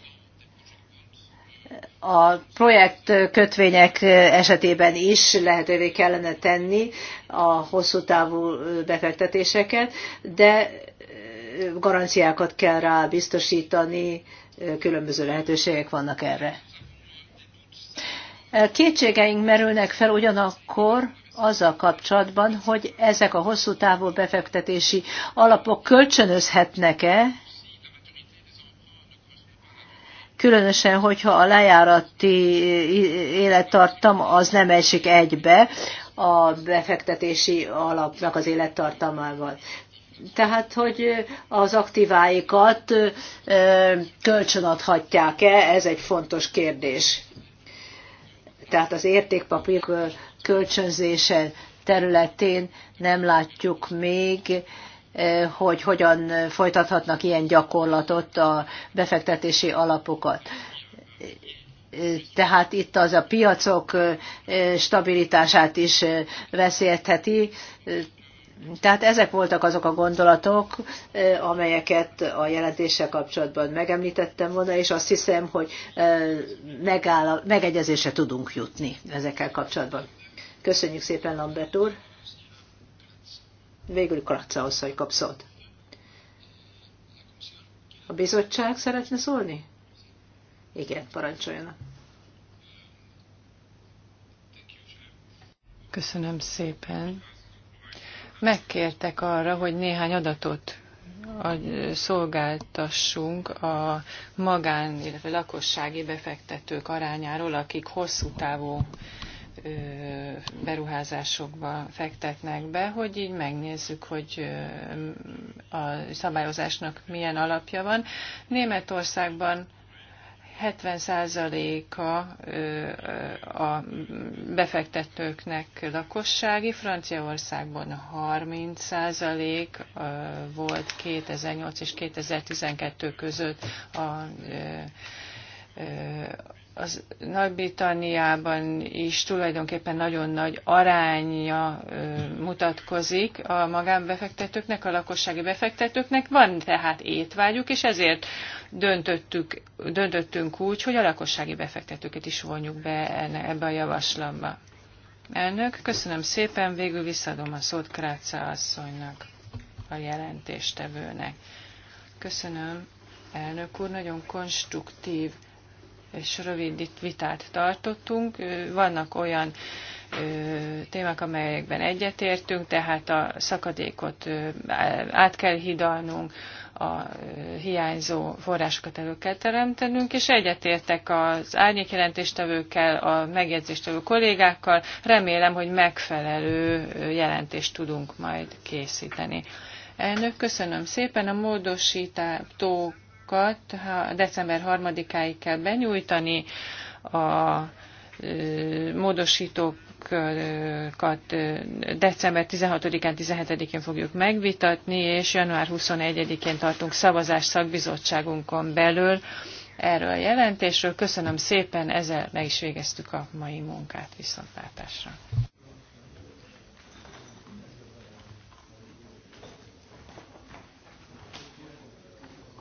a projekt kötvények esetében is lehetővé kellene tenni a hosszú távú befektetéseket, de garanciákat kell rá biztosítani, különböző lehetőségek vannak erre. Kétségeink merülnek fel ugyanakkor azzal kapcsolatban, hogy ezek a hosszú távú befektetési alapok kölcsönözhetnek-e, különösen, hogyha a lejárati élettartam az nem esik egybe a befektetési alapnak az élettartamával tehát, hogy az aktíváikat kölcsönadhatják-e, ez egy fontos kérdés. Tehát az értékpapír kölcsönzése területén nem látjuk még, hogy hogyan folytathatnak ilyen gyakorlatot a befektetési alapokat. Tehát itt az a piacok stabilitását is veszélyetheti, tehát ezek voltak azok a gondolatok, eh, amelyeket a jelentéssel kapcsolatban megemlítettem volna, és azt hiszem, hogy eh, megáll, megegyezésre tudunk jutni ezekkel kapcsolatban. Köszönjük szépen, Lambert úr! Végül Kratza asszony kap szót. A bizottság szeretne szólni? Igen, parancsoljanak. Köszönöm szépen megkértek arra, hogy néhány adatot szolgáltassunk a magán, illetve lakossági befektetők arányáról, akik hosszú távú beruházásokba fektetnek be, hogy így megnézzük, hogy a szabályozásnak milyen alapja van. Németországban 70%-a a befektetőknek lakossági, Franciaországban 30% volt 2008 és 2012 között a az Nagy-Britanniában is tulajdonképpen nagyon nagy aránya mutatkozik a magánbefektetőknek, a lakossági befektetőknek. Van tehát étvágyuk, és ezért döntöttük, döntöttünk úgy, hogy a lakossági befektetőket is vonjuk be ebbe a javaslatba. Elnök, köszönöm szépen, végül visszadom a szót Kráca asszonynak, a jelentéstevőnek. Köszönöm, elnök úr, nagyon konstruktív és rövid vitát tartottunk. Vannak olyan témák, amelyekben egyetértünk, tehát a szakadékot át kell hidalnunk, a hiányzó forrásokat elő kell teremtenünk, és egyetértek az árnyékjelentéstevőkkel, a megjegyzéstevő kollégákkal. Remélem, hogy megfelelő jelentést tudunk majd készíteni. Elnök, köszönöm szépen. A módosítók javaslatokat december 3-áig kell benyújtani, a módosítókat december 16-án, 17-én fogjuk megvitatni, és január 21-én tartunk szavazást szakbizottságunkon belül erről a jelentésről. Köszönöm szépen, ezzel meg is végeztük a mai munkát viszontlátásra.